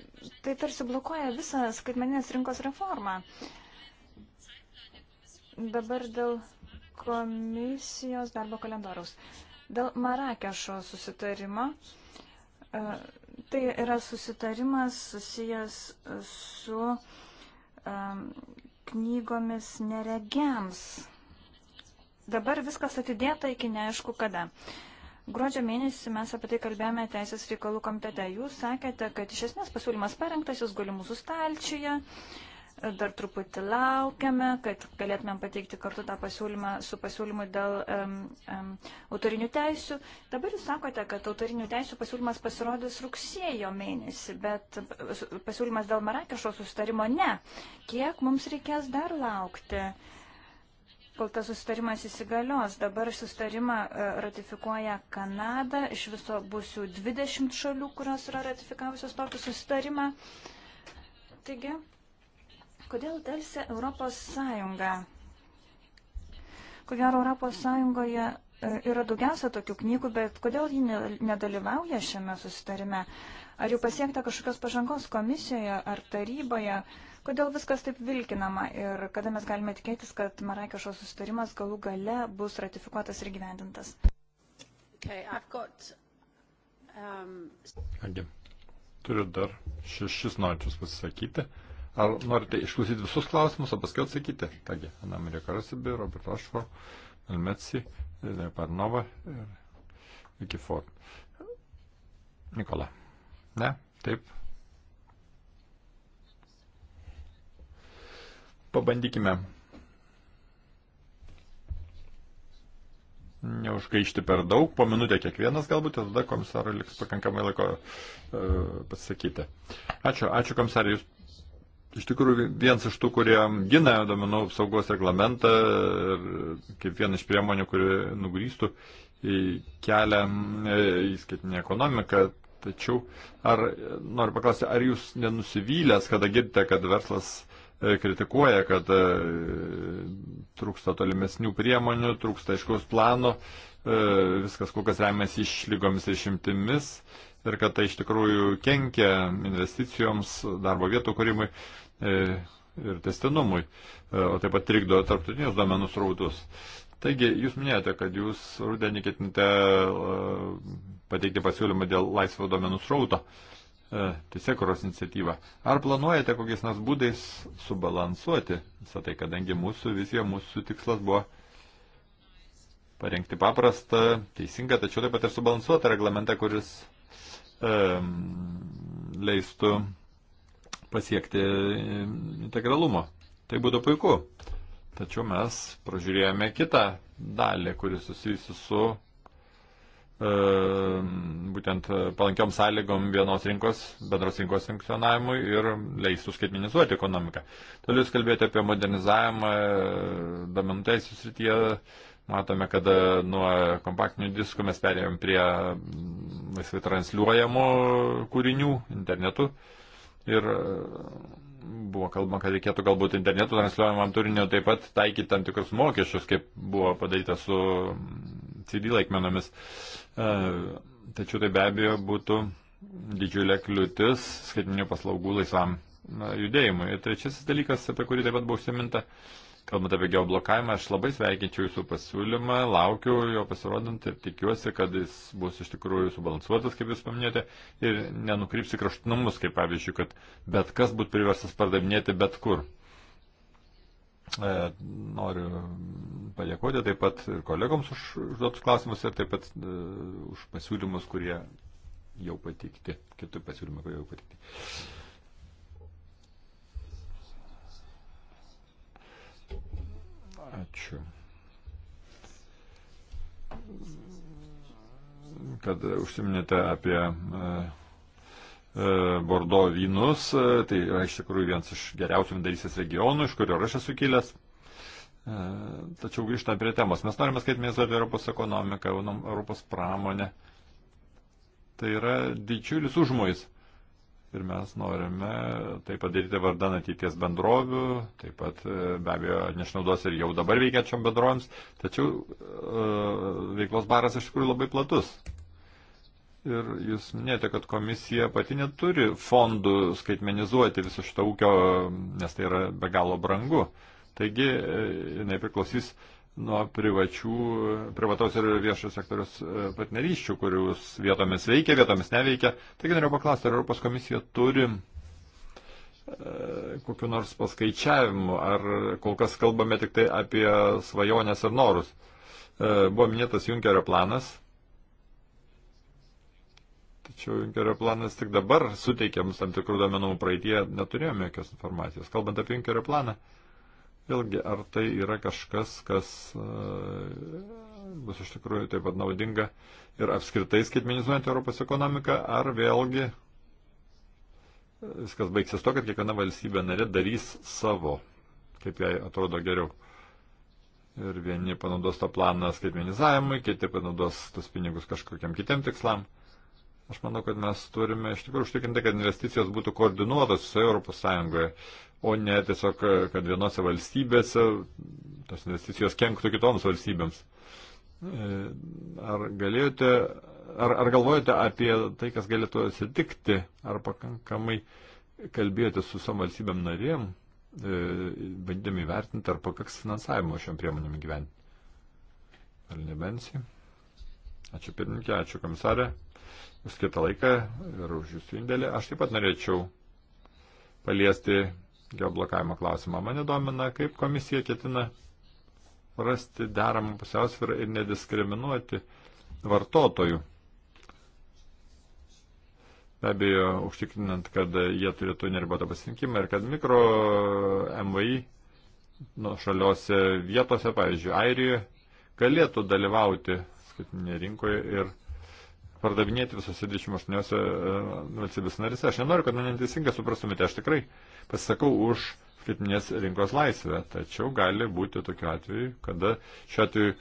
[SPEAKER 2] tai tarsi blokuoja visą skaitmeninės rinkos reformą. Dabar dėl komisijos darbo kalendoriaus. Dėl Marakešo susitarimo. E, tai yra susitarimas susijęs su e, knygomis neregiams. Dabar viskas atidėta iki neaišku kada. Uh, Gruodžio mėnesį mes apie tai kalbėjome Teisės reikalų komitete. Jūs sakėte, kad iš esmės pasiūlymas parengtas, jis guli mūsų stalčiuje. Dar truputį laukiame, kad galėtumėm pateikti kartu tą pasiūlymą su pasiūlymu dėl um, um, autorinių teisių. Dabar jūs sakote, kad autorinių teisių pasiūlymas pasirodys rugsėjo mėnesį, bet pasiūlymas dėl Marakešo sustarimo ne. Kiek mums reikės dar laukti? Uh, kol tas sustarimas įsigalios. Dabar sustarimą e, ratifikuoja Kanada, iš viso bus jau 20 šalių, kurios yra ratifikavusios tokį sustarimą. Taigi, kodėl dėlse Europos Sąjunga? Ko gero, Europos Sąjungoje e, yra daugiausia tokių knygų, bet kodėl ji nedalyvauja šiame susitarime? Ar jau pasiekta kažkokios pažangos komisijoje ar taryboje? Uh, Kodėl viskas taip vilkinama ir kada mes galime tikėtis, kad Marakešo sustarimas galų gale bus ratifikuotas ir gyvendintas?
[SPEAKER 3] Okay, got,
[SPEAKER 1] um... Agi, turiu dar šešis norinčius pasisakyti. Ar norite išklausyti visus klausimus, o paskui atsakyti? Kągi, Ana Marija Karasibė, Robert Rošfor, Elmetsi, Parnova ir iki Ford. Nikola. Ne? Taip, Pabandykime neužgaišti per daug, po minutę kiekvienas galbūt, ir tada komisarui liks pakankamai laiko e, pasakyti. Ačiū, ačiū komisarai, jūs iš tikrųjų vienas iš tų, kurie gina domenų apsaugos reglamentą ir kaip viena iš priemonių, kuri nugrįstų į kelią e, įskaitinį ekonomiką. Tačiau, ar noriu paklausti, ar jūs nenusivylęs, kada girdite, kad verslas e, E, kritikuoja, kad e, trūksta tolimesnių priemonių, trūksta aiškaus plano, e, viskas kol kas remiasi išlygomis ir šimtimis ir kad tai iš tikrųjų kenkia investicijoms, darbo vietų kūrimui ir testinumui, o taip pat trikdo tarptautinius domenų srautus. Taigi, jūs minėjote, kad jūs rudenį ketinite pateikti pasiūlymą dėl laisvo domenų srauto. Uh, E, teisėkuros iniciatyvą. Ar planuojate kokiais nors būdais subalansuoti visą tai, kadangi mūsų vizija, mūsų tikslas buvo parengti paprastą, teisingą, tačiau taip pat ir subalansuotą reglamentą, kuris um, e, leistų pasiekti integralumo. Tai būtų puiku. Tačiau mes pražiūrėjome kitą dalį, kuris susijusi su E, būtent palankiom sąlygom vienos rinkos, bendros rinkos funkcionavimui ir leistų skaitmenizuoti ekonomiką. Toliau jūs kalbėjote apie modernizavimą e, domenų teisų srityje. Matome, kad e, nuo kompaktinių diskų mes perėjom prie laisvai transliuojamų kūrinių internetu. Ir buvo kalbama, kad reikėtų galbūt internetu transliuojamam turiniu taip pat taikyti tam tikrus mokesčius, kaip buvo padaryta su CD laikmenomis. Uh, E, tačiau tai be abejo būtų didžiulė kliūtis skaitminių paslaugų laisvam judėjimui. Ir trečiasis dalykas, apie kurį taip pat buvo užsiminta, kalbant apie geoblokavimą, aš labai sveikinčiau jūsų pasiūlymą, laukiu jo pasirodant ir tikiuosi, kad jis bus iš tikrųjų subalansuotas, kaip jūs paminėjote, ir nenukryps į kraštutinumus, kaip pavyzdžiui, kad bet kas būtų priversas pardavinėti bet kur. E, noriu padėkoti taip pat ir kolegoms už užduotus klausimus ir taip pat e, už pasiūlymus, kurie jau patikti. Kitų pasiūlymų, kurie jau patikti. Ačiū. Kad užsiminėte apie uh, E, Bordo vynus. E, tai yra iš tikrųjų vienas iš geriausių vindarysės regionų, iš kurio aš esu kilęs. E, tačiau grįžtant prie temos, mes norime skaitmenizuoti Europos ekonomiką, Europos pramonę. Tai yra didžiulis užmojis. Ir mes norime tai padaryti vardan ateities bendrovių, taip pat be abejo nešnaudos ir jau dabar veikiančiam bendrovėms, tačiau e, veiklos baras iš tikrųjų labai platus. Ir jūs minėjote, kad komisija pati neturi fondų skaitmenizuoti viso šito ūkio, nes tai yra be galo brangu. Taigi, e, jinai priklausys nuo privačių, privataus ir viešo sektorius e, partnerysčių, kurius vietomis veikia, vietomis neveikia. Taigi, noriu paklausti, ar Europos komisija turi e, kokiu nors paskaičiavimu, ar kol kas kalbame tik tai apie svajonės ir norus. Buvo minėtas Junkerio planas Tačiau Junkerio planas tik dabar suteikė mums tam tikrų domenų, praeitie neturėjome jokios informacijos. Kalbant apie Junkerio planą, vėlgi, ar tai yra kažkas, kas e, bus iš tikrųjų taip pat naudinga ir apskritai skaitmenizuojant Europos ekonomiką, ar vėlgi viskas baigsis to, kad kiekviena valstybė narė darys savo, kaip jai atrodo geriau. Ir vieni panaudos tą planą skaitmenizavimui, kiti panaudos tos pinigus kažkokiam kitiem tikslam. Aš manau, kad mes turime iš tikrųjų užtikrinti, kad investicijos būtų koordinuotos visoje Europos Sąjungoje, o ne tiesiog, kad vienose valstybėse tos investicijos kenktų kitoms valstybėms. E, ar galėjote, ar, ar galvojate apie tai, kas galėtų atsitikti, ar pakankamai kalbėjote su savo valstybėm narėm, e, bandydami vertinti, ar pakaks finansavimo šiam priemonėm gyventi? Ar nebensi? Ačiū pirmininkė, ačiū komisarė skirtą laiką ir už jūsų indėlį. Aš taip pat norėčiau paliesti geoblokavimo klausimą. Mane domina, kaip komisija ketina rasti deramą pusiausvyrą ir nediskriminuoti vartotojų. Be abejo, užtikrinant, kad jie turėtų neribotą pasirinkimą ir kad mikro MVI nu, šaliose vietose, pavyzdžiui, Airijoje, galėtų dalyvauti skaitinėje rinkoje ir pardavinėti visose 28 e, valstybės narise. Aš nenoriu, kad mane neteisingai suprastumėte, aš tikrai pasisakau už skaitminės rinkos laisvę, tačiau gali būti tokiu atveju, kada šiuo atveju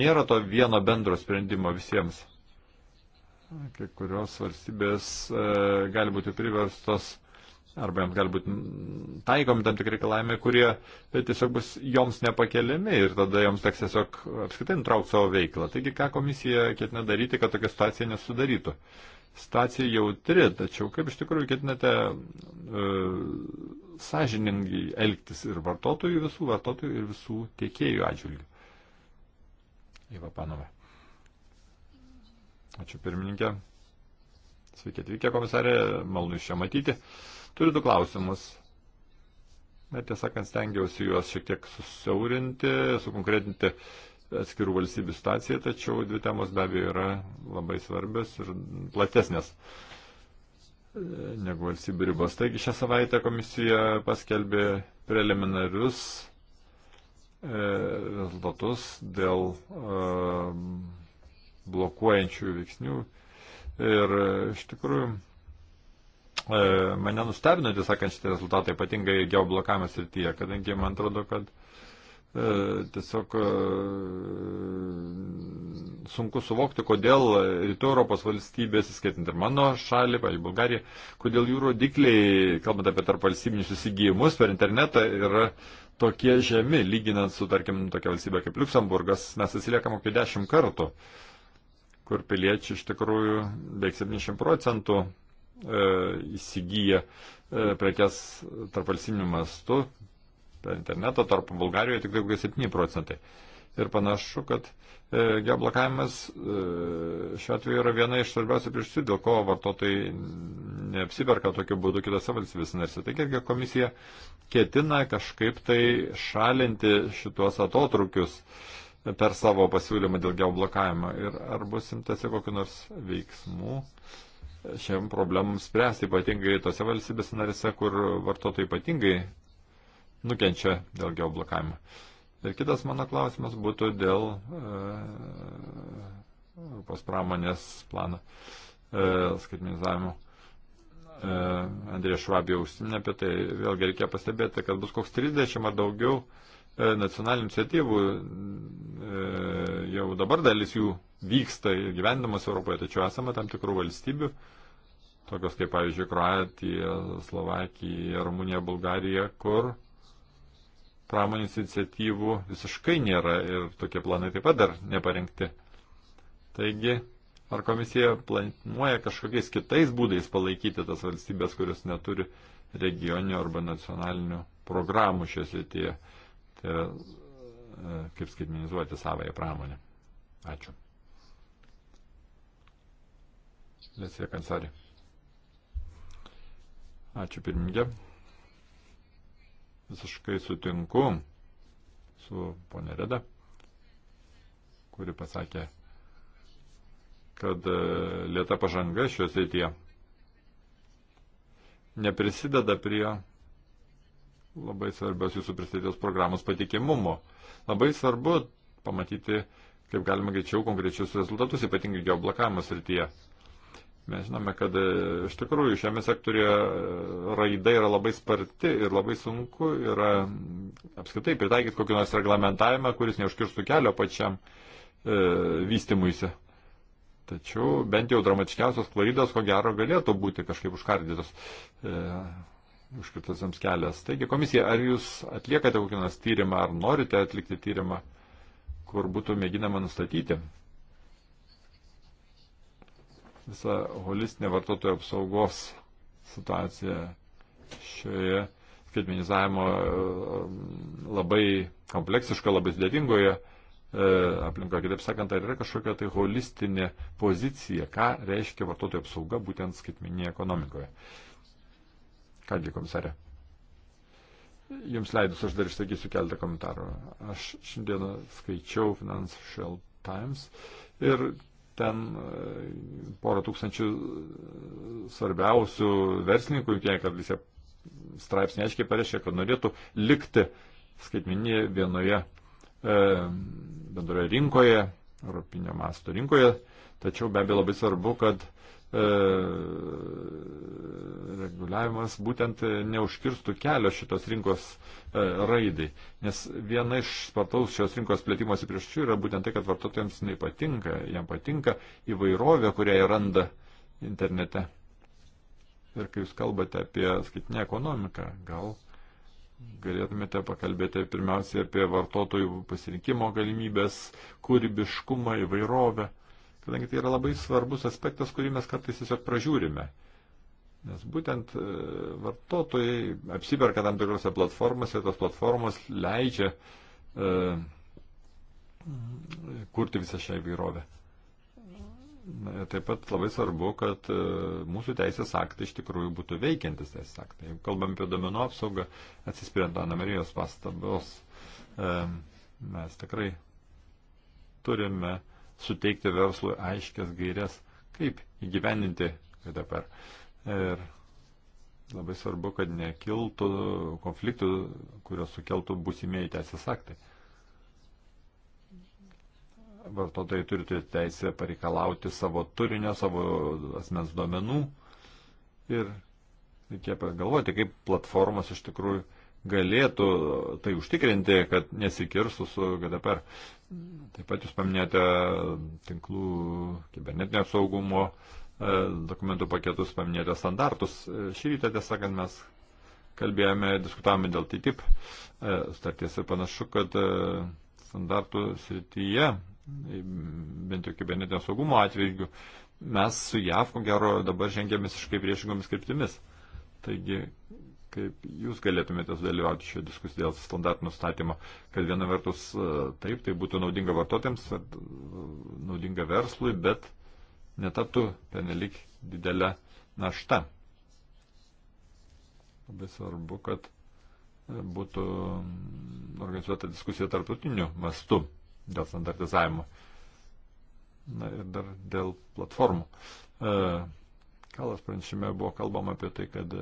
[SPEAKER 1] nėra to vieno bendro sprendimo visiems. Kai kurios valstybės e, gali būti priverstos e, arba jiems gali būti taikomi tam tikri reikalavimai, kurie tiesiog bus joms nepakeliami ir tada joms teks tiesiog apskritai nutraukti savo veiklą. Taigi, ką komisija ketina daryti, kad tokia situacija nesudarytų? Stacija jautri, tačiau kaip iš tikrųjų ketinate e, sąžiningai elgtis ir vartotojų, visų vartotojų ir visų tiekėjų atžvilgių. Iva Panova. Ačiū pirmininkė. Sveiki atvykę komisarė, malonu iš čia matyti. E, Turiu du klausimus. Na, tiesąkant, stengiausi juos šiek tiek susiaurinti, sukonkretinti atskirų valstybių situaciją, tačiau dvi temos be abejo yra labai svarbios ir platesnės e, negu valstybių ribos. Taigi šią savaitę komisija paskelbė preliminarius e, rezultatus dėl e, blokuojančių veiksnių ir e, iš tikrųjų E, mane nustebino, tiesąkant, šitie rezultatai, ypatingai geoblokavimo srityje, kadangi man atrodo, kad e, tiesiog e, sunku suvokti, kodėl Rytų Europos valstybės, įskaitant ir mano šalį, pavyzdžiui, Bulgariją, kodėl jų rodikliai, kalbant apie tarp valstybinius įsigijimus per internetą, yra tokie žemi, lyginant su, tarkim, tokia valstybė kaip Luxemburgas, mes atsiliekam apie 10 kartų, kur piliečiai iš tikrųjų beveik 70 procentų E, įsigyja e, prekes tarp valstybinių mastų, per internetą, tarp Bulgarijoje tik daugiau 7 procentai. Ir panašu, kad e, geoblokavimas šiuo atveju yra viena iš svarbiausių priežasčių, dėl ko vartotojai neapsiperka tokiu būdu kitose valstybės narėse. Taigi, kiek komisija ketina kažkaip tai šalinti šituos atotrukius per savo pasiūlymą dėl geoblokavimo ir ar bus imtasi kokiu nors veiksmu, šiam problemam spręsti, ypatingai tose valstybės narėse, kur vartotojai ypatingai nukenčia dėl geoblokavimo. Ir kitas mano klausimas būtų dėl Europos pramonės plano e, skaitmenizavimo. E, Andrėja Švabija užsiminė apie tai, vėlgi reikia pastebėti, kad bus koks 30 ar daugiau e, E, nacionalinių iniciatyvų, e, jau dabar dalis jų vyksta gyvendamas Europoje, tačiau esame tam tikrų valstybių, tokios kaip, pavyzdžiui, Kroatija, Slovakija, Rumunija, Bulgarija, kur pramonės iniciatyvų visiškai nėra ir tokie planai taip pat dar neparengti. Taigi, ar komisija planuoja kažkokiais kitais būdais palaikyti tas valstybės, kurios neturi regioninių arba nacionalinių programų šiose tie? Uh, Tai e, yra e, kaip skaitmenizuoti savoje pramonę. Ačiū. Lėsija kancari. Ačiū pirmininkė. Visiškai sutinku su ponė Reda, kuri pasakė, kad e, lieta pažanga šios eityje neprisideda prie labai svarbios jūsų pristatytos programos patikimumo. Labai svarbu pamatyti, kaip galima greičiau konkrečius rezultatus, ypatingai geoblokavimo srityje. Mes žinome, kad e, iš tikrųjų šiame sektorėje e, raida yra labai sparti ir labai sunku yra apskritai pritaikyti kokį nors reglamentavimą, kuris neužkirstų kelio pačiam e, vystimuisi. Tačiau bent jau dramatiškiausios klaidos, ko gero, galėtų būti kažkaip užkardytos. E, užkirtas jums kelias. Taigi, komisija, ar jūs atliekate kokį nors tyrimą, ar norite atlikti tyrimą, kur būtų mėginama nustatyti visą holistinę vartotojų apsaugos situaciją šioje skaitmenizavimo e, labai kompleksiškoje, labai sudėtingoje e, aplinkoje. Kitaip sakant, ar yra kažkokia tai holistinė pozicija, ką reiškia vartotojų apsauga būtent skaitmeninėje ekonomikoje. Uh, Kągi, komisarė. Jums leidus aš dar išsakysiu keletą komentarų. Aš šiandieną skaičiau Financial Times ir ten e, porą tūkstančių e, svarbiausių verslininkų jungtinėje karalystėje straipsnė aiškiai pareiškė, kad norėtų likti skaitmeninėje vienoje e, bendroje rinkoje, europinio masto rinkoje. Tačiau be abejo labai svarbu, kad E, reguliavimas būtent neužkirstų kelio šitos rinkos e, raidai. Nes viena iš spartaus šios rinkos plėtimosi prieščių yra būtent tai, kad vartotojams jinai patinka, jam patinka įvairovė, kurią jie randa internete. Ir kai jūs kalbate apie skaitinę ekonomiką, gal galėtumėte pakalbėti pirmiausiai apie vartotojų pasirinkimo galimybės, kūrybiškumą, įvairovę kadangi tai yra labai svarbus aspektas, kurį mes kartais tiesiog pražiūrime. Nes būtent e, vartotojai apsiperka tam tikrose platformose, tos platformos leidžia e, kurti visą šią įvairovę. Taip pat labai svarbu, kad e, mūsų teisės aktai iš tikrųjų būtų veikiantis teisės aktai. Jeigu kalbam apie domenų apsaugą, atsispirant Ana Marijos pastabos, e, mes tikrai turime suteikti verslui aiškias gairias, kaip įgyvendinti GDPR. Ir labai svarbu, kad nekiltų konfliktų, kurios sukeltų būsimieji teisės aktai. Vartotojai turi turėti teisę pareikalauti savo turinio, savo asmens duomenų ir reikia pagalvoti, kaip platformos iš tikrųjų galėtų tai užtikrinti, kad nesikirstų su GDPR. Taip pat jūs paminėjote tinklų kibernetinio saugumo e, dokumentų paketus, paminėjote standartus. E, šį rytą, tiesą sakant, mes kalbėjome, diskutavome dėl TTIP e, starties ir panašu, kad standartų srityje, bent jau kibernetinio saugumo atveju, mes su JAV, ko gero, dabar žengėme visiškai priešingomis kryptimis. Taigi, kaip jūs galėtumėte sudalyvauti šioje diskusijoje dėl standartų nustatymo, kad viena vertus e, taip, tai būtų naudinga vartotojams, e, naudinga verslui, bet netaptų penelik didelę naštą. Labai svarbu, kad e, būtų organizuota diskusija tarptautiniu mastu dėl standartizavimo. Na ir dar dėl platformų. Kalas pranešime buvo kalbama apie tai, kad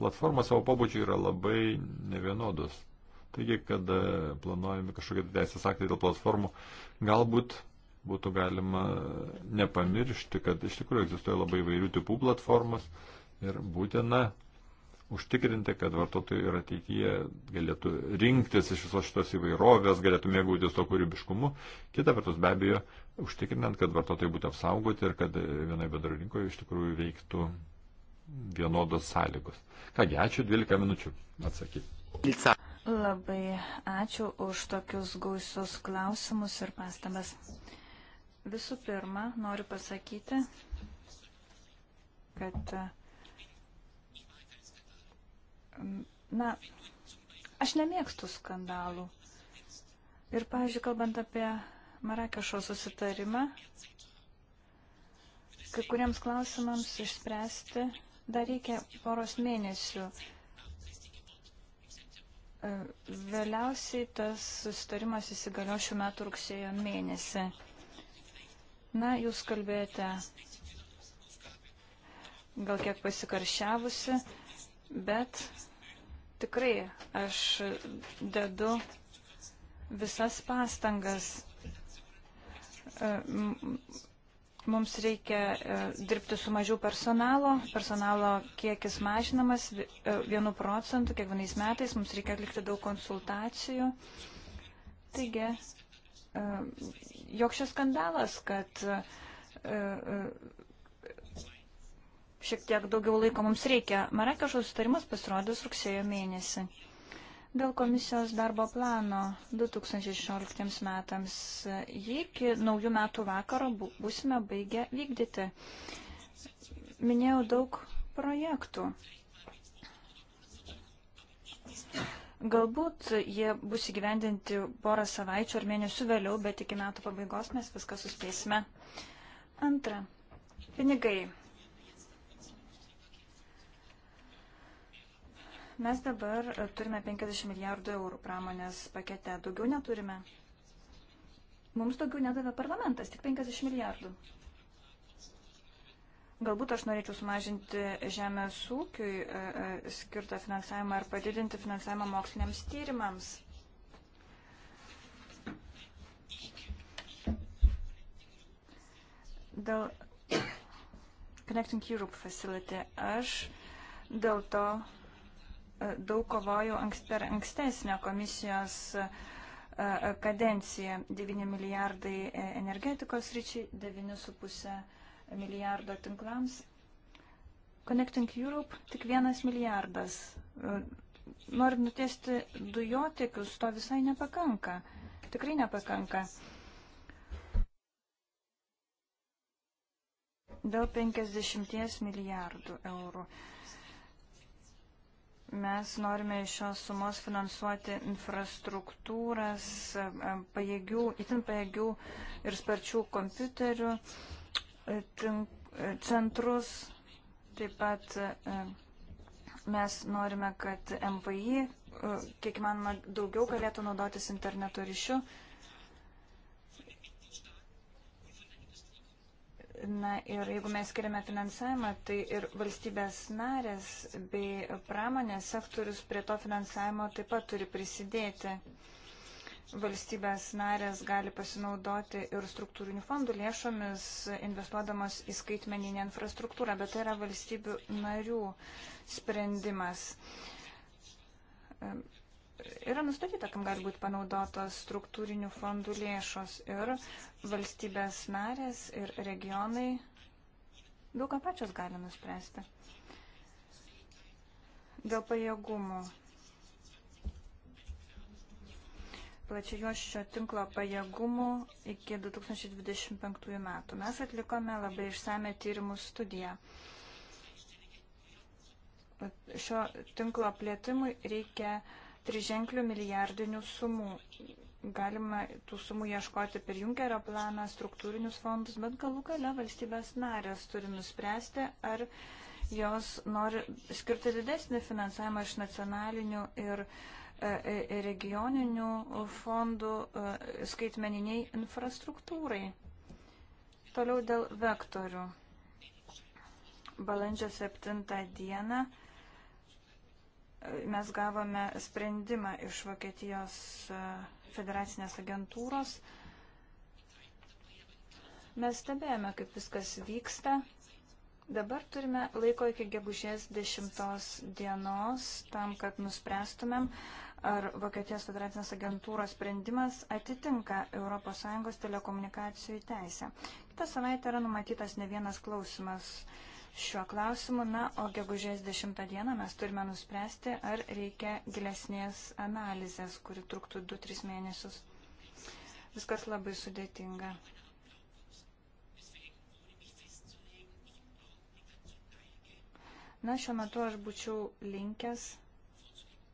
[SPEAKER 1] platformos savo pobūdžiu yra labai nevienodos. Taigi, kad planuojami kažkokie teisės aktai dėl platformų, galbūt būtų galima nepamiršti, kad iš tikrųjų egzistuoja labai įvairių tipų platformos ir būtina užtikrinti, kad vartotojai ir ateityje galėtų rinktis iš visos šitos įvairovės, galėtų mėgautis to kūrybiškumu. Kita vertus, be abejo, užtikrinant, kad vartotojai būtų apsaugoti ir kad vienoje bendroje rinkoje iš tikrųjų veiktų vienodos sąlygos. Kągi, ačiū 12 minučių atsakyti.
[SPEAKER 2] Labai ačiū už tokius gausius klausimus ir pastabas. Visų pirma, noriu pasakyti, kad na, aš nemėgstu skandalų. Ir, pavyzdžiui, kalbant apie Marakešo susitarimą, kai kuriems klausimams išspręsti Dar reikia poros mėnesių. E, vėliausiai tas susitarimas įsigalio šių metų rugsėjo mėnesį. Na, jūs kalbėjote gal kiek pasikaršiavusi, bet tikrai aš dedu visas pastangas e, Mums reikia e, dirbti su mažiau personalo, personalo kiekis mažinamas e, vienu procentu kiekvienais metais, mums reikia atlikti daug konsultacijų. Taigi, e, jok šis skandalas, kad šiek tiek daugiau laiko mums reikia. Marakešo sutarimas pasirodys rugsėjo mėnesį. Dėl komisijos darbo plano 2016 metams jį iki naujų metų vakaro būsime baigę vykdyti. Minėjau daug projektų. Galbūt jie bus įgyvendinti porą savaičių ar mėnesių vėliau, bet iki metų pabaigos mes viską suspėsime. Antra. Pinigai. Mes dabar e, turime 50 milijardų eurų pramonės pakete. Daugiau neturime. Mums daugiau nedavė parlamentas, tik 50 milijardų. Galbūt aš norėčiau sumažinti žemės ūkiui e, e, skirtą finansavimą ar padidinti finansavimą moksliniams tyrimams. Dėl Connecting Europe Facility aš dėl to daug kovojau ankst, per ankstesnio komisijos e, e, kadenciją. 9 milijardai e, energetikos ryčiai, 9,5 milijardo tinklams. Connecting Europe tik vienas milijardas. Norint nutiesti dujotiekius, to visai nepakanka. Tikrai nepakanka. Dėl 50 milijardų eurų. Uh, Mes norime iš šios sumos finansuoti infrastruktūras, e, pajėgių, itin pajėgių ir sparčių kompiuterių e, e, centrus. Taip pat mes norime, kad MVI kiek įmanoma daugiau galėtų naudotis interneto ryšiu. Na ir jeigu mes skiriame finansavimą, tai ir valstybės narės bei pramonės sektorius prie to finansavimo taip pat turi prisidėti. Valstybės narės gali pasinaudoti ir struktūrinių fondų lėšomis, investuodamos į skaitmeninę infrastruktūrą, bet tai yra valstybių narių sprendimas yra nustatyta, kam gali būti panaudotos struktūrinių fondų lėšos ir valstybės narės ir regionai daug ką pačios gali nuspręsti. Dėl pajėgumų. Plačiajuoščio tinklo pajėgumų iki 2025 metų. Mes atlikome labai išsame tyrimų studiją šio tinklo plėtimui reikia triženklių milijardinių sumų. Galima tų sumų ieškoti per Junkerio planą, struktūrinius fondus, bet galų gale valstybės narės turi nuspręsti, ar jos nori skirti didesnį finansavimą iš nacionalinių ir e, e, regioninių fondų e, skaitmeniniai infrastruktūrai. Toliau dėl vektorių. Balandžio 7 dieną mes gavome sprendimą iš Vokietijos e, federacinės agentūros. Mes stebėjome, kaip viskas vyksta. Dabar turime laiko iki gegužės 10 dienos tam, kad nuspręstumėm, ar Vokietijos federacinės agentūros sprendimas atitinka ES telekomunikacijų teisę. Kita savaitė yra numatytas ne vienas klausimas šiuo klausimu. Na, o gegužės 10 dieną mes turime nuspręsti, ar reikia gilesnės analizės, kuri truktų 2-3 mėnesius. Viskas labai sudėtinga. Na, šiuo metu aš būčiau linkęs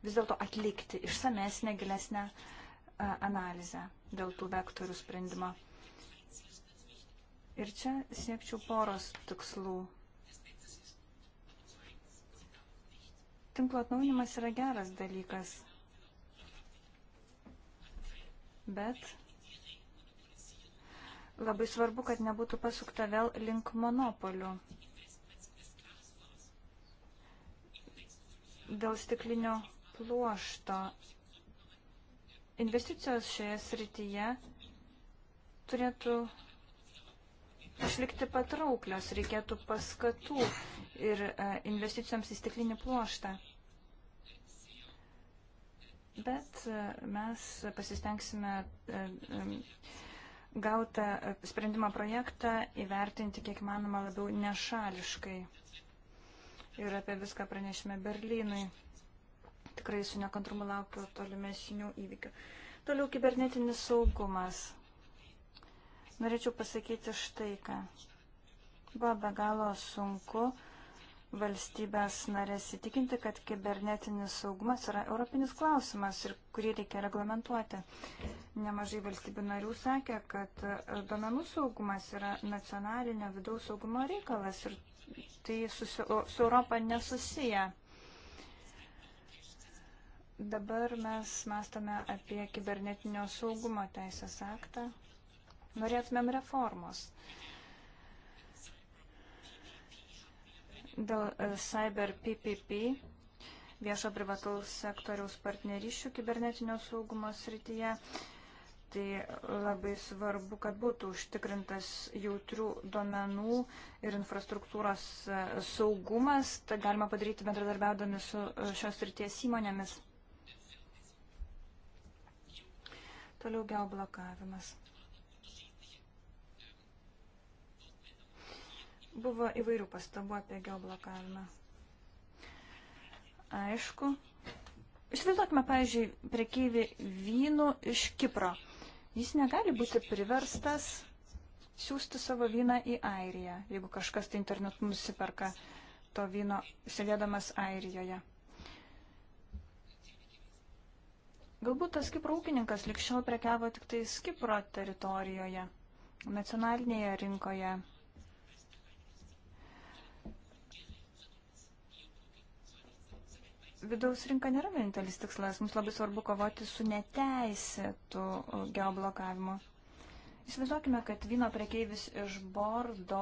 [SPEAKER 2] vis dėlto atlikti išsamesnę, gilesnę analizę dėl tų vektorių sprendimo. Ir čia siekčiau poros tikslų. Tinklo atnaujinimas yra geras dalykas, bet labai svarbu, kad nebūtų pasukta vėl link monopolių. Dėl stiklinio pluošto investicijos šioje srityje turėtų išlikti patrauklios, reikėtų paskatų, ir e, investicijoms į stiklinį pluoštą. Bet e, mes pasistengsime e, gautą sprendimo projektą įvertinti kiek manoma labiau nešališkai. Ir apie viską pranešime Berlynui. Tikrai su nekantrumu laukiu tolimesnių įvykių. Toliau kibernetinis saugumas. Norėčiau pasakyti štai ką. Buvo be galo sunku uh, valstybės narės įtikinti, kad kibernetinis saugumas yra europinis klausimas ir kurį reikia reglamentuoti. Nemažai valstybių narių sakė, kad e, domenų saugumas yra nacionalinio vidaus saugumo reikalas ir tai susi, su Europa nesusiję. Dabar mes mastome apie kibernetinio saugumo teisės aktą. Norėtumėm reformos. Uh, Dėl e, Cyber PPP viešo privataus sektoriaus partnerysčių kibernetinio saugumo srityje. Tai labai svarbu, kad būtų užtikrintas jautrių duomenų ir infrastruktūros e, saugumas. Tai galima padaryti bendradarbiaudami su e, šios ryties įmonėmis. Toliau geoblokavimas. Buvo įvairių pastabų apie geoblokavimą. Aišku. Įsivaizduokime, pavyzdžiui, prekyvį vynų iš Kipro. Jis negali būti priverstas siūsti savo vyną į Airiją, jeigu kažkas tai internetu nusiperka to vyno sėdėdamas Airijoje. Galbūt tas Kipro ūkininkas likščiau prekiavo tik tai Kipro teritorijoje, nacionalinėje rinkoje, Vidaus rinka nėra vienintelis tikslas, mums labai svarbu kovoti su neteisėtu uh, geoblokavimu. Įsivaizduokime, kad vyno prekeivis iš Bordo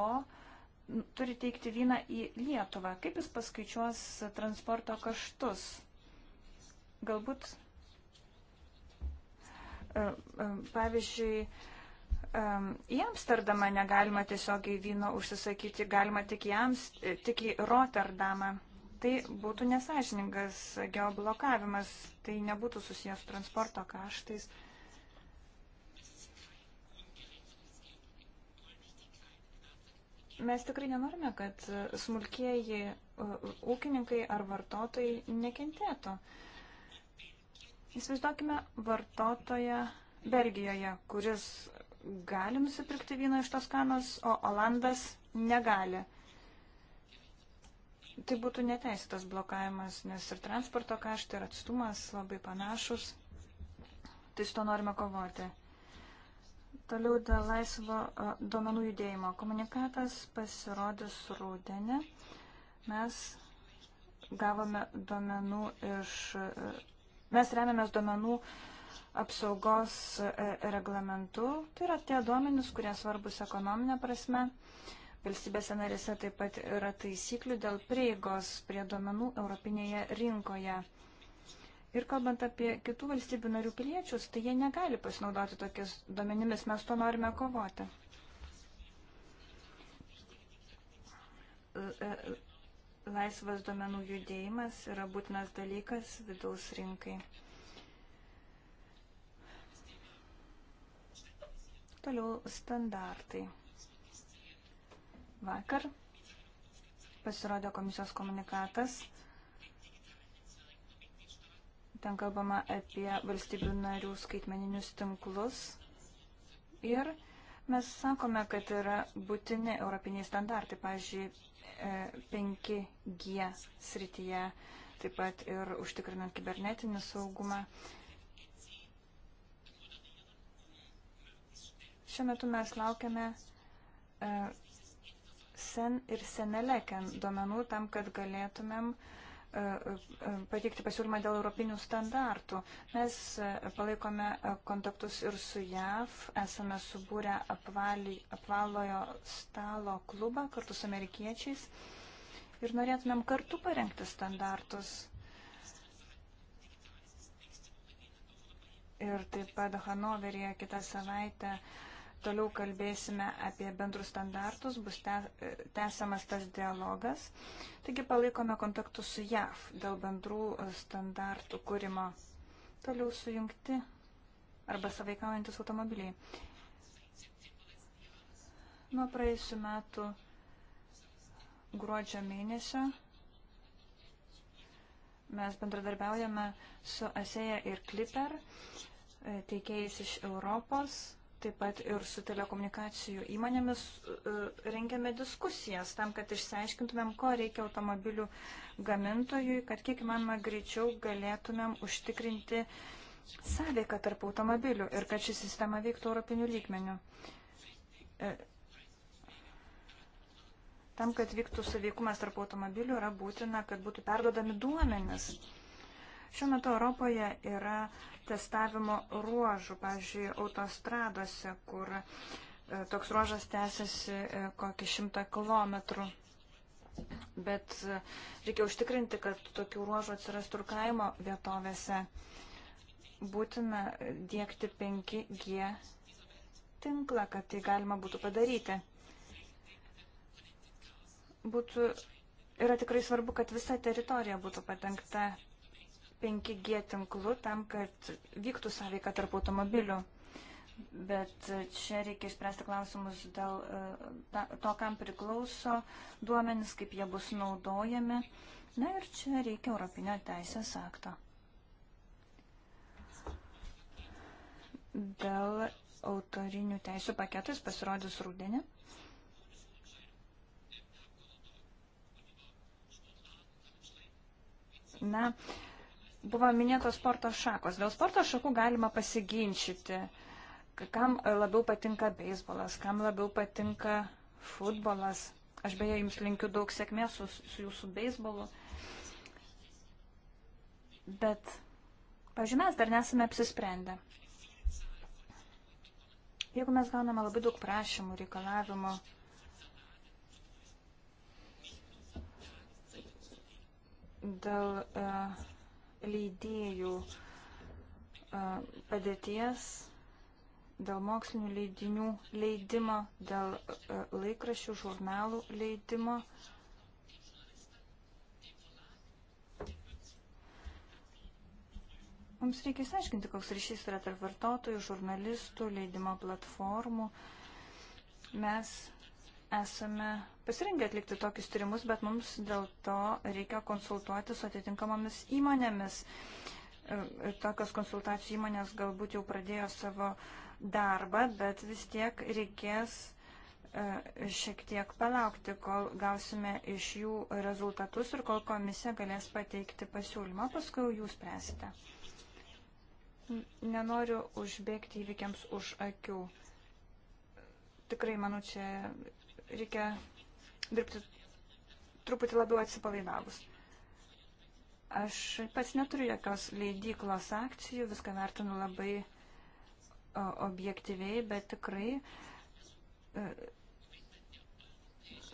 [SPEAKER 2] turi teikti vyną į Lietuvą. Kaip jis paskaičiuos transporto kaštus? Galbūt, uh, um, pavyzdžiui, um, į Amsterdamą negalima tiesiogiai vyno užsisakyti, galima tik į, Amst tik į Rotterdamą. Tai būtų nesažiningas geoblokavimas, tai nebūtų susijęs su transporto kaštais. Mes tikrai nenorime, kad smulkieji ūkininkai ar vartotojai nekentėtų. Įsivaizduokime vartotoją Belgijoje, kuris gali nusipirkti vyną iš Toskanos, o Olandas negali. Tai būtų neteisėtas blokavimas, nes ir transporto kaštai, ir atstumas labai panašus. Tai su to norime kovoti. Toliau dėl laisvo duomenų judėjimo. Komunikatas pasirodys rūdienį. Mes gavome duomenų iš. Mes remiamės duomenų apsaugos reglamentu. Tai yra tie duomenys, kurie svarbus ekonominė prasme. Uh, Valstybėse narėse taip pat yra taisyklių dėl prieigos prie duomenų Europinėje rinkoje. Ir kalbant apie kitų valstybių narių piliečius, tai jie negali pasinaudoti tokiais duomenimis, mes to norime kovoti. E, laisvas duomenų judėjimas yra būtinas dalykas vidaus rinkai. Toliau standartai. Vakar pasirodė komisijos komunikatas. Ten kalbama apie valstybių narių skaitmeninius tinklus. Ir mes sakome, kad yra būtini europiniai standartai, pavyzdžiui, 5G e, srityje, taip pat ir užtikrinant kibernetinį saugumą. Šiuo metu mes laukiame e, sen ir seneleken duomenų tam, kad galėtumėm e, e, pateikti pasiūlymą dėl europinių standartų. Mes e, palaikome kontaktus ir su JAV, esame subūrę apvalį, apvalojo stalo klubą kartu su amerikiečiais ir norėtumėm kartu parengti standartus. Ir taip pat Hanoveryje kitą savaitę uh, Toliau kalbėsime apie bendrus standartus, bus tęsiamas tas dialogas. Taigi palaikome kontaktus su JAV dėl bendrų e, standartų kūrimo. Toliau sujungti arba savaikaujantis automobiliai. Nuo praėjusiu metu gruodžio mėnesio mes bendradarbiaujame su ASEA ir Clipper, e, teikėjais iš Europos taip pat ir su telekomunikacijų įmonėmis e, rengiame diskusijas tam, kad išsiaiškintumėm, ko reikia automobilių gamintojui, kad kiek įmanoma greičiau galėtumėm užtikrinti sąveiką tarp automobilių ir kad ši sistema veiktų europinių lygmenių. E, tam, kad vyktų saveikumas tarp automobilių, yra būtina, kad būtų perdodami duomenis. Šiuo metu Europoje yra testavimo ruožų, pavyzdžiui, autostradose, kur e, toks ruožas tęsiasi e, kokį šimtą kilometrų. Bet e, reikia užtikrinti, kad tokių ruožų atsirastų ir kaimo vietovėse. Būtina dėkti 5G tinklą, kad tai galima būtų padaryti. Būtų, yra tikrai svarbu, kad visa teritorija būtų patenkta 5G tinklu tam, kad vyktų sąveika tarp automobilių. Bet čia reikia išspręsti klausimus dėl e, to, kam priklauso duomenis, kaip jie bus naudojami. Na ir čia reikia Europinio teisės akto. Dėl autorinių teisų paketas pasirodys rūdienį. Na, uh, Buvo minėtos sporto šakos. Dėl sporto šakų galima pasiginčyti, kam labiau patinka beisbolas, kam labiau patinka futbolas. Aš beje jums linkiu daug sėkmės su, su jūsų beisbolu. Bet, pažiūrėjau, mes dar nesame apsisprendę. Jeigu mes gauname labai daug prašymų, reikalavimų, dėl uh, leidėjų padėties, dėl mokslinių leidinių leidimo, dėl laikrašių, žurnalų leidimo. Mums reikia išsiaiškinti, koks ryšys yra tarp vartotojų, žurnalistų, leidimo platformų. Mes esame pasirengę atlikti tokius tyrimus, bet mums dėl to reikia konsultuoti su atitinkamomis įmonėmis. E, tokios konsultacijų įmonės galbūt jau pradėjo savo darbą, bet vis tiek reikės e, šiek tiek palaukti, kol gausime iš jų rezultatus ir kol komisija galės pateikti pasiūlymą, paskui jūs spręsite. Nenoriu užbėgti įvykiams už akių. Tikrai, manau, čia reikia dirbti truputį labiau atsipalaidavus. Aš pats neturiu jokios leidyklos akcijų, viską vertinu labai objektyviai, bet tikrai e,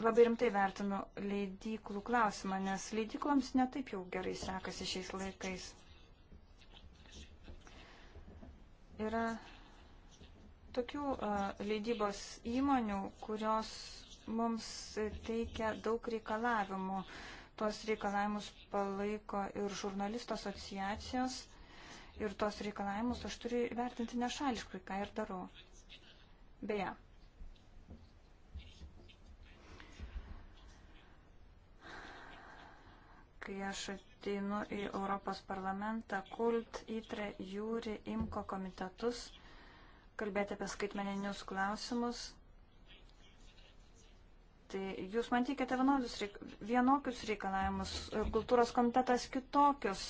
[SPEAKER 2] labai rimtai vertinu leidyklų klausimą, nes leidykloms netaip jau gerai sekasi šiais laikais. Yra tokių e, leidybos įmonių, kurios mums teikia daug reikalavimų. Tuos reikalavimus palaiko ir žurnalistų asociacijos. Ir tuos reikalavimus aš turiu vertinti nešališkai, ką ir darau. Beje. Kai aš ateinu į Europos parlamentą, kult, įtre, jūri, imko komitetus, kalbėti apie skaitmeninius klausimus, Tai jūs man teikėte vienodus, reik... vienokius reikalavimus, kultūros komitetas kitokius.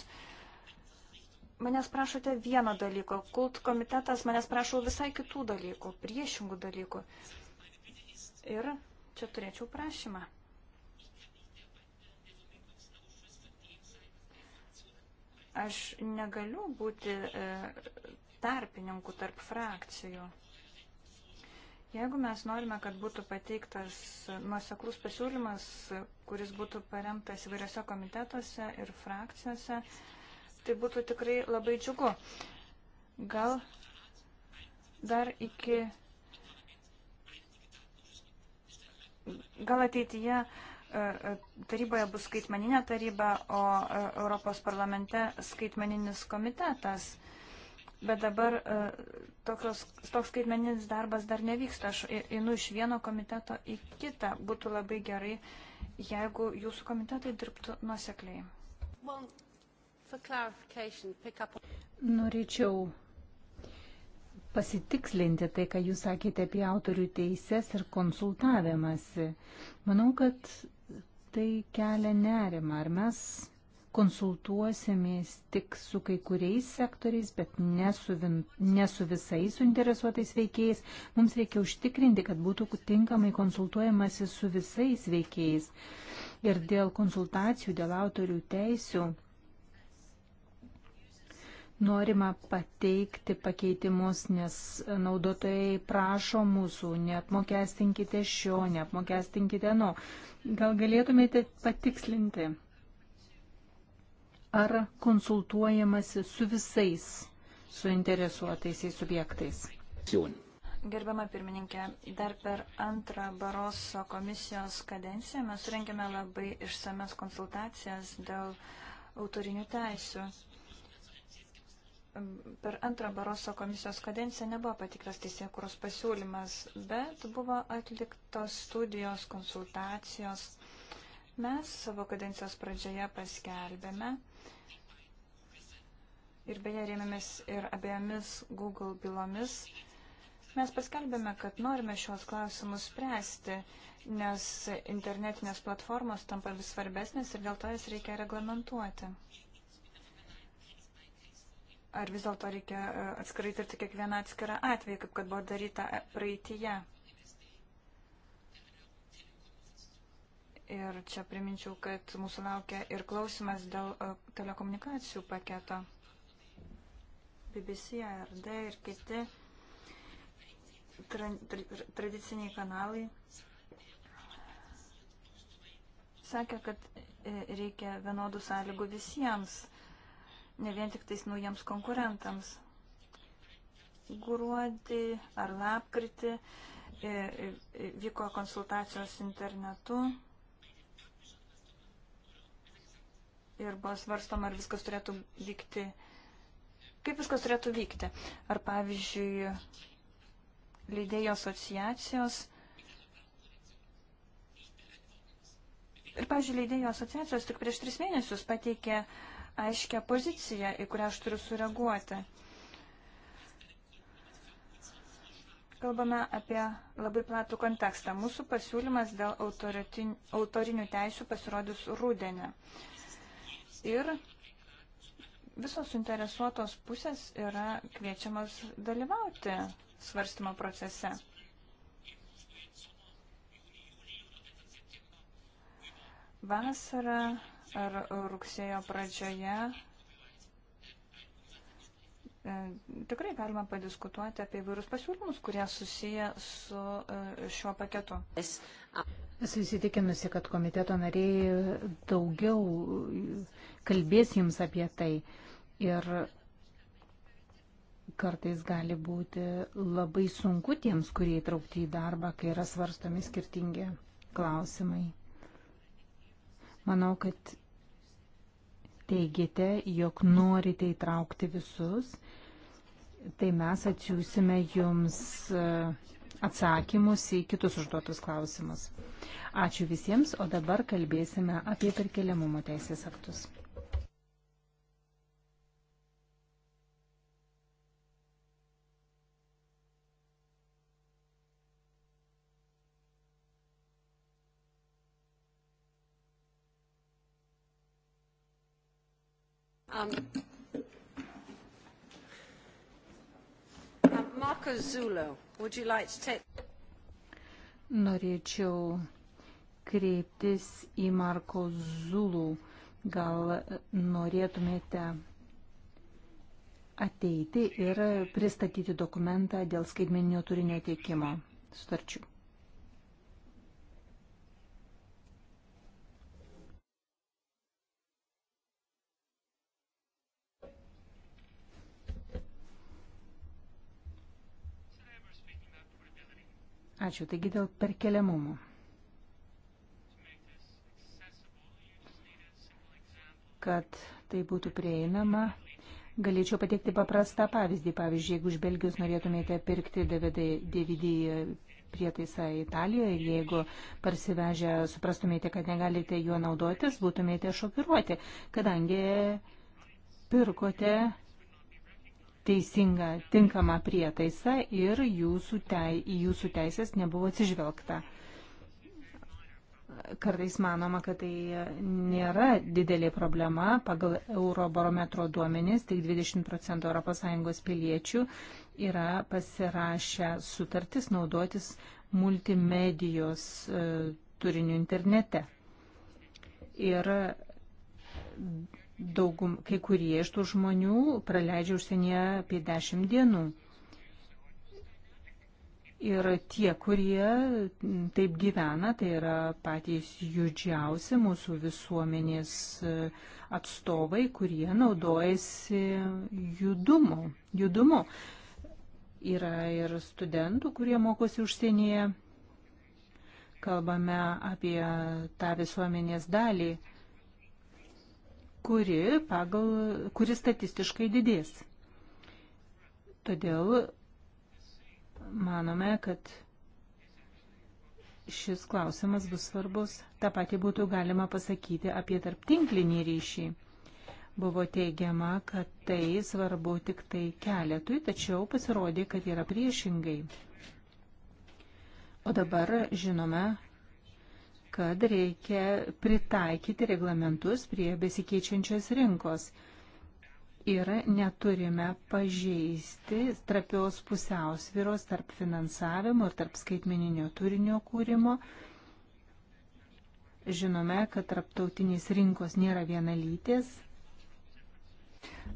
[SPEAKER 2] Manęs prašote vieno dalyko, kult komitetas manęs prašo visai kitų dalykų, priešingų dalykų. Ir čia turėčiau prašymą. Aš negaliu būti e, tarpininku tarp frakcijų. Jeigu mes norime, kad būtų pateiktas nuoseklus pasiūlymas, kuris būtų paremtas įvairiose komitetuose ir frakcijose, tai būtų tikrai labai džiugu. Gal dar iki. Gal ateityje e, e, taryboje bus skaitmeninė taryba, o e, Europos parlamente skaitmeninis komitetas. Bet dabar tokios, toks skaitmeninis darbas dar nevyksta. Aš einu iš vieno komiteto į kitą. Būtų labai gerai, jeigu jūsų komitetai dirbtų nuosekliai.
[SPEAKER 3] Well, up... Norėčiau pasitikslinti tai, ką jūs sakėte apie autorių teises ir konsultavimąsi. Manau, kad tai kelia nerima. Ar mes konsultuosimės tik su kai kuriais sektoriais, bet ne su, vin, ne su visais suinteresuotais veikėjais. Mums reikia užtikrinti, kad būtų tinkamai konsultuojamasi su visais veikėjais. Ir dėl konsultacijų, dėl autorių teisių norima pateikti pakeitimus, nes naudotojai prašo mūsų, neapmokestinkite šio, neapmokestinkite no. Gal galėtumėte patikslinti? ar konsultuojamasi su visais suinteresuotaisiais subjektais?
[SPEAKER 2] Gerbiama pirmininkė, dar per antrą Baroso komisijos kadenciją mes surengėme labai išsames konsultacijas dėl autorinių teisių. Per antrą Baroso komisijos kadenciją nebuvo patiktas teisėkuros pasiūlymas, bet buvo atliktos studijos, konsultacijos. Mes savo kadencijos pradžioje paskelbėme ir beje rėmėmės ir abiejomis Google bylomis. Mes paskelbėme, kad norime šios klausimus spręsti, nes internetinės platformos tampa vis svarbesnės ir dėl to jas reikia reglamentuoti. Ar vis dėlto reikia e, atskirai tirti kiekvieną atskirą atvejį, kaip kad buvo daryta praeitįje. Ir čia priminčiau, kad mūsų laukia ir klausimas dėl e, telekomunikacijų paketo. BBC, ARD ir kiti tra tra tradiciniai kanalai sakė, kad e, reikia vienodų sąlygų visiems, ne vien tik tais naujiems konkurentams. Gruodį ar lapkritį e, e, vyko konsultacijos internetu ir buvo svarstoma, ar viskas turėtų vykti Kaip viskas turėtų vykti? Ar pavyzdžiui, leidėjų asociacijos ir, pavyzdžiui, leidėjų asociacijos tik prieš tris mėnesius pateikė aiškę poziciją, į kurią aš turiu sureaguoti. Kalbame apie labai platų kontekstą. Mūsų pasiūlymas dėl autorinių teisių pasirodys rūdienę. Ir visos suinteresuotos pusės yra kviečiamas dalyvauti svarstymo procese. Vasarą ar rugsėjo pradžioje e, tikrai galima padiskutuoti apie vairius pasiūlymus, kurie susiję su e, šiuo paketu.
[SPEAKER 3] Esu įsitikinusi, kad komiteto nariai daugiau kalbės jums apie tai. Ir kartais gali būti labai sunku tiems, kurie įtraukti į darbą, kai yra svarstomi skirtingi klausimai. Manau, kad teigiate, jog norite įtraukti visus, tai mes atsiūsime jums e, atsakymus į kitus užduotus klausimus. Ačiū visiems, o dabar kalbėsime apie perkeliamumo teisės aktus. Um,
[SPEAKER 2] um Marko Zulo, would you like to take...
[SPEAKER 3] Norėčiau kreiptis į Marko Zulų. Gal norėtumėte ateiti ir pristatyti dokumentą dėl skaitmeninio turinio teikimo sutarčių? Ačiū. Taigi dėl perkeliamumo. Kad tai būtų prieinama, galėčiau pateikti paprastą pavyzdį. Pavyzdžiui, jeigu iš Belgijos norėtumėte pirkti DVD, DVD prietaisą Italijoje ir jeigu parsivežę suprastumėte, kad negalite juo naudotis, būtumėte šokiruoti, kadangi pirkote teisingą, tinkamą prietaisą ir jūsų tei, į jūsų teisės nebuvo atsižvelgta. Kartais manoma, kad tai nėra didelė problema. Pagal Eurobarometro duomenis tik 20 procentų ES piliečių yra pasirašę sutartis naudotis multimedijos e, turiniu internete. Ir daugum, kai kurie iš tų žmonių praleidžia užsienyje apie 10 dienų. Ir tie, kurie taip gyvena, tai yra patys judžiausi mūsų visuomenės atstovai, kurie naudojasi judumu. judumu. Yra ir studentų, kurie mokosi užsienyje. Kalbame apie tą visuomenės dalį kuri, pagal, kuri statistiškai didės. Todėl manome, kad šis klausimas bus svarbus. Ta pati būtų galima pasakyti apie tarptinklinį ryšį. Buvo teigiama, kad tai svarbu tik tai keletui, tačiau pasirodė, kad yra priešingai. O dabar žinome, kad reikia pritaikyti reglamentus prie besikeičiančios rinkos ir neturime pažeisti trapios pusiausviros tarp finansavimo ir tarp skaitmeninio turinio kūrimo. Žinome, kad tarptautinės rinkos nėra vienalytės,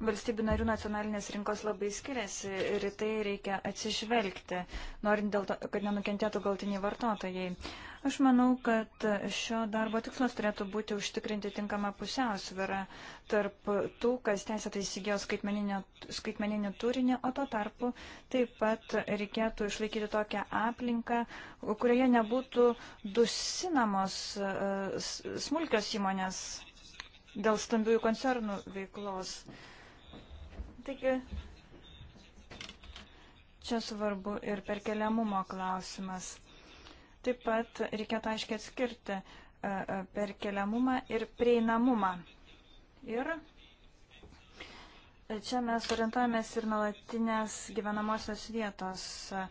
[SPEAKER 2] Valstybių narių nacionalinės rinkos labai skiriasi ir į tai reikia atsižvelgti, norint dėl to, kad nenukentėtų galtiniai vartotojai. Aš manau, kad šio darbo tikslas turėtų būti užtikrinti tinkamą pusiausvyrą tarp tų, kas teisėtai įsigijo skaitmeninį turinį, o to tarpu taip pat reikėtų išlaikyti tokią aplinką, kurioje nebūtų dusinamos e, smulkios įmonės dėl stambiųjų koncernų veiklos. Taigi, čia svarbu ir perkeliamumo klausimas. Taip pat reikėtų aiškiai atskirti e, e, perkeliamumą ir prieinamumą. Ir čia mes orientuojamės ir nuolatinės gyvenamosios vietos e,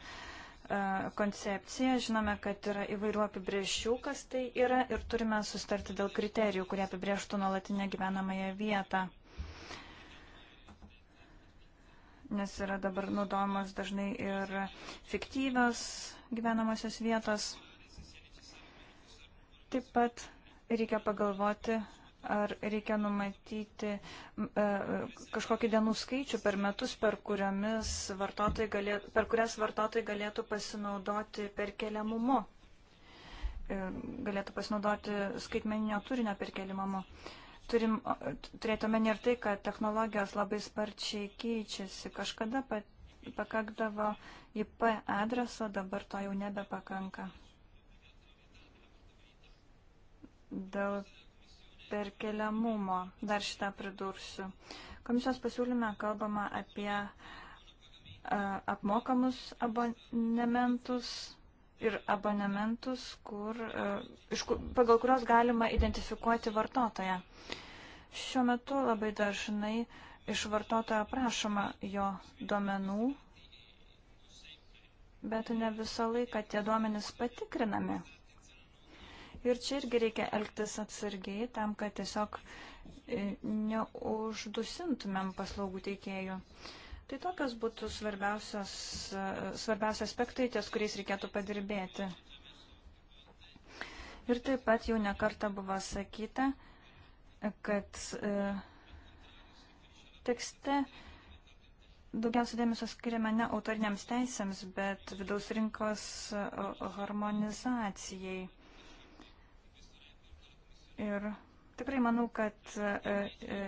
[SPEAKER 2] koncepciją. Žinome, kad yra įvairių apibrėžčių, kas tai yra ir turime sustarti dėl kriterijų, kurie apibrėžtų nuolatinę gyvenamąją vietą. Nes yra dabar naudojamos dažnai ir fiktyvios gyvenamosios vietos. Taip pat reikia pagalvoti, ar reikia numatyti e, kažkokį dienų skaičių per metus, per, galėtų, per kurias vartotojai galėtų pasinaudoti perkeliamumu, e, galėtų pasinaudoti skaitmeninio turinio perkeliamumu turim turėti omeny ir tai, kad technologijos labai sparčiai keičiasi. Kažkada pat pakakdavo IP adreso, dabar to jau nebepakanka. Dėl perkeliamumo dar šitą pridursiu. Komisijos pasiūlyme kalbama apie a, e, apmokamus abonementus ir abonementus, kur, a, e, iš, pagal kurios galima identifikuoti vartotoją. Šiuo metu labai dažnai a, iš vartotojo prašoma jo duomenų, bet ne visą laiką tie duomenys patikrinami. Ir čia irgi reikia elgtis atsargiai tam, kad tiesiog e, neuždusintumėm paslaugų teikėjų. Tai tokios būtų svarbiausios, e, svarbiausios aspektai, ties kuriais reikėtų padirbėti. Ir taip pat jau nekarta buvo sakyta, kad e, tekste daugiausia dėmesio skiriame ne autoriniams teisėms, bet vidaus rinkos harmonizacijai. Ir tikrai manau, kad e, e,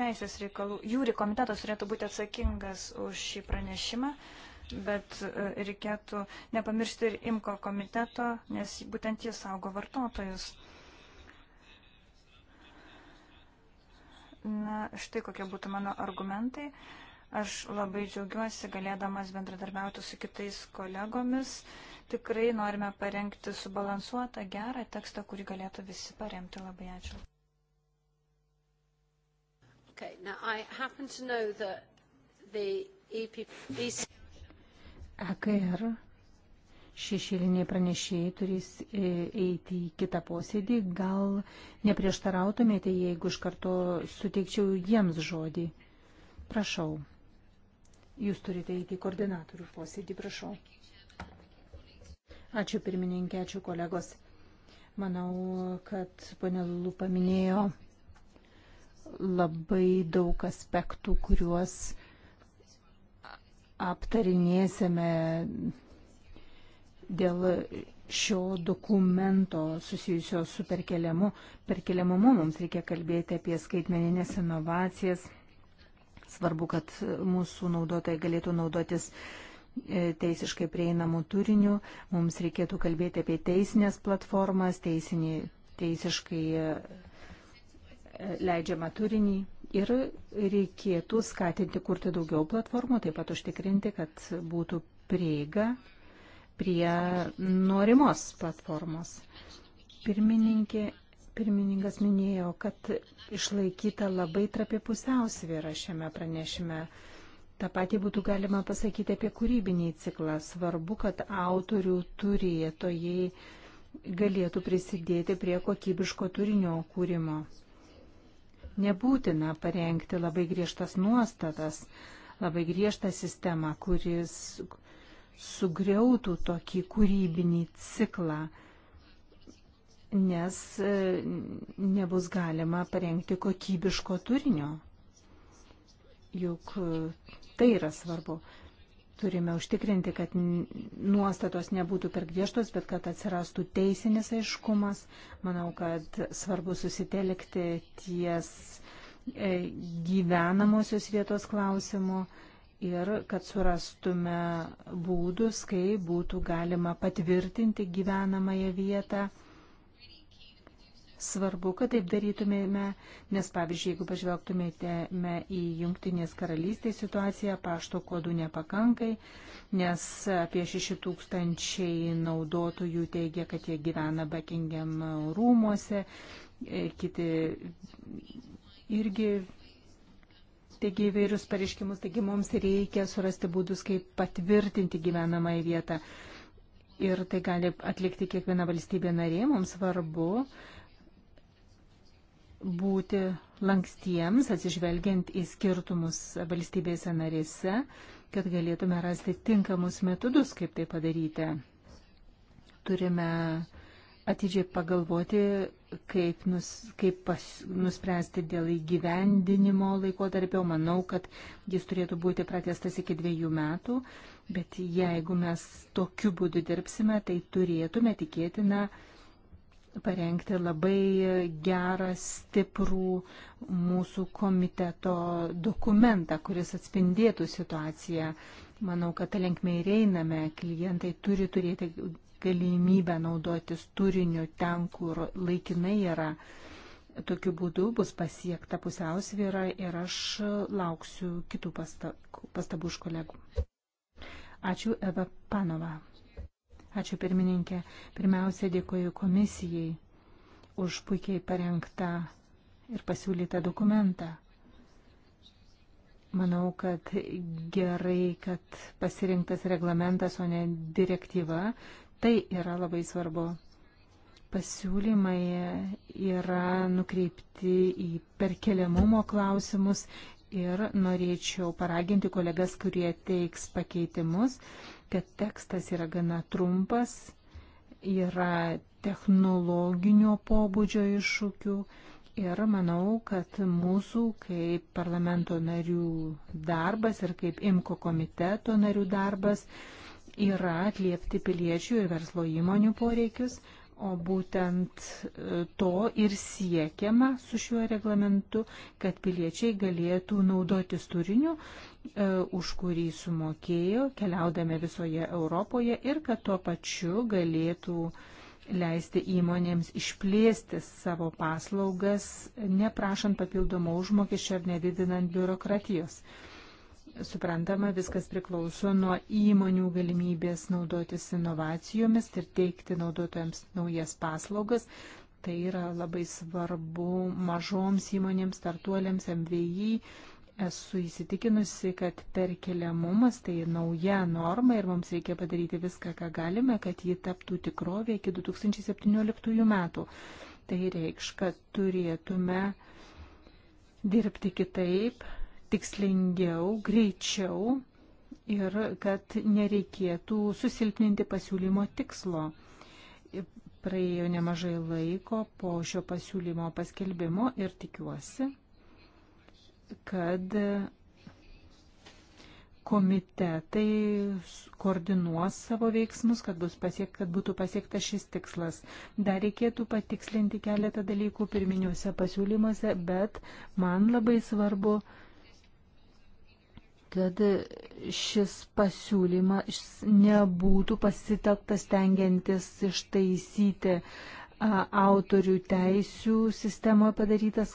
[SPEAKER 2] teisės reikalų jūri komitetas turėtų būti atsakingas už šį pranešimą bet e, reikėtų nepamiršti ir IMKO komiteto, nes būtent jis saugo vartotojus. Na, štai kokie būtų mano argumentai. Aš labai džiaugiuosi galėdamas bendradarbiauti su kitais kolegomis. Tikrai norime parengti subalansuotą, gerą tekstą, kurį galėtų visi paremti. Labai ačiū.
[SPEAKER 3] Okay, now I happen to know that the EPP... EKR šešėliniai pranešėjai turės e, eiti į kitą posėdį. Gal neprieštarautumėte, jeigu iš karto suteikčiau jiems žodį? Prašau. Jūs turite eiti į koordinatorių posėdį, prašau. Ačiū pirmininkė, ačiū kolegos. Manau, kad ponė Lulu paminėjo labai daug aspektų, kuriuos aptarinėsime dėl šio dokumento susijusio su perkeliamu. Perkeliamumu mums reikia kalbėti apie skaitmeninės inovacijas. Svarbu, kad mūsų naudotojai galėtų naudotis e, teisiškai prieinamų turinių. Mums reikėtų kalbėti apie teisinės platformas, teisinį, teisiškai e, e, leidžiamą turinį. Ir reikėtų skatinti kurti daugiau platformų, taip pat užtikrinti, kad būtų prieiga prie norimos platformos. Pirmininkė, pirmininkas minėjo, kad išlaikyta labai trapi pusiausvėra šiame pranešime. Ta pati būtų galima pasakyti apie kūrybinį ciklą. Svarbu, kad autorių turėtojai galėtų prisidėti prie kokybiško turinio kūrimo. Nebūtina parengti labai griežtas nuostatas, labai griežtą sistemą, kuris, sugriautų tokį kūrybinį ciklą, nes e, nebus galima parengti kokybiško turinio. Juk e, tai yra svarbu. Turime užtikrinti, kad nuostatos nebūtų per griežtos, bet kad atsirastų teisinis aiškumas. Manau, kad svarbu susitelkti ties e, gyvenamosios vietos klausimu ir kad surastume būdus, kaip būtų galima patvirtinti gyvenamąją vietą. Svarbu, kad taip darytumėme, nes pavyzdžiui, jeigu pažvelgtumėte į Junktinės karalystės situaciją, pašto kodų nepakankai, nes apie 6 tūkstančiai naudotojų teigia, kad jie gyvena Buckingham rūmose, e, kiti irgi teigia įvairius pareiškimus, taigi mums reikia surasti būdus, kaip patvirtinti gyvenamąją vietą. Ir tai gali atlikti kiekviena valstybė narė, mums svarbu būti lankstiems, atsižvelgiant į skirtumus valstybėse narėse, kad galėtume rasti tinkamus metodus, kaip tai padaryti. Turime uh, atidžiai pagalvoti, kaip, nus, kaip pas, nuspręsti dėl įgyvendinimo laikotarpio. Manau, kad jis turėtų būti pratestas iki dviejų metų, bet jeigu mes tokiu būdu dirbsime, tai turėtume tikėtina parengti labai gerą, stiprų mūsų komiteto dokumentą, kuris atspindėtų situaciją. Manau, kad linkme ir einame, klientai turi turėti galimybę naudotis turiniu ten, kur laikinai yra. Tokiu būdu bus pasiekta pusiausvyrą ir aš lauksiu kitų pastabų iš kolegų. Ačiū Eva Panova. Ačiū pirmininkė. Pirmiausia, dėkoju komisijai už puikiai parengtą ir pasiūlytą dokumentą. Manau, kad gerai, kad pasirinktas reglamentas, o ne direktyva, Tai yra labai svarbu. Pasiūlymai yra nukreipti į perkeliamumo klausimus ir norėčiau paraginti kolegas, kurie teiks pakeitimus, kad tekstas yra gana trumpas, yra technologinio pobūdžio iššūkių ir manau, kad mūsų kaip parlamento narių darbas ir kaip IMKO komiteto narių darbas yra atliepti piliečių ir verslo įmonių poreikius, o būtent e, to ir siekiama su šiuo reglamentu, kad piliečiai galėtų naudotis turiniu, e, už kurį sumokėjo, keliaudami visoje Europoje ir kad tuo pačiu galėtų leisti įmonėms išplėsti savo paslaugas, neprašant papildomo užmokesčio ar nedidinant biurokratijos. Suprantama, viskas priklauso nuo įmonių galimybės naudotis inovacijomis ir teikti naudotojams naujas paslaugas. Tai yra labai svarbu mažoms įmonėms, startuoliams, MVI. Esu įsitikinusi, kad perkeliamumas tai nauja norma ir mums reikia padaryti viską, ką galime, kad ji taptų tikrovė iki 2017 metų. Tai reikš, kad turėtume dirbti kitaip, tikslingiau, greičiau ir kad nereikėtų susilpninti pasiūlymo tikslo. Praėjo nemažai laiko po šio pasiūlymo paskelbimo ir tikiuosi, kad komitetai koordinuos savo veiksmus, kad, bus pasiek, kad būtų pasiektas šis tikslas. Dar reikėtų patikslinti keletą dalykų pirminiuose pasiūlymuose, bet man labai svarbu, uh, kad šis pasiūlymas nebūtų pasitaktas tengiantis ištaisyti autorių teisių sistemoje padarytas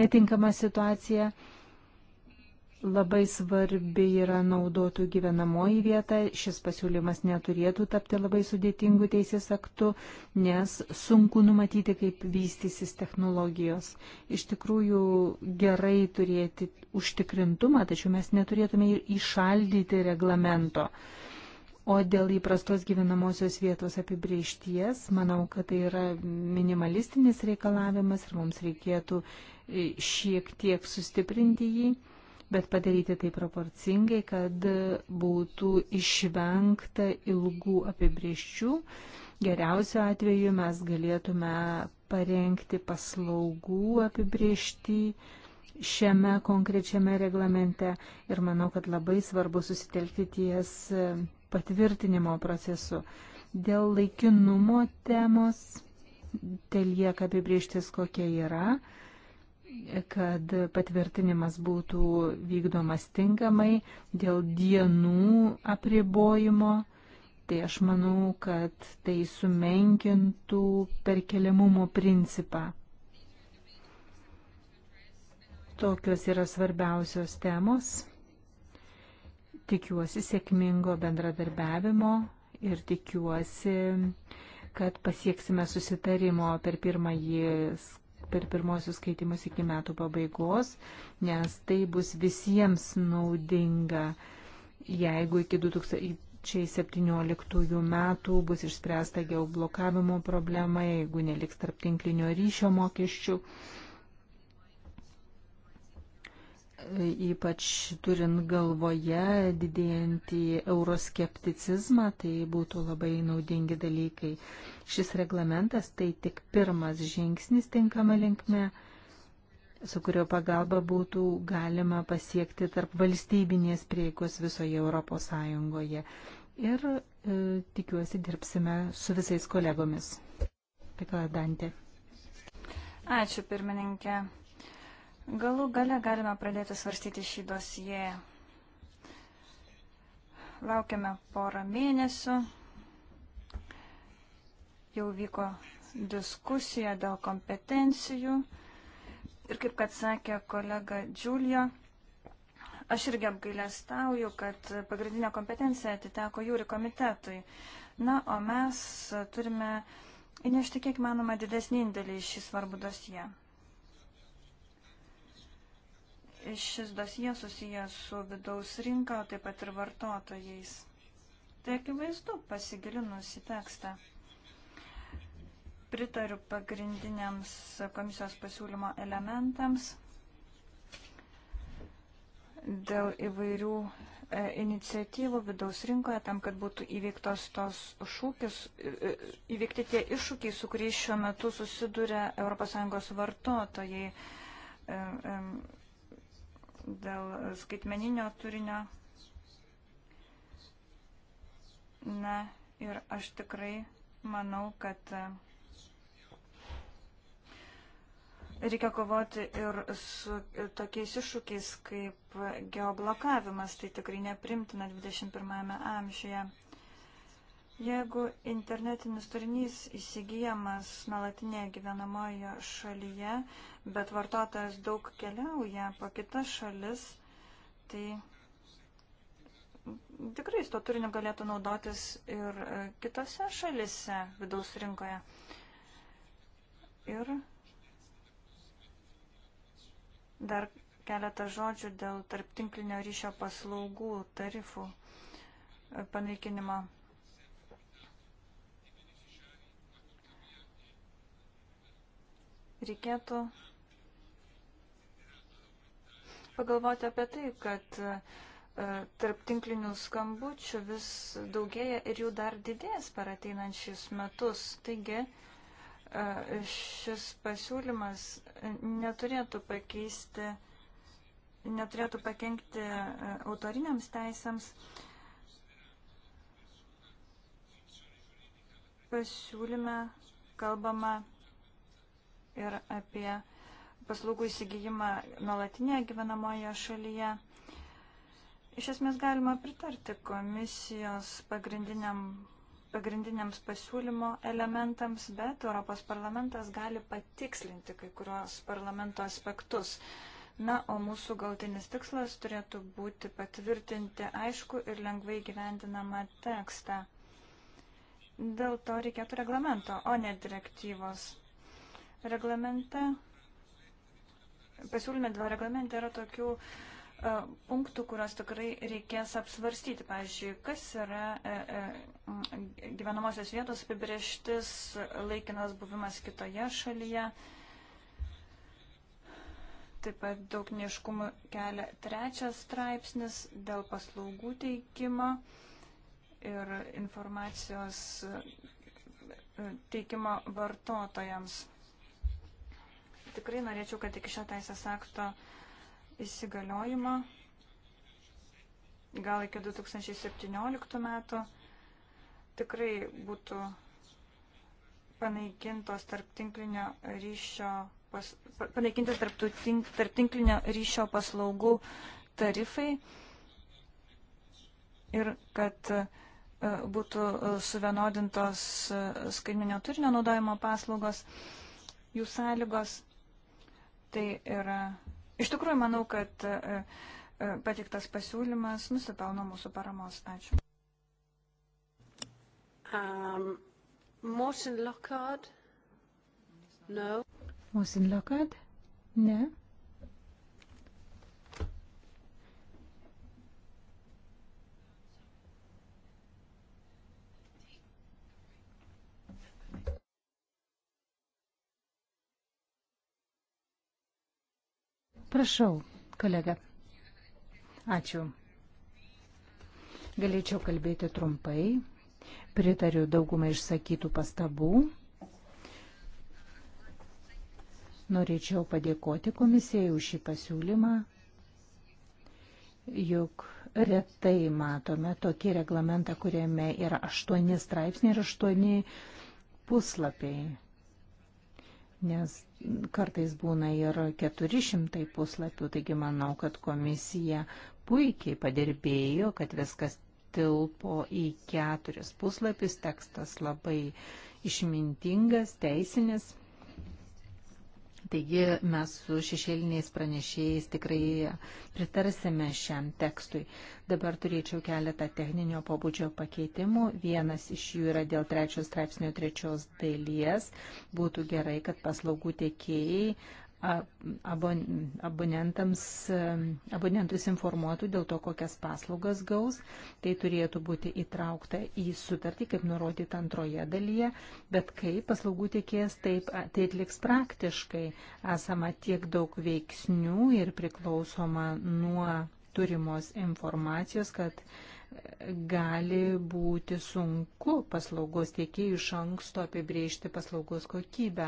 [SPEAKER 3] netinkama situacija. E, Labai svarbi yra naudotų gyvenamoji vieta. Šis pasiūlymas neturėtų tapti labai sudėtingų teisės aktų, nes sunku numatyti, kaip vystysis technologijos. Iš tikrųjų gerai turėti užtikrintumą, tačiau mes neturėtume įšaldyti reglamento. O dėl įprastos gyvenamosios vietos apibriešties, manau, kad tai yra minimalistinis reikalavimas ir mums reikėtų e, šiek tiek sustiprinti jį bet padaryti tai proporcingai, kad būtų išvengta ilgų apibrieščių. Geriausiu atveju mes galėtume parengti paslaugų apibriešti šiame konkrečiame reglamente ir manau, kad labai svarbu susitelkti ties patvirtinimo procesu. Dėl laikinumo temos, tai lieka apibrieštis, kokia yra kad patvirtinimas būtų vykdomas tinkamai dėl dienų apribojimo, tai aš manau, kad tai sumenkintų perkeliamumo principą. Tokios yra svarbiausios temos. Tikiuosi sėkmingo bendradarbiavimo ir tikiuosi, kad pasieksime susitarimo per pirmąjį per pirmosius skaitimus iki metų pabaigos, nes tai bus visiems naudinga, jeigu iki 2017 metų bus išspręsta geoblokavimo problema, jeigu neliks tarp tinklinio ryšio mokesčių ypač turint galvoje didėjantį euroskepticizmą, tai būtų labai naudingi dalykai. Šis reglamentas tai tik pirmas žingsnis tinkama linkme, su kurio pagalba būtų galima pasiekti tarp valstybinės prieikos visoje Europos Sąjungoje. Ir e, tikiuosi dirbsime su visais kolegomis. Pikla Dantė.
[SPEAKER 2] Ačiū pirmininkė. Galų gale galime pradėti svarstyti šį dosiją. Laukiame porą mėnesių. Jau vyko diskusija dėl kompetencijų. Ir kaip kad sakė kolega Džiulio, aš irgi apgailestauju, kad pagrindinė kompetencija atiteko jūri komitetui. Na, o mes turime įnešti kiek manoma didesnį indėlį į šį svarbų dosiją šis dosie susijęs su vidaus rinka, taip pat ir vartotojais. Tai akivaizdu pasigilinus į tekstą. Pritariu pagrindiniams komisijos pasiūlymo elementams dėl įvairių e, iniciatyvų vidaus rinkoje tam, kad būtų įveiktos tos šūkis, e, e, įveikti tie iššūkiai, su kuriais šiuo metu susiduria ES vartotojai dėl skaitmeninio turinio. Na ir aš tikrai manau, kad e, reikia kovoti ir su e, tokiais iššūkiais kaip geoblokavimas, tai tikrai neprimtina 21 amžiuje. Jeigu internetinis turinys įsigijamas nuolatinėje gyvenamoje šalyje, bet vartotojas daug keliauja po kitas šalis, tai tikrai to turinio galėtų naudotis ir e, kitose šalise vidaus rinkoje. Ir dar keletą žodžių dėl tarptinklinio ryšio paslaugų tarifų e, panaikinimo. reikėtų pagalvoti apie tai, kad e, tarp tinklinių skambučių vis daugėja ir jų dar didės per ateinančius metus. Taigi e, šis pasiūlymas neturėtų pakeisti, neturėtų pakengti e, autoriniams teisėms. Pasiūlyme kalbama ir apie paslaugų įsigijimą nuolatinėje gyvenamoje šalyje. Iš esmės galima pritarti komisijos pagrindiniam, pagrindiniams pasiūlymo elementams, bet Europos parlamentas gali patikslinti kai kurios parlamento aspektus. Na, o mūsų gautinis tikslas turėtų būti patvirtinti aišku ir lengvai gyvendinamą tekstą. Dėl to reikėtų reglamento, o ne direktyvos reglamente, pasiūlyme dėl reglamente yra tokių e, punktų, kurios tikrai reikės apsvarstyti. Pavyzdžiui, kas yra e, e, gyvenamosios vietos apibrieštis, laikinas buvimas kitoje šalyje. Taip pat daug neiškumų kelia trečias straipsnis dėl paslaugų teikimo ir informacijos teikimo vartotojams tikrai norėčiau, kad iki šio teisės akto įsigaliojimo, gal iki 2017 metų, tikrai būtų panaikintos tarp tinklinio ryšio pas, panaikinti tarptinklinio ryšio paslaugų tarifai ir kad e, būtų e, suvienodintos e, skaitminio turinio naudojimo paslaugos, jų sąlygos. Tai yra, iš tikrųjų manau, kad e, e, patiktas pasiūlymas nusipelno mūsų paramos. Ačiū. Um, Morten Lockhart? No.
[SPEAKER 3] Morten Lockhart? Ne. Prašau, kolega. Ačiū. Galėčiau kalbėti trumpai. Pritariu daugumą išsakytų pastabų. Norėčiau padėkoti komisijai už šį pasiūlymą, juk retai matome tokį reglamentą, kuriame yra aštuoni straipsniai ir aštuoni puslapiai nes kartais būna ir 400 puslapių, taigi manau, kad komisija puikiai padirbėjo, kad viskas tilpo į keturis puslapius, tekstas labai išmintingas, teisinis. Taigi mes su šešėliniais pranešėjais tikrai pritarsime šiam tekstui. Dabar turėčiau keletą techninio pobūdžio pakeitimų. Vienas iš jų yra dėl trečios straipsnio trečios dalies. Būtų gerai, kad paslaugų tiekėjai abonentams, abonentus informuotų dėl to, kokias paslaugas gaus. Tai turėtų būti įtraukta į sutartį, kaip nurodyta antroje dalyje, bet kaip paslaugų tiekės taip, tai atliks praktiškai. Esama tiek daug veiksnių ir priklausoma nuo turimos informacijos, kad gali būti sunku paslaugos tiekėjų iš anksto apibriežti paslaugos kokybę.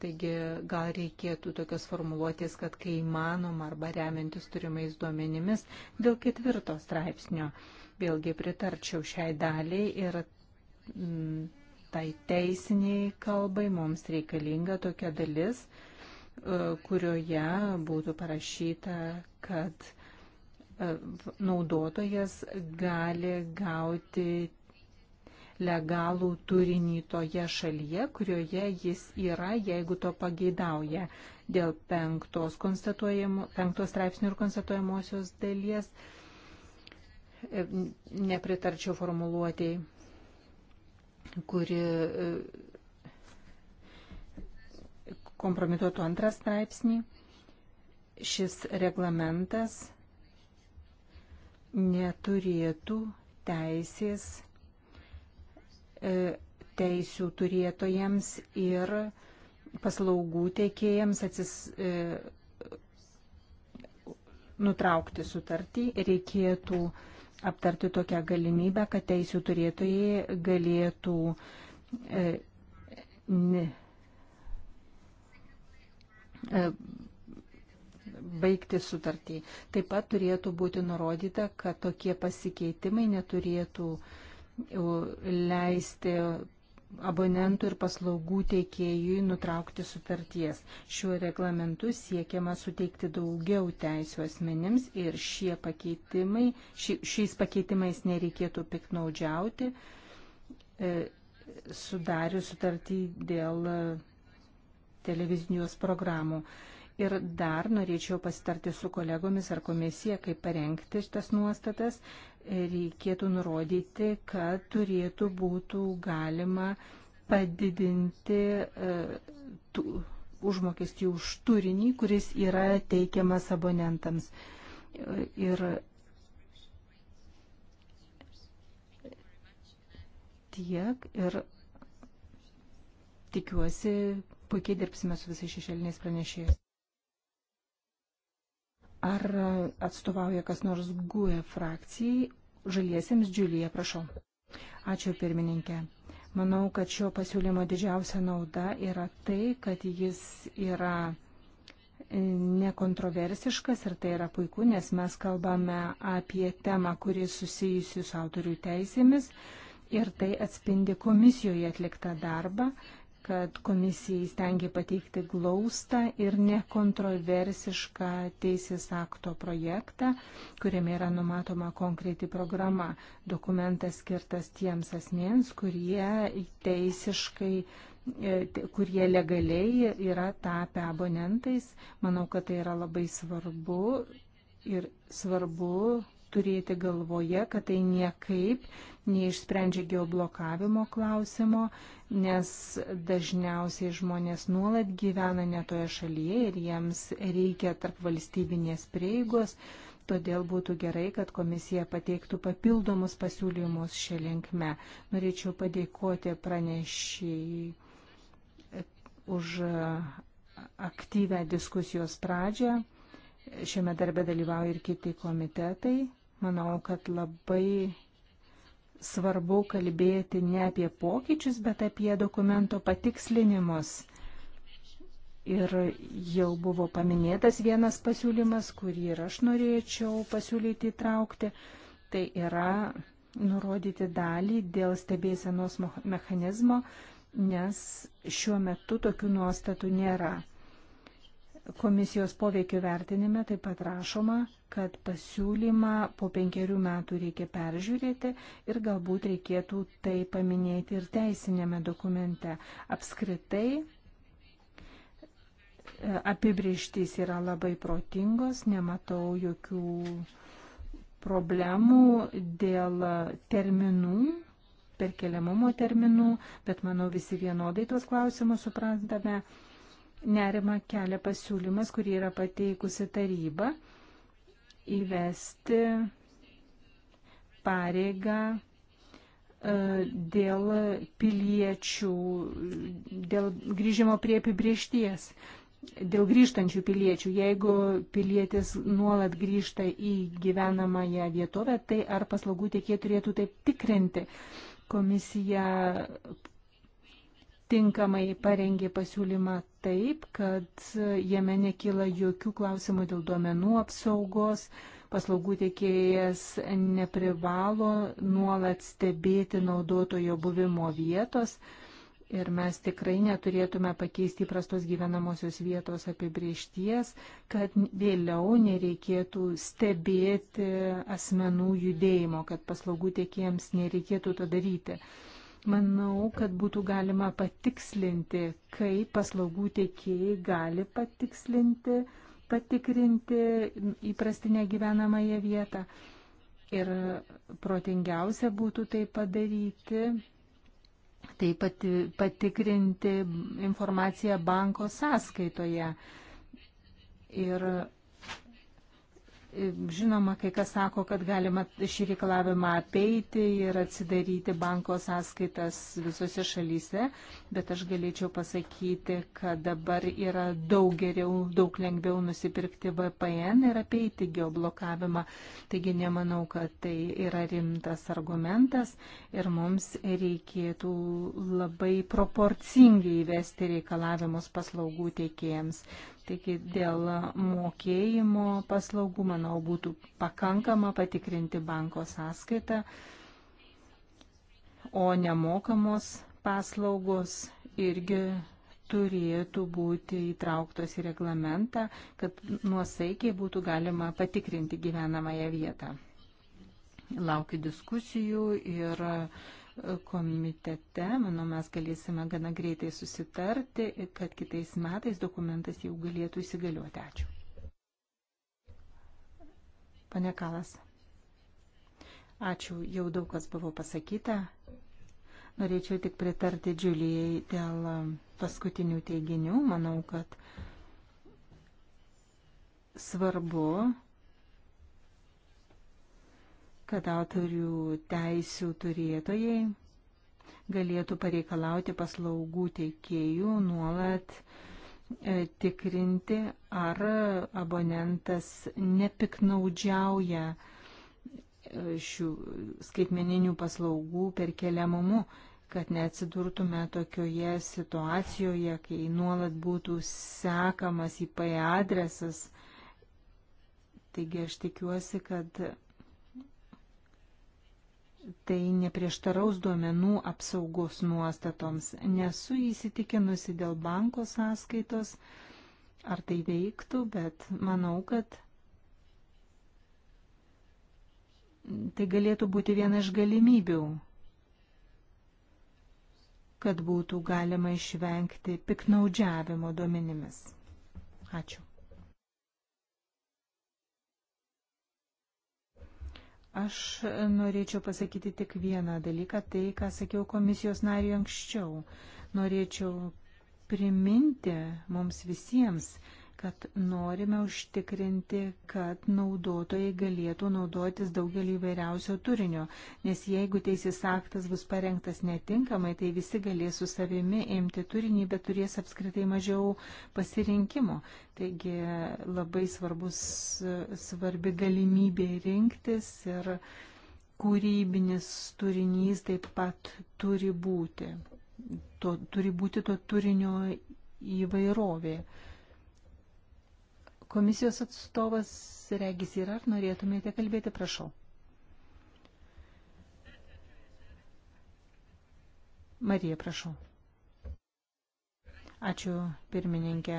[SPEAKER 3] Taigi gal reikėtų tokios formuluotės, kad kai įmanoma arba remiantis turimais duomenimis dėl ketvirto straipsnio. Vėlgi pritarčiau šiai daliai ir m, mm, tai teisiniai kalbai mums reikalinga tokia dalis, e, kurioje būtų parašyta, kad e, naudotojas gali gauti legalų turinį toje šalyje, kurioje jis yra, jeigu to pageidauja. Dėl penktos, penktos straipsnių ir konstatuojamosios dalies e, nepritarčiau formuluotėjai, kuri e, kompromituotų antrą straipsnį. Šis reglamentas neturėtų teisės E, teisių turėtojams ir paslaugų teikėjams atsis, e, nutraukti sutartį, reikėtų aptarti tokią galimybę, kad teisų turėtojai galėtų e, ne, e, baigti sutartį. Taip pat turėtų būti nurodyta, kad tokie pasikeitimai neturėtų e, leisti abonentų ir paslaugų teikėjui nutraukti sutarties. Šiuo reglamentu siekiama suteikti daugiau teisų asmenims ir šie pakeitimai, ši, šiais pakeitimais nereikėtų piknaudžiauti, e, sudarius sutartį dėl e, televizijos programų. Ir dar norėčiau pasitarti su kolegomis ar komisija, kaip parengti šitas nuostatas, reikėtų nurodyti, kad turėtų būtų galima padidinti e, tų, užmokestį už turinį, kuris yra teikiamas abonentams. Ir tiek ir tikiuosi puikiai dirbsime su visais šešėliniais pranešėjais. Ar atstovauja kas nors GUE frakcijai? Žaliesiems Džiulija, prašau. Ačiū pirmininkė. Manau, kad šio pasiūlymo didžiausia nauda yra tai, kad jis yra e, nekontroversiškas ir tai yra puiku, nes mes kalbame apie temą, kuri susijusi su autorių teisėmis ir tai atspindi komisijoje atliktą darbą kad komisijai stengia pateikti glaustą ir nekontroversišką teisės akto projektą, kuriame yra numatoma konkreti programa. Dokumentas skirtas tiems asmens, kurie teisiškai e, kurie legaliai yra tapę abonentais. Manau, kad tai yra labai svarbu ir svarbu turėti galvoje, kad tai niekaip neišsprendžia geoblokavimo klausimo, nes dažniausiai žmonės nuolat gyvena netoje šalyje ir jiems reikia tarp valstybinės prieigos. Todėl būtų gerai, kad komisija pateiktų papildomus pasiūlymus šią linkmę. Norėčiau padėkoti pranešiai už aktyvę diskusijos pradžią. Šiame darbe dalyvauja ir kiti komitetai. Manau, kad labai svarbu kalbėti ne apie pokyčius, bet apie dokumento patikslinimus. Ir jau buvo paminėtas vienas pasiūlymas, kurį ir aš norėčiau pasiūlyti įtraukti. Tai yra nurodyti dalį dėl stebėsenos mechanizmo, nes šiuo metu tokių nuostatų nėra. Komisijos poveikio vertinime taip pat rašoma, kad pasiūlymą po penkerių metų reikia peržiūrėti ir galbūt reikėtų tai paminėti ir teisinėme dokumente. Apskritai e, apibrieštys yra labai protingos, nematau jokių problemų dėl terminų perkeliamumo terminų, bet manau visi vienodai tuos klausimus suprantame. Nerima kelia pasiūlymas, kurį yra pateikusi taryba įvesti pareigą e, dėl piliečių, dėl grįžimo prie apibriešties, dėl grįžtančių piliečių. Jeigu pilietis nuolat grįžta į gyvenamąją vietovę, tai ar paslaugų tiekėjai turėtų taip tikrinti? Komisija tinkamai parengė pasiūlymą taip, kad jame nekyla jokių klausimų dėl duomenų apsaugos, paslaugų tiekėjas neprivalo nuolat stebėti naudotojo buvimo vietos ir mes tikrai neturėtume pakeisti įprastos gyvenamosios vietos apibriešties, kad vėliau nereikėtų stebėti asmenų judėjimo, kad paslaugų tiekėjams nereikėtų to daryti. Manau, kad būtų galima patikslinti, kaip paslaugų teikėjai gali patikslinti, patikrinti įprastinę gyvenamąją vietą. Ir protingiausia būtų tai padaryti, tai pati, patikrinti informaciją banko sąskaitoje. Ir Žinoma, kai kas sako, kad galima šį reikalavimą apeiti ir atsidaryti banko sąskaitas visose šalyse, bet aš galėčiau pasakyti, kad dabar yra daug geriau, daug lengviau nusipirkti VPN ir apeiti geoblokavimą. Taigi nemanau, kad tai yra rimtas argumentas ir mums reikėtų labai proporcingai įvesti reikalavimus paslaugų teikėjams. Taigi dėl mokėjimo paslaugų, manau, būtų pakankama patikrinti banko sąskaitą, o nemokamos paslaugos irgi turėtų būti įtrauktos į reglamentą, kad nuosaikiai būtų galima patikrinti gyvenamąją vietą. Laukiu diskusijų ir uh, komitete, manau, mes galėsime gana greitai susitarti, kad kitais metais dokumentas jau galėtų įsigaliuoti. Ačiū. Pane Kalas. Ačiū, jau daug kas buvo pasakyta. Norėčiau tik pritarti Džiulijai dėl paskutinių teiginių. Manau, kad svarbu kad autorių teisių turėtojai galėtų pareikalauti paslaugų teikėjų nuolat e, tikrinti, ar abonentas nepiknaudžiauja e, šių skaitmeninių paslaugų perkeliamumu, kad neatsidurtume tokioje situacijoje, kai nuolat būtų sekamas IP adresas. Taigi aš tikiuosi, kad tai neprieštaraus duomenų apsaugos nuostatoms. Nesu įsitikinusi dėl banko sąskaitos, ar tai veiktų, bet manau, kad tai galėtų būti viena iš galimybių, kad būtų galima išvengti piknaudžiavimo duomenimis. Ačiū. Aš norėčiau pasakyti tik vieną dalyką, tai, ką sakiau komisijos nariui anksčiau. Norėčiau priminti mums visiems, kad norime užtikrinti, kad naudotojai galėtų naudotis daugelį įvairiausio turinio, nes jeigu teisės aktas bus parengtas netinkamai, tai visi galės su savimi imti turinį, bet turės apskritai mažiau pasirinkimo. Taigi labai svarbus, svarbi galimybė rinktis ir kūrybinis turinys taip pat turi būti. To, turi būti to turinio įvairovė. Komisijos atstovas Regis yra, ar norėtumėte kalbėti, prašau. Marija, prašau. Ačiū, pirmininkė.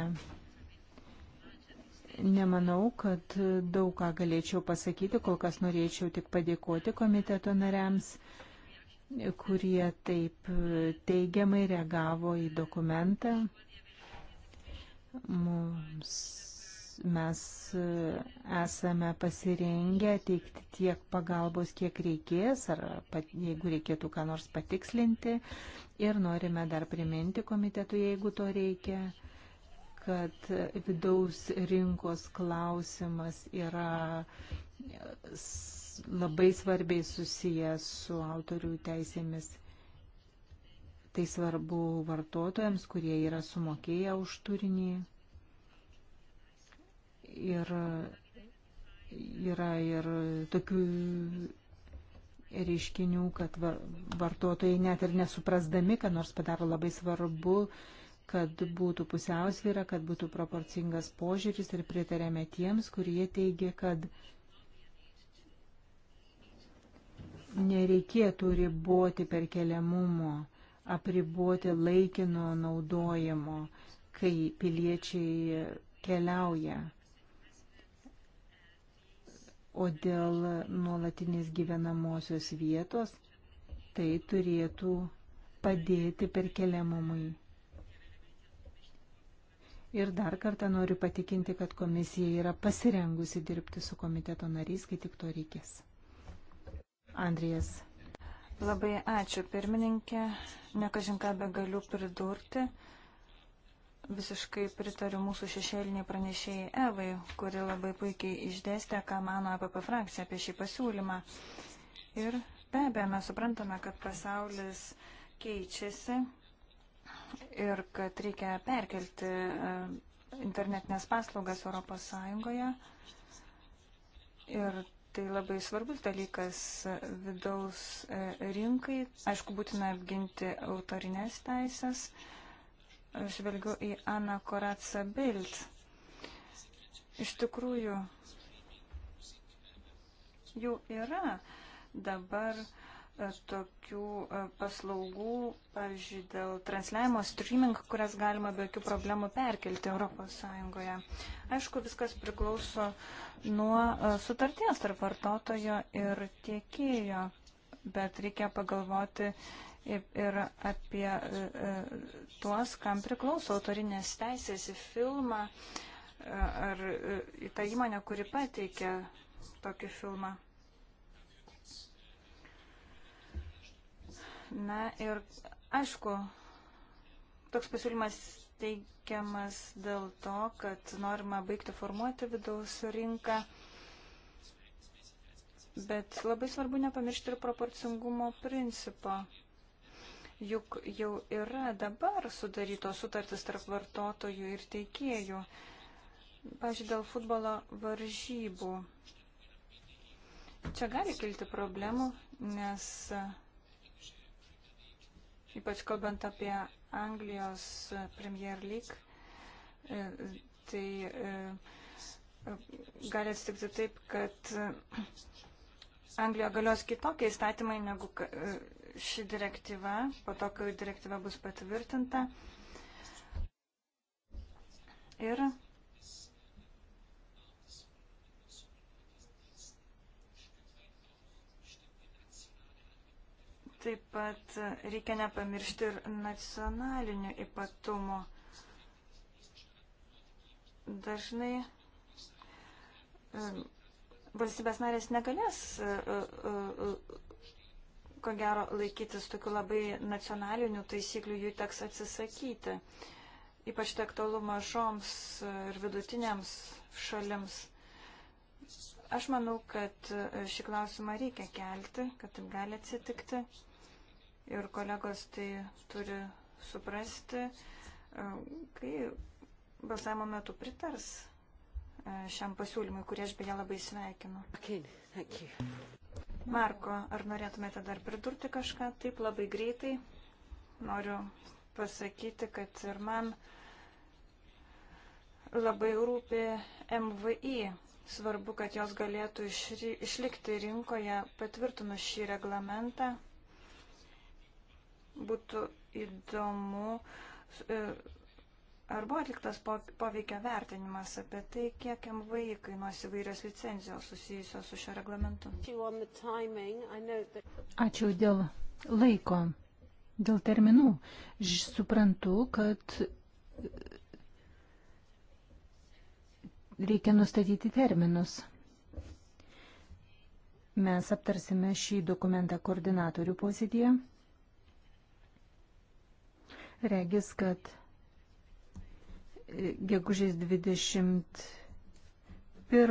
[SPEAKER 3] Nemanau, kad daug ką galėčiau pasakyti, kol kas norėčiau tik padėkoti komiteto nariams, kurie taip teigiamai reagavo į dokumentą. Mums mes e, esame pasirengę teikti tiek pagalbos, kiek reikės, ar jeigu reikėtų ką nors patikslinti. Ir norime dar priminti komitetui, jeigu to reikia, kad vidaus rinkos klausimas yra labai svarbiai susijęs su autorių teisėmis. Tai svarbu vartotojams, kurie yra sumokėję už turinį ir yra ir tokių reiškinių, kad vartotojai net ir nesuprasdami, kad nors padaro labai svarbu, kad būtų pusiausvyra, kad būtų proporcingas požiūris ir pritarėme tiems, kurie teigia, kad nereikėtų riboti perkeliamumo, apriboti laikino naudojimo, kai piliečiai keliauja O dėl nuolatinės gyvenamosios vietos, tai turėtų padėti perkeliamumui. Ir dar kartą noriu patikinti, kad komisija yra pasirengusi dirbti su komiteto nariais, kai tik to reikės. Andrijas. Labai ačiū, pirmininkė.
[SPEAKER 2] Nekažin ką be galiu pridurti. Visiškai pritariu mūsų šešėliniai pranešėjai Evai, kuri labai puikiai išdėstė, ką mano APP frakcija apie šį pasiūlymą. Ir be abejo, mes suprantame, kad pasaulis keičiasi ir kad reikia perkelti e, internetinės paslaugas Europos Sąjungoje. Ir tai labai svarbus dalykas vidaus e, rinkai. Aišku, būtina apginti autorinės teisės žvelgiu į Aną Koratsą Bild. Iš tikrųjų, jau yra dabar e, tokių e, paslaugų, pavyzdžiui, dėl transliavimo streaming, kurias galima be jokių problemų perkelti Europos Sąjungoje. Aišku, viskas priklauso nuo e, sutarties tarp vartotojo ir tiekėjo, bet reikia pagalvoti ir apie e, e, tuos, kam priklauso autorinės teisės į filmą e, ar į tą įmonę, kuri pateikė tokį filmą. Na ir aišku, toks pasiūlymas teikiamas dėl to, kad norima baigti formuoti vidaus rinką, bet labai svarbu nepamiršti ir proporcingumo principo. Juk jau yra dabar sudarytos sutartis tarp vartotojų ir teikėjų. Pavyzdžiui, dėl futbolo varžybų. Čia gali kilti problemų, nes ypač kalbant apie Anglijos Premier League, e, tai e, gali atsitikti taip, kad Anglijoje galios kitokie įstatymai negu e, ši direktyva, po to, kai direktyva bus patvirtinta. Ir Taip pat reikia nepamiršti ir nacionalinių ypatumų. Dažnai valstybės narės negalės e, e, e, ko gero, laikytis tokių labai nacionalinių taisyklių, jų teks atsisakyti. Ypač tai aktualu mažoms ir vidutinėms šalims. Aš manau, kad šį klausimą reikia kelti, kad taip gali atsitikti. Ir kolegos tai turi suprasti, kai balsavimo metu pritars e, šiam pasiūlymui, kurį aš beje labai sveikinu. Okay, Marko, ar norėtumėte dar pridurti kažką? Taip, labai greitai. Noriu pasakyti, kad ir man labai rūpi MVI. Svarbu, kad jos galėtų išry, išlikti rinkoje patvirtinus šį reglamentą. Būtų įdomu e, Ar buvo atliktas poveikio vertinimas apie tai, kiek MVI kainuos įvairios licenzijos susijusios su šio reglamentu?
[SPEAKER 3] Ačiū dėl laiko, dėl terminų. Ž suprantu, kad reikia nustatyti terminus. Mes aptarsime šį dokumentą koordinatorių posėdėje. Regis, kad gegužės 21 e,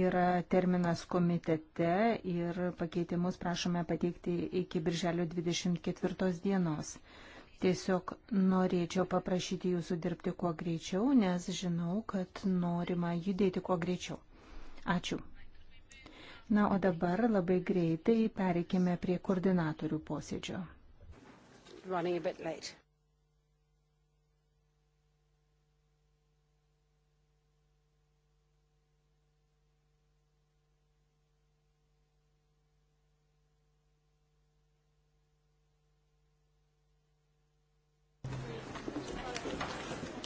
[SPEAKER 3] yra terminas komitete ir pakeitimus prašome pateikti iki birželio 24 dienos. Tiesiog norėčiau paprašyti jūsų dirbti kuo greičiau, nes žinau, kad norima judėti kuo greičiau. Ačiū. Na, o dabar labai greitai pereikime prie koordinatorių posėdžio. Running a bit late.